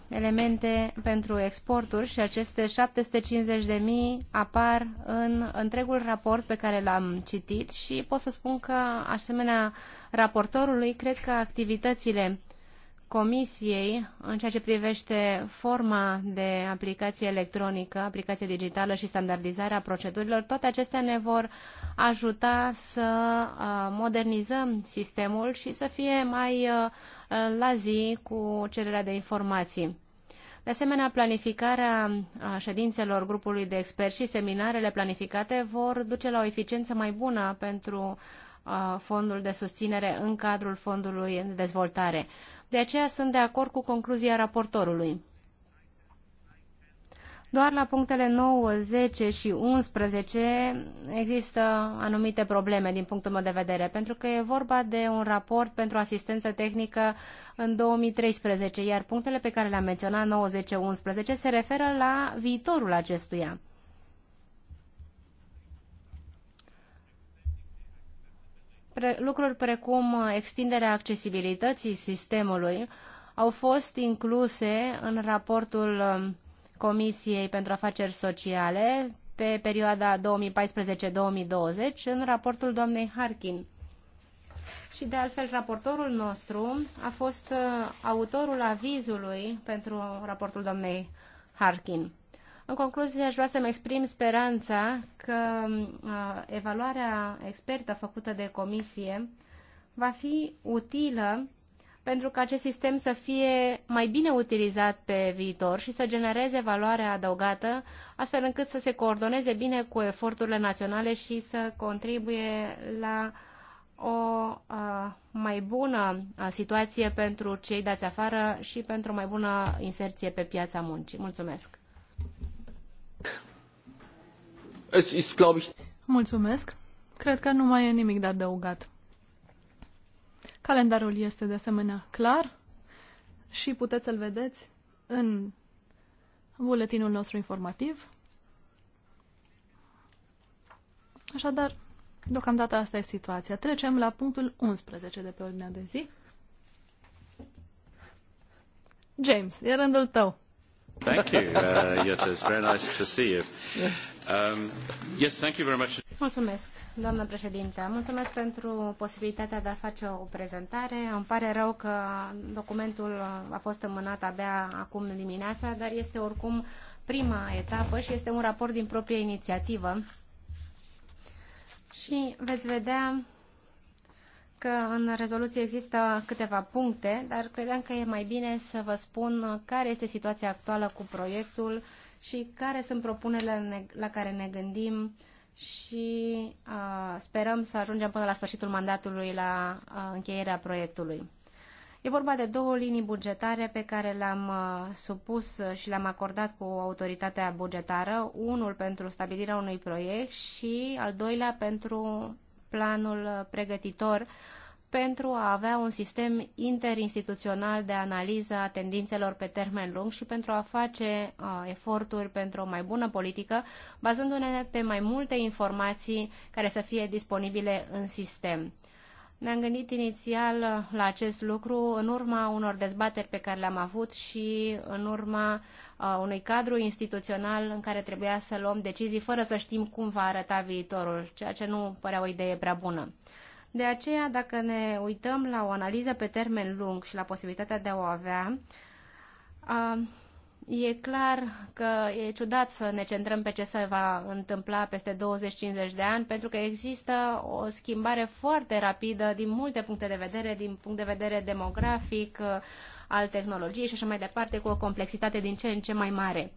elemente pentru exporturi și aceste 750.000 apar în întregul raport pe care l-am citit și pot să spun că, asemenea raportorului, cred că activitățile uh, Comisiei în ceea ce privește forma de aplicație electronică, aplicație digitală și standardizarea procedurilor, toate acestea ne vor ajuta să uh, modernizăm sistemul și să fie mai uh, la zi cu cererea de informații. De asemenea, planificarea uh, ședințelor grupului de experți și seminarele planificate vor duce la o eficiență mai bună pentru fondul de susținere în cadrul fondului de dezvoltare. De aceea sunt de acord cu concluzia raportorului. Doar la punctele 9, 10 și 11 există anumite probleme din punctul meu de vedere, pentru că e vorba de un raport pentru asistență tehnică în 2013, iar punctele pe care le-am menționat, 9, 10, 11, se referă la viitorul acestuia. pre, lucruri precum uh, extinderea accesibilității sistemului au fost incluse în raportul um, Comisiei pentru Afaceri Sociale pe perioada 2014-2020 în raportul doamnei Harkin. Și de altfel, raportorul nostru a fost uh, autorul avizului pentru raportul doamnei Harkin. În concluzie, aș vrea să-mi exprim speranța că evaluarea expertă făcută de comisie va fi utilă pentru ca acest sistem să fie mai bine utilizat pe viitor și să genereze valoare adăugată, astfel încât să se coordoneze bine cu eforturile naționale și să contribuie la o a, mai bună situație pentru cei dați afară și pentru o mai bună inserție pe piața muncii. Mulțumesc! Mulțumesc. Cred că nu mai e nimic de adăugat. Calendarul este de asemenea clar și puteți să-l vedeți în buletinul nostru informativ. Așadar, deocamdată asta e situația. Trecem la punctul 11 de pe ordinea de zi. James, e rândul tău. Thank you, uh, Jutta. It's very nice to see you. Um, yes, thank you very much. Mulțumesc, doamnă președinte. Mulțumesc pentru posibilitatea de a face o prezentare. Îmi pare rău că documentul a fost înmânat abia acum dimineața, dar este oricum prima etapă și este un raport din proprie inițiativă. Și veți vedea că în rezoluție există câteva puncte, dar credeam că e mai bine să vă spun care este situația actuală cu proiectul și care sunt propunerile la care ne gândim și uh, sperăm să ajungem până la sfârșitul mandatului la uh, încheierea proiectului. E vorba de două linii bugetare pe care le-am uh, supus și le-am acordat cu autoritatea bugetară, unul pentru stabilirea unui proiect și al doilea pentru planul uh, pregătitor pentru a avea un sistem interinstituțional de analiză a tendințelor pe termen lung și pentru a face a, uh, eforturi pentru o mai bună politică, bazându-ne pe mai multe informații care să fie disponibile în sistem. Ne-am gândit inițial la acest lucru în urma unor dezbateri pe care le-am avut și în urma unui cadru instituțional în care trebuia să luăm decizii fără să știm cum va arăta viitorul, ceea ce nu părea o idee prea bună. De aceea, dacă ne uităm la o analiză pe termen lung și la posibilitatea de a o avea, E clar că e ciudat să ne centrăm pe ce se va întâmpla peste 20-50 de ani, pentru că există o schimbare foarte rapidă din multe puncte de vedere, din punct de vedere demografic, al tehnologiei și așa mai departe, cu o complexitate din ce în ce mai mare.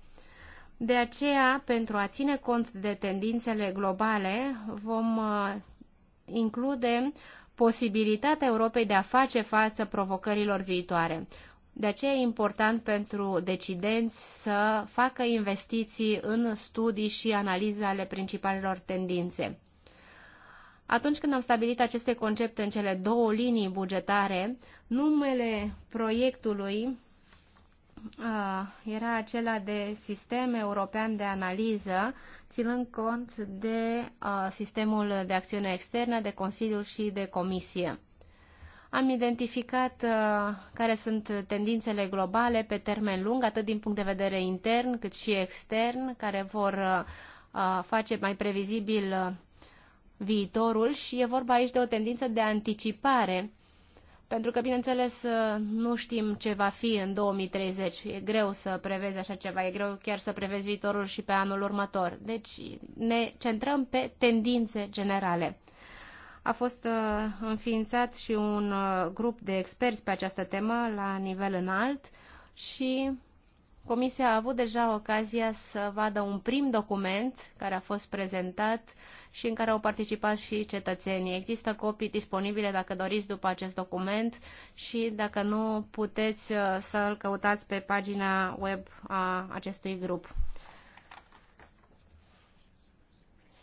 De aceea, pentru a ține cont de tendințele globale, vom uh, include posibilitatea Europei de a face față provocărilor viitoare. De aceea e important pentru decidenți să facă investiții în studii și analize ale principalelor tendințe. Atunci când am stabilit aceste concepte în cele două linii bugetare, numele proiectului era acela de sistem european de analiză, ținând cont de sistemul de acțiune externă, de Consiliu și de Comisie. Am identificat uh, care sunt tendințele globale pe termen lung, atât din punct de vedere intern cât și extern, care vor uh, uh, face mai previzibil viitorul și e vorba aici de o tendință de anticipare, pentru că, bineînțeles, nu știm ce va fi în 2030. E greu să prevezi așa ceva, e greu chiar să prevezi viitorul și pe anul următor. Deci ne centrăm pe tendințe generale. A fost uh, înființat și un uh, grup de experți pe această temă la nivel înalt și Comisia a avut deja ocazia să vadă un prim document care a fost prezentat și în care au participat și cetățenii. Există copii disponibile dacă doriți după acest document și dacă nu puteți uh, să-l căutați pe pagina web a acestui grup.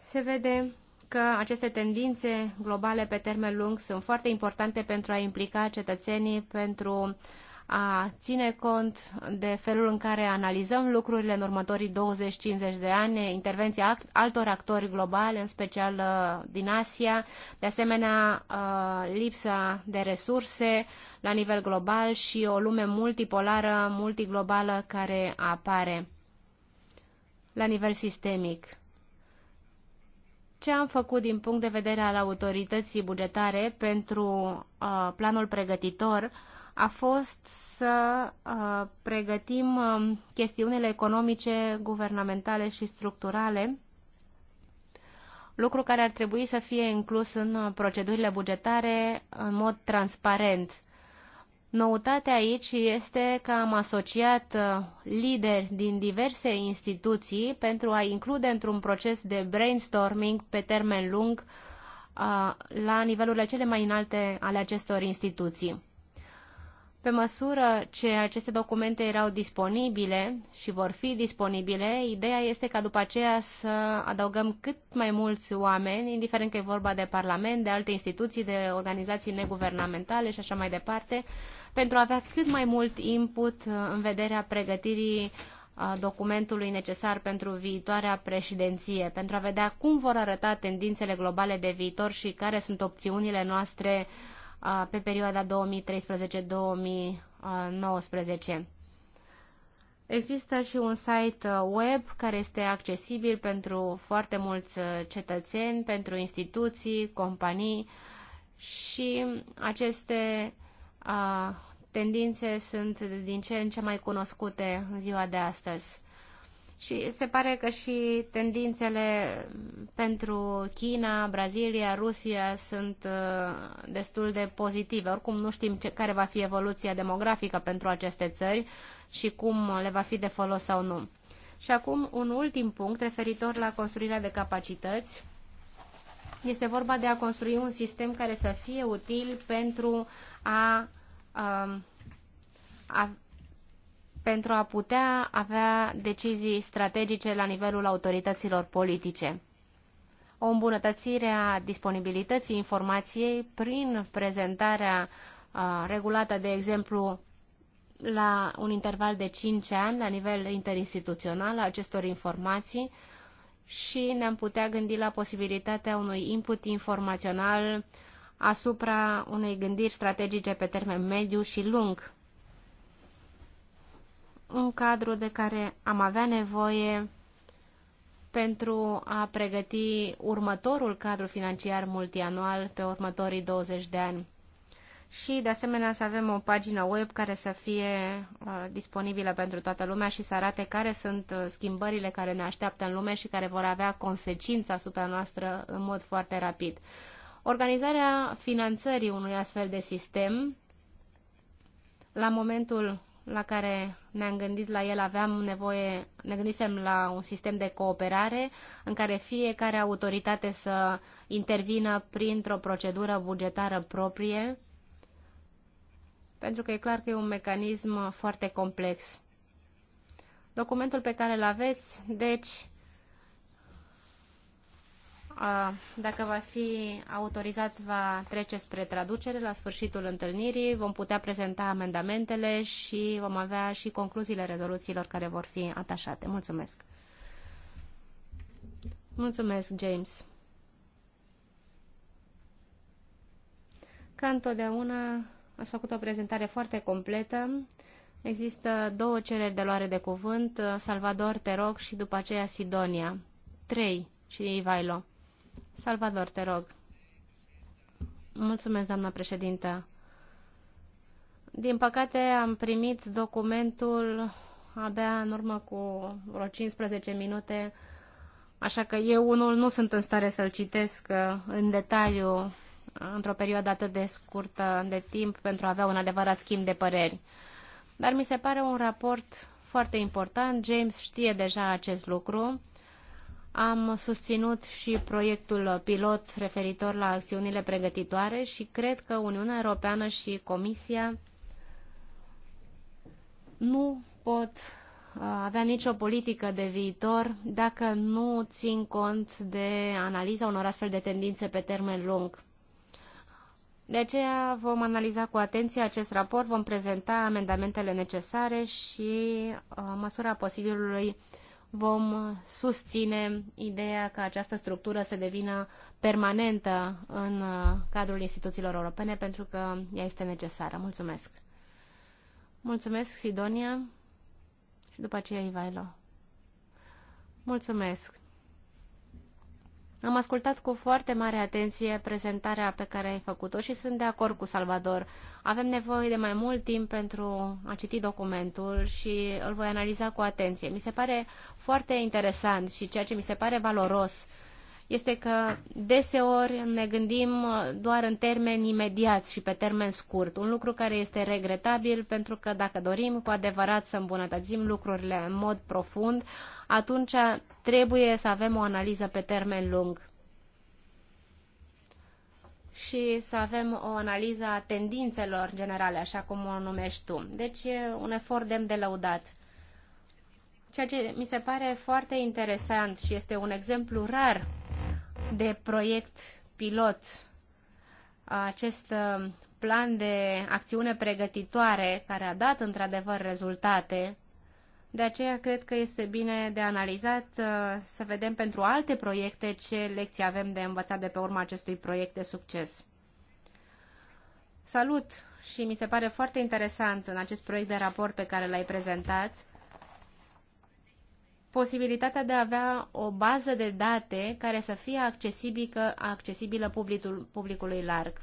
Se vede că aceste tendințe globale pe termen lung sunt foarte importante pentru a implica cetățenii, pentru a ține cont de felul în care analizăm lucrurile în următorii 20-50 de ani, intervenția altor actori globali, în special uh, din Asia, de asemenea uh, lipsa de resurse la nivel global și o lume multipolară, multiglobală care apare la nivel sistemic ce am făcut din punct de vedere al autorității bugetare pentru uh, planul pregătitor a fost să uh, pregătim uh, chestiunile economice, guvernamentale și structurale, lucru care ar trebui să fie inclus în uh, procedurile bugetare în mod transparent Noutatea aici este că am asociat uh, lideri din diverse instituții pentru a include într-un proces de brainstorming pe termen lung uh, la nivelurile cele mai înalte ale acestor instituții. Pe măsură ce aceste documente erau disponibile și vor fi disponibile, ideea este ca după aceea să adăugăm cât mai mulți oameni, indiferent că e vorba de parlament, de alte instituții, de organizații neguvernamentale și așa mai departe, pentru a avea cât mai mult input uh, în vederea pregătirii uh, documentului necesar pentru viitoarea președinție, pentru a vedea cum vor arăta tendințele globale de viitor și care sunt opțiunile noastre uh, pe perioada 2013-2019. Există și un site web care este accesibil pentru foarte mulți cetățeni, pentru instituții, companii și aceste tendințe sunt din ce în ce mai cunoscute în ziua de astăzi. Și se pare că și tendințele pentru China, Brazilia, Rusia sunt uh, destul de pozitive. Oricum nu știm ce, care va fi evoluția demografică pentru aceste țări și cum le va fi de folos sau nu. Și acum un ultim punct referitor la construirea de capacități este vorba de a construi un sistem care să fie util pentru a, a, um, a pentru a putea avea decizii strategice la nivelul autorităților politice. O îmbunătățire a disponibilității informației prin prezentarea a, uh, regulată, de exemplu, la un interval de 5 ani, la nivel interinstituțional, a acestor informații, și ne-am putea gândi la posibilitatea unui input informațional asupra unei gândiri strategice pe termen mediu și lung. Un cadru de care am avea nevoie pentru a pregăti următorul cadru financiar multianual pe următorii 20 de ani și de asemenea să avem o pagină web care să fie uh, disponibilă pentru toată lumea și să arate care sunt uh, schimbările care ne așteaptă în lume și care vor avea consecința asupra noastră în mod foarte rapid. Organizarea finanțării unui astfel de sistem, la momentul la care ne-am gândit la el, aveam nevoie, ne gândisem la un sistem de cooperare în care fiecare autoritate să intervină printr-o procedură bugetară proprie, pentru că e clar că e un mecanism foarte complex. Documentul pe care îl aveți, deci, dacă va fi autorizat, va trece spre traducere la sfârșitul întâlnirii. Vom putea prezenta amendamentele și vom avea și concluziile rezoluțiilor care vor fi atașate. Mulțumesc! Mulțumesc, James! Ca întotdeauna, Ați făcut o prezentare foarte completă. Există două cereri de luare de cuvânt, Salvador, te rog, și după aceea Sidonia. Trei și Ivailo. Salvador, te rog. Mulțumesc, doamna președintă. Din păcate, am primit documentul abia în urmă cu vreo 15 minute, așa că eu unul nu sunt în stare să-l citesc uh, în detaliu într-o perioadă atât de scurtă de timp pentru a avea un adevărat schimb de păreri. Dar mi se pare un raport foarte important. James știe deja acest lucru. Am susținut și proiectul pilot referitor la acțiunile pregătitoare și cred că Uniunea Europeană și Comisia nu pot uh, avea nicio politică de viitor dacă nu țin cont de analiza unor astfel de tendințe pe termen lung. De aceea vom analiza cu atenție acest raport, vom prezenta amendamentele necesare și, în uh, măsura posibilului, vom susține ideea ca această structură să devină permanentă în uh, cadrul instituțiilor europene, pentru că ea este necesară. Mulțumesc! Mulțumesc, Sidonia, și după aceea Ivailo. Mulțumesc! Am ascultat cu foarte mare atenție prezentarea pe care ai făcut-o și sunt de acord cu Salvador. Avem nevoie de mai mult timp pentru a citi documentul și îl voi analiza cu atenție. Mi se pare foarte interesant și ceea ce mi se pare valoros este că deseori ne gândim doar în termeni imediați și pe termen scurt, un lucru care este regretabil pentru că dacă dorim cu adevărat să îmbunătățim lucrurile în mod profund, atunci trebuie să avem o analiză pe termen lung și să avem o analiză a tendințelor generale, așa cum o numești tu. Deci e un efort demn de lăudat. Ceea ce mi se pare foarte interesant și este un exemplu rar de proiect pilot, acest uh, plan de acțiune pregătitoare care a dat într-adevăr rezultate de aceea cred că este bine de analizat uh, să vedem pentru alte proiecte ce lecții avem de învățat de pe urma acestui proiect de succes. Salut și mi se pare foarte interesant în acest proiect de raport pe care l-ai prezentat posibilitatea de a avea o bază de date care să fie accesibilă, accesibilă publicul, publicului larg.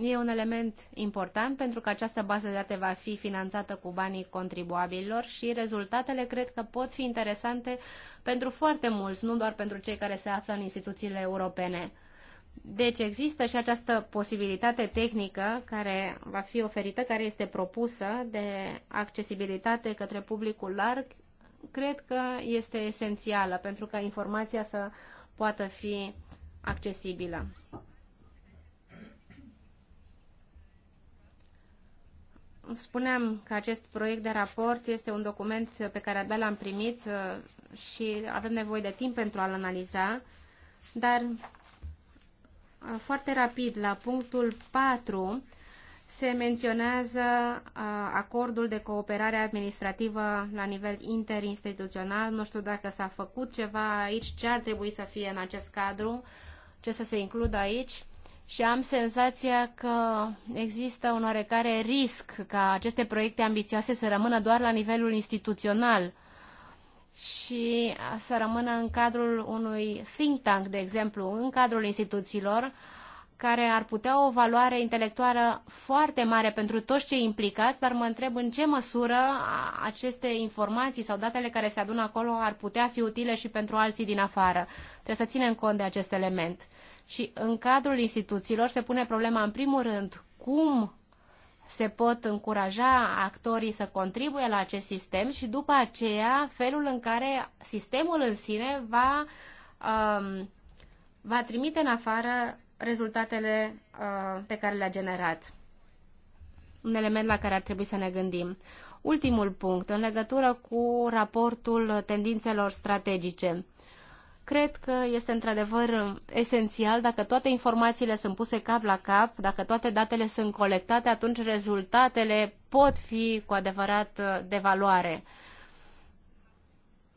E un element important pentru că această bază de date va fi finanțată cu banii contribuabililor și rezultatele cred că pot fi interesante pentru foarte mulți, nu doar pentru cei care se află în instituțiile europene. Deci există și această posibilitate tehnică care va fi oferită, care este propusă de accesibilitate către publicul larg. Cred că este esențială pentru ca informația să poată fi accesibilă. spuneam că acest proiect de raport este un document pe care abia l-am primit uh, și avem nevoie de timp pentru a-l analiza, dar uh, foarte rapid, la punctul 4, se menționează uh, acordul de cooperare administrativă la nivel interinstituțional. Nu știu dacă s-a făcut ceva aici, ce ar trebui să fie în acest cadru, ce să se includă aici și am senzația că există un oarecare risc ca aceste proiecte ambițioase să rămână doar la nivelul instituțional și să rămână în cadrul unui think tank, de exemplu, în cadrul instituțiilor, care ar putea o valoare intelectuală foarte mare pentru toți cei implicați, dar mă întreb în ce măsură aceste informații sau datele care se adună acolo ar putea fi utile și pentru alții din afară. Trebuie să ținem cont de acest element. Și în cadrul instituțiilor se pune problema, în primul rând, cum se pot încuraja actorii să contribuie la acest sistem și după aceea felul în care sistemul în sine va, um, va trimite în afară rezultatele uh, pe care le-a generat. Un element la care ar trebui să ne gândim. Ultimul punct, în legătură cu raportul tendințelor strategice. Cred că este într-adevăr esențial dacă toate informațiile sunt puse cap la cap, dacă toate datele sunt colectate, atunci rezultatele pot fi cu adevărat uh, de valoare.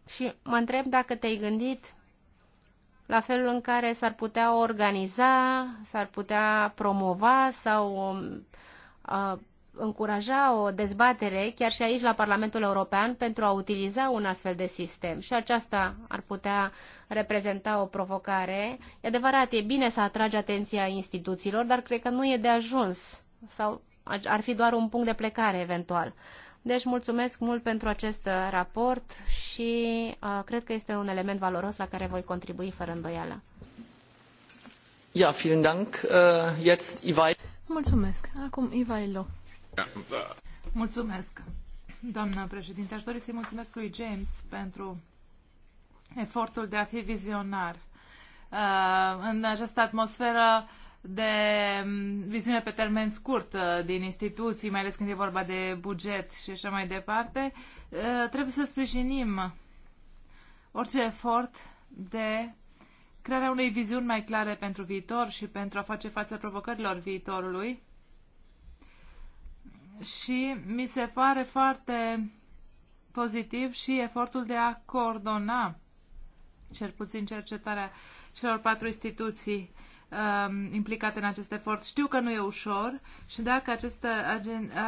Și mă întreb dacă te-ai gândit la felul în care s-ar putea organiza, s-ar putea promova sau um, uh, încuraja o dezbatere chiar și aici la Parlamentul European pentru a utiliza un astfel de sistem și aceasta ar putea reprezenta o provocare. E adevărat, e bine să atragi atenția instituțiilor, dar cred că nu e de ajuns sau ar fi doar un punct de plecare eventual. Deci mulțumesc mult pentru acest raport și uh, cred că este un element valoros la care voi contribui fără îndoială. Ja, vielen Dank. Uh, jetzt Ivai. Mulțumesc. Acum Ivailo. Mulțumesc, doamnă președinte. Aș dori să-i mulțumesc lui James pentru efortul de a fi vizionar uh, în această atmosferă de mm, viziune pe termen scurt uh, din instituții, mai ales când e vorba de buget și așa mai departe, uh, trebuie să sprijinim orice efort de crearea unei viziuni mai clare pentru viitor și pentru a face față provocărilor viitorului și mi se pare foarte pozitiv și efortul de a coordona cel puțin cercetarea celor patru instituții um, implicate în acest efort. Știu că nu e ușor și dacă această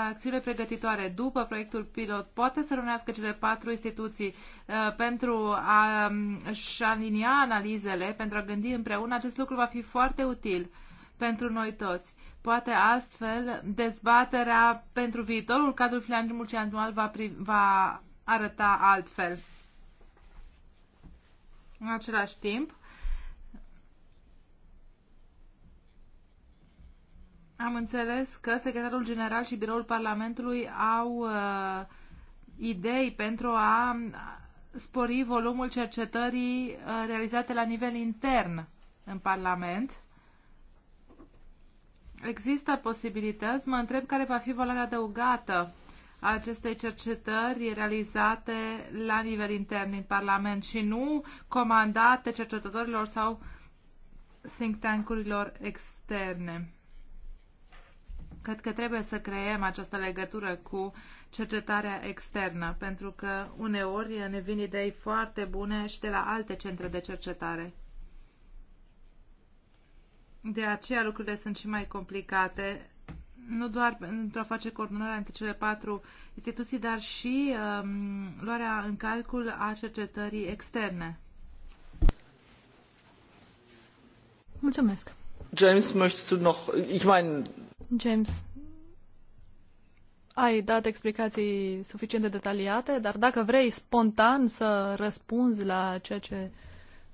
acțiune pregătitoare după proiectul pilot poate să rânească cele patru instituții uh, pentru a-și um, alinia analizele, pentru a gândi împreună, acest lucru va fi foarte util pentru noi toți. Poate astfel dezbaterea pentru viitorul cadrul financiar multianual va, va arăta altfel. În același timp, am înțeles că secretarul general și biroul Parlamentului au uh, idei pentru a spori volumul cercetării uh, realizate la nivel intern în Parlament Există posibilități, mă întreb care va fi valoarea adăugată a acestei cercetări realizate la nivel intern în Parlament și nu comandate cercetătorilor sau think tank-urilor externe. Cred că trebuie să creăm această legătură cu cercetarea externă, pentru că uneori ne vin idei foarte bune și de la alte centre de cercetare. De aceea lucrurile sunt și mai complicate, nu doar pentru a face coordonarea între cele patru instituții, dar și um, luarea în calcul a cercetării externe. Mulțumesc. James, möchtest du noch, ich meine... James, ai dat explicații suficient de detaliate, dar dacă vrei spontan să răspunzi la ceea ce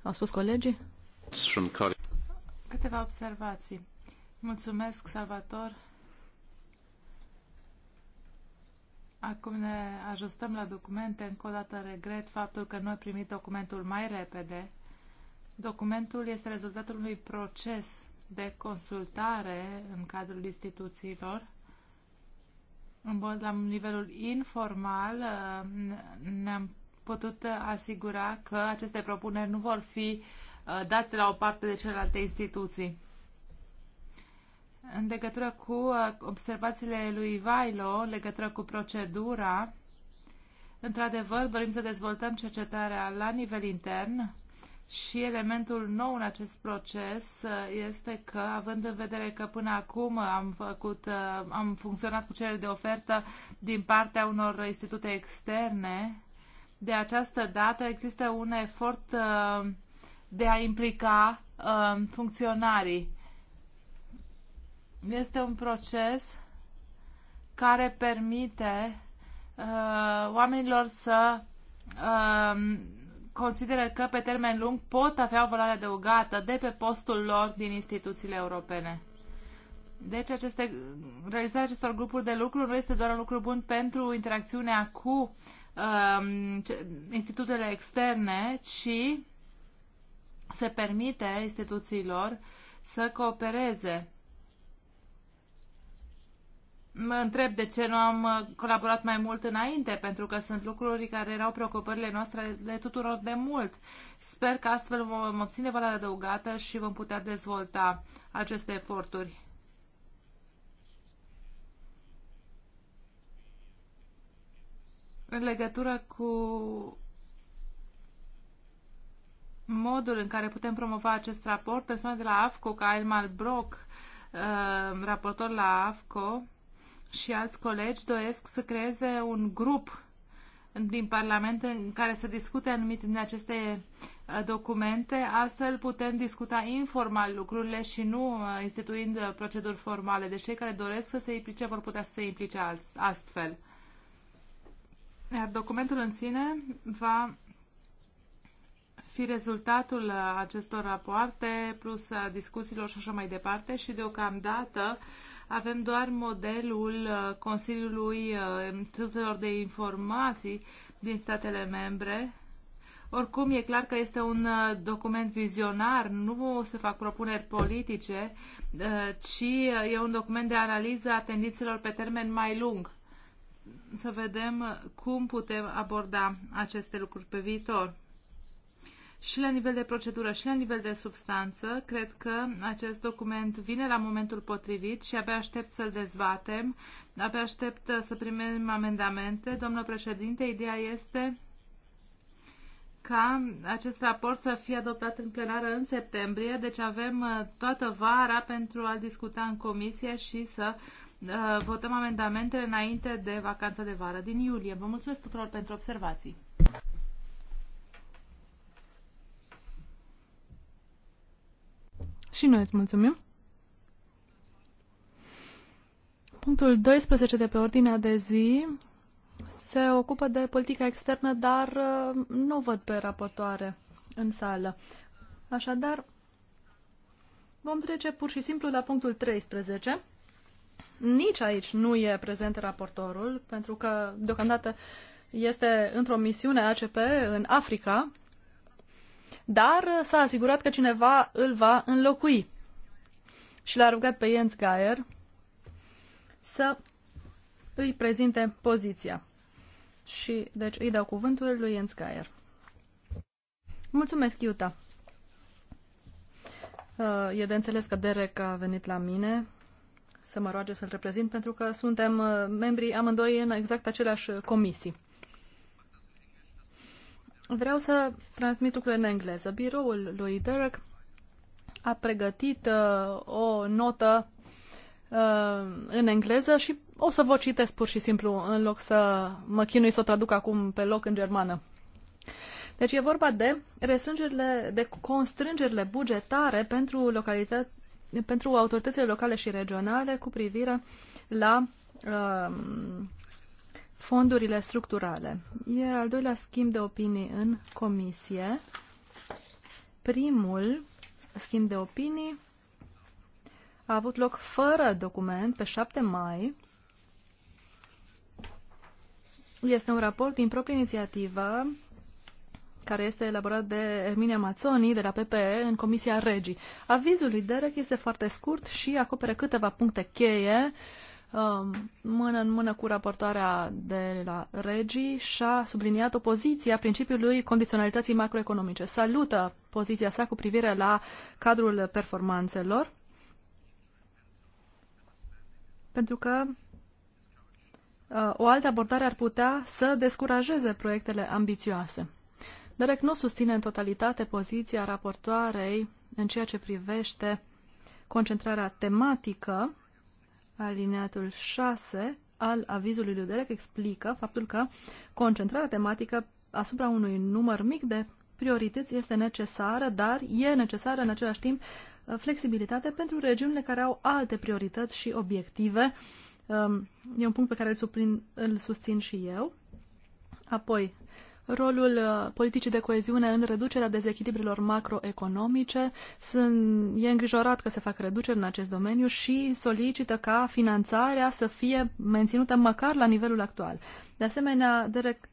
au spus colegii? It's from Câteva observații. Mulțumesc, Salvator. Acum ne ajustăm la documente. Încă o dată regret faptul că nu ai primit documentul mai repede. Documentul este rezultatul unui proces de consultare în cadrul instituțiilor. La nivelul informal ne-am putut asigura că aceste propuneri nu vor fi uh, Uh, date la o parte de celelalte instituții. În legătură cu uh, observațiile lui Vailo, în legătură cu procedura, într-adevăr, dorim să dezvoltăm cercetarea la nivel intern și elementul nou în acest proces uh, este că, având în vedere că până acum am, făcut, am funcționat cu cereri de ofertă din partea unor institute externe, de această dată există un efort uh, de a implica uh, funcționarii. Este un proces care permite uh, oamenilor să uh, consideră că pe termen lung pot avea o valoare adăugată de pe postul lor din instituțiile europene. Deci aceste, realizarea acestor grupuri de lucru nu este doar un lucru bun pentru interacțiunea cu uh, institutele externe, ci se permite instituțiilor să coopereze. Mă întreb de ce nu am colaborat mai mult înainte, pentru că sunt lucruri care erau preocupările noastre de tuturor de mult. Sper că astfel vom obține valoare adăugată și vom putea dezvolta aceste eforturi. În legătură cu modul în care putem promova acest raport. Persoane de la AFCO, ca Elmar Brock, uh, raportor la AFCO, și alți colegi doresc să creeze un grup din Parlament în care să discute anumite din aceste uh, documente. Astfel putem discuta informal lucrurile și nu uh, instituind proceduri formale. Deci cei care doresc să se implice vor putea să se implice astfel. Iar documentul în sine va fi rezultatul acestor rapoarte plus discuțiilor și așa mai departe și deocamdată avem doar modelul uh, Consiliului uh, Institutelor de Informații din statele membre. Oricum, e clar că este un uh, document vizionar, nu se fac propuneri politice, ci e un document de analiză a tendințelor pe termen mai lung. Să vedem cum putem aborda aceste lucruri pe viitor și la nivel de procedură și la nivel de substanță. Cred că acest document vine la momentul potrivit și abia aștept să-l dezbatem, abia aștept uh, să primim amendamente. Domnul președinte, ideea este ca acest raport să fie adoptat în plenară în septembrie, deci avem uh, toată vara pentru a discuta în comisie și să uh, votăm amendamentele înainte de vacanța de vară din iulie. Vă mulțumesc tuturor pentru observații. Și noi îți mulțumim. Punctul 12 de pe ordinea de zi se ocupă de politica externă, dar uh, nu văd pe raportoare în sală. Așadar, vom trece pur și simplu la punctul 13. Nici aici nu e prezent raportorul, pentru că deocamdată este într-o misiune ACP în Africa dar s-a asigurat că cineva îl va înlocui. Și l-a rugat pe Jens Geier să îi prezinte poziția. Și, deci, îi dau cuvântul lui Jens Geier. Mulțumesc, Iuta! Uh, e de înțeles că Derek a venit la mine să mă roage să-l reprezint pentru că suntem uh, membrii amândoi în exact aceleași comisii. Vreau să transmit lucrurile în engleză. Biroul lui Derek a pregătit uh, o notă uh, în engleză și o să vă citesc pur și simplu în loc să mă chinui să o traduc acum pe loc în germană. Deci e vorba de restrângerile, de constrângerile bugetare pentru localități, pentru autoritățile locale și regionale cu privire la uh, fondurile structurale. E al doilea schimb de opinii în comisie. Primul schimb de opinii a avut loc fără document pe 7 mai. Este un raport din proprie inițiativă care este elaborat de Erminia Mazzoni de la PPE în Comisia Regii. Avizul lui Derek este foarte scurt și acoperă câteva puncte cheie uh, Um, mână în mână cu raportarea de la Regii și-a subliniat opoziția principiului condiționalității macroeconomice. Salută poziția sa cu privire la cadrul performanțelor, pentru că uh, o altă abordare ar putea să descurajeze proiectele ambițioase. Derek nu susține în totalitate poziția raportoarei în ceea ce privește concentrarea tematică alineatul 6 al avizului lui Derek explică faptul că concentrarea tematică asupra unui număr mic de priorități este necesară, dar e necesară în același timp uh, flexibilitate pentru regiunile care au alte priorități și obiective. Um, e un punct pe care îl, suplin, îl susțin și eu. Apoi, rolul uh, politicii de coeziune în reducerea dezechilibrilor macroeconomice. Sunt, e îngrijorat că se fac reduceri în acest domeniu și solicită ca finanțarea să fie menținută măcar la nivelul actual. De asemenea, Derek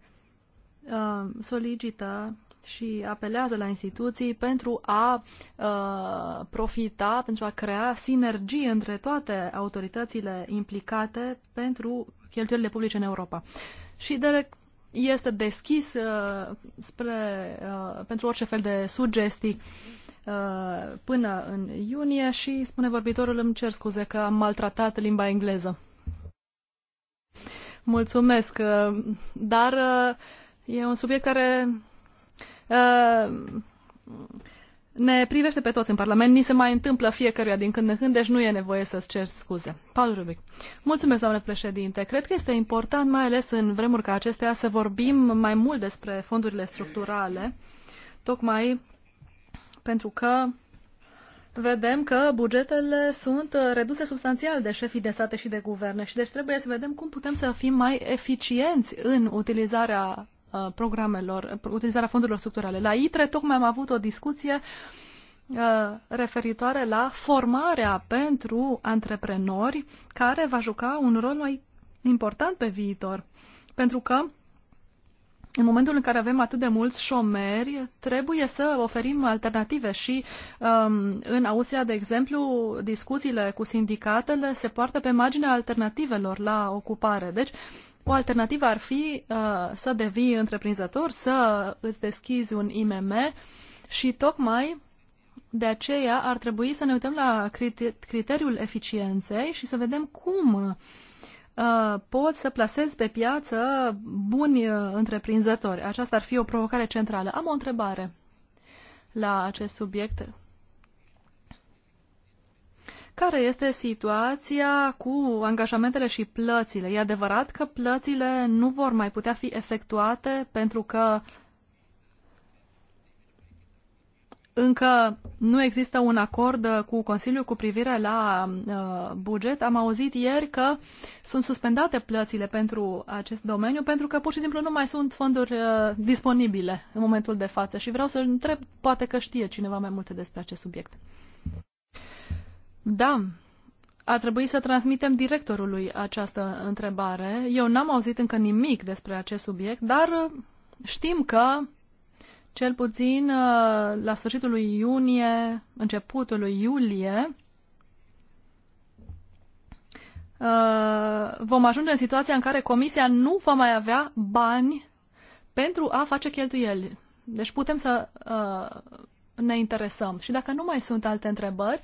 uh, solicită și apelează la instituții pentru a uh, profita, pentru a crea sinergii între toate autoritățile implicate pentru cheltuielile publice în Europa. Și Derek este deschis uh, spre, uh, pentru orice fel de sugestii uh, până în iunie și, spune vorbitorul, îmi cer scuze că am maltratat limba engleză. Mulțumesc, uh, dar uh, e un subiect care uh, ne privește pe toți în Parlament, ni se mai întâmplă fiecăruia din când în când, deci nu e nevoie să-ți ceri scuze. Paul Rubic. Mulțumesc, doamne președinte. Cred că este important, mai ales în vremuri ca acestea, să vorbim mai mult despre fondurile structurale, tocmai pentru că vedem că bugetele sunt reduse substanțial de șefii de state și de guverne și deci trebuie să vedem cum putem să fim mai eficienți în utilizarea Uh, programelor, uh, utilizarea fondurilor structurale. La ITRE tocmai am avut o discuție uh, referitoare la formarea pentru antreprenori care va juca un rol mai important pe viitor. Pentru că în momentul în care avem atât de mulți șomeri, trebuie să oferim alternative și um, în Austria, de exemplu, discuțiile cu sindicatele se poartă pe marginea alternativelor la ocupare. Deci o alternativă ar fi uh, să devii întreprinzător, să îți deschizi un IMM și tocmai de aceea ar trebui să ne uităm la criteriul eficienței și să vedem cum uh, poți să plasezi pe piață buni uh, întreprinzători. Aceasta ar fi o provocare centrală. Am o întrebare la acest subiect care este situația cu angajamentele și plățile. E adevărat că plățile nu vor mai putea fi efectuate pentru că încă nu există un acord cu Consiliul cu privire la uh, buget. Am auzit ieri că sunt suspendate plățile pentru acest domeniu pentru că pur și simplu nu mai sunt fonduri uh, disponibile în momentul de față și vreau să întreb, poate că știe cineva mai multe despre acest subiect. Da, a trebuit să transmitem directorului această întrebare. Eu n-am auzit încă nimic despre acest subiect, dar uh, știm că cel puțin uh, la sfârșitul lui iunie, începutul lui iulie, uh, vom ajunge în situația în care comisia nu va mai avea bani pentru a face cheltuieli. Deci putem să ne interesăm. Și dacă nu mai sunt alte întrebări,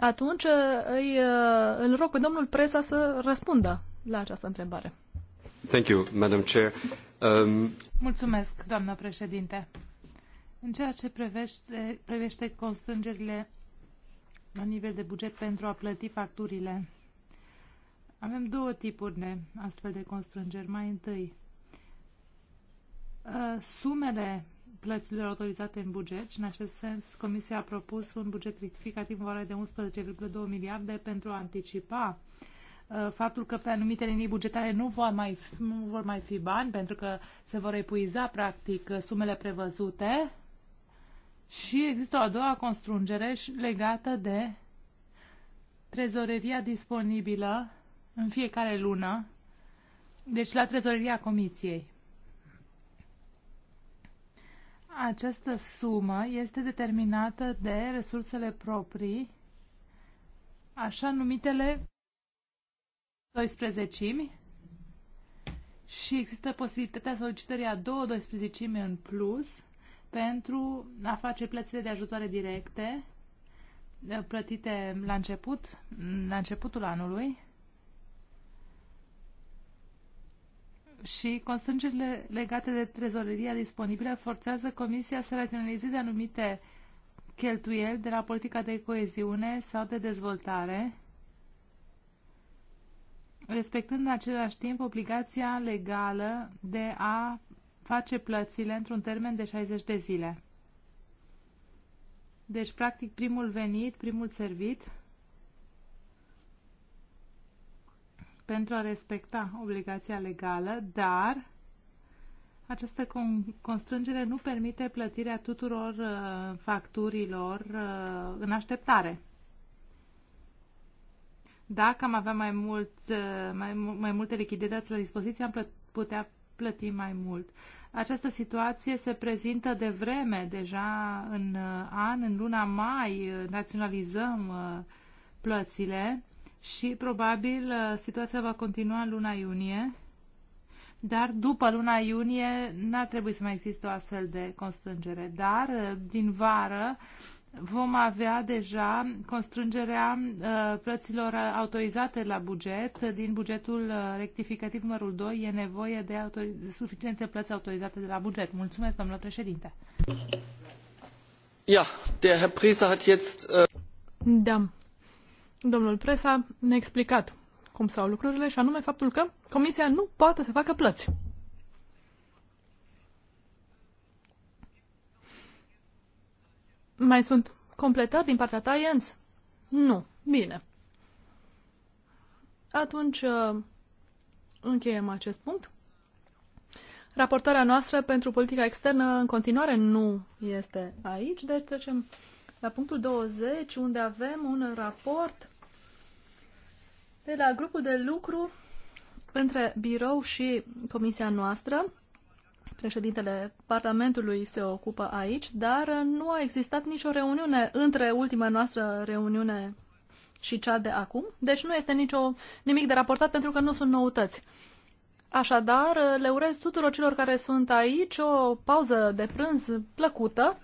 atunci uh, îi, uh, îl rog pe domnul Preza să răspundă la această întrebare. Thank you, Madam Chair. Um... Mulțumesc, doamnă președinte. În ceea ce privește, privește constrângerile la nivel de buget pentru a plăti facturile, avem două tipuri de astfel de constrângeri. Mai întâi, uh, sumele plăților autorizate în buget și în acest sens Comisia a propus un buget rectificativ în valoare de 11,2 miliarde pentru a anticipa uh, faptul că pe anumite linii bugetare nu vor, mai, nu vor mai fi bani pentru că se vor epuiza practic uh, sumele prevăzute și există o a doua constrângere legată de trezoreria disponibilă în fiecare lună, deci la trezoreria comisiei. Această sumă este determinată de resursele proprii, așa numitele 12 și există posibilitatea solicitării a două 12 în plus pentru a face plățile de ajutoare directe plătite la început, la începutul anului și constrângerile legate de trezoreria disponibilă forțează Comisia să raționalizeze anumite cheltuieli de la politica de coeziune sau de dezvoltare, respectând în același timp obligația legală de a face plățile într-un termen de 60 de zile. Deci, practic, primul venit, primul servit, pentru a respecta obligația legală, dar această constrângere nu permite plătirea tuturor uh, facturilor uh, în așteptare. Dacă am avea mai, mulți, uh, mai, mai multe lichidități la dispoziție, am plăt, putea plăti mai mult. Această situație se prezintă de vreme, deja în uh, an, în luna mai, uh, naționalizăm uh, plățile și probabil uh, situația va continua în luna iunie, dar după luna iunie n-ar trebui să mai există o astfel de constrângere. Dar uh, din vară vom avea deja constrângerea uh, plăților autorizate la buget. Din bugetul rectificativ numărul 2 e nevoie de suficiente plăți autorizate de la buget. Mulțumesc, domnule președinte. Ja, der Herr Priese hat jetzt... Uh... Da domnul Presa ne-a explicat cum stau lucrurile și anume faptul că Comisia nu poate să facă plăți. Mai sunt completări din partea ta, Jens? Nu. Bine. Atunci uh, încheiem acest punct. Raportarea noastră pentru politica externă în continuare nu este aici, deci trecem la punctul 20, unde avem un raport de la grupul de lucru între birou și comisia noastră. Președintele Parlamentului se ocupă aici, dar nu a existat nicio reuniune între ultima noastră reuniune și cea de acum. Deci nu este nicio, nimic de raportat pentru că nu sunt noutăți. Așadar, le urez tuturor celor care sunt aici o pauză de prânz plăcută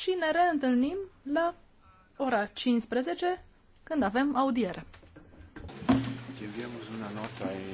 și ne reîntâlnim la ora 15 când avem audiere.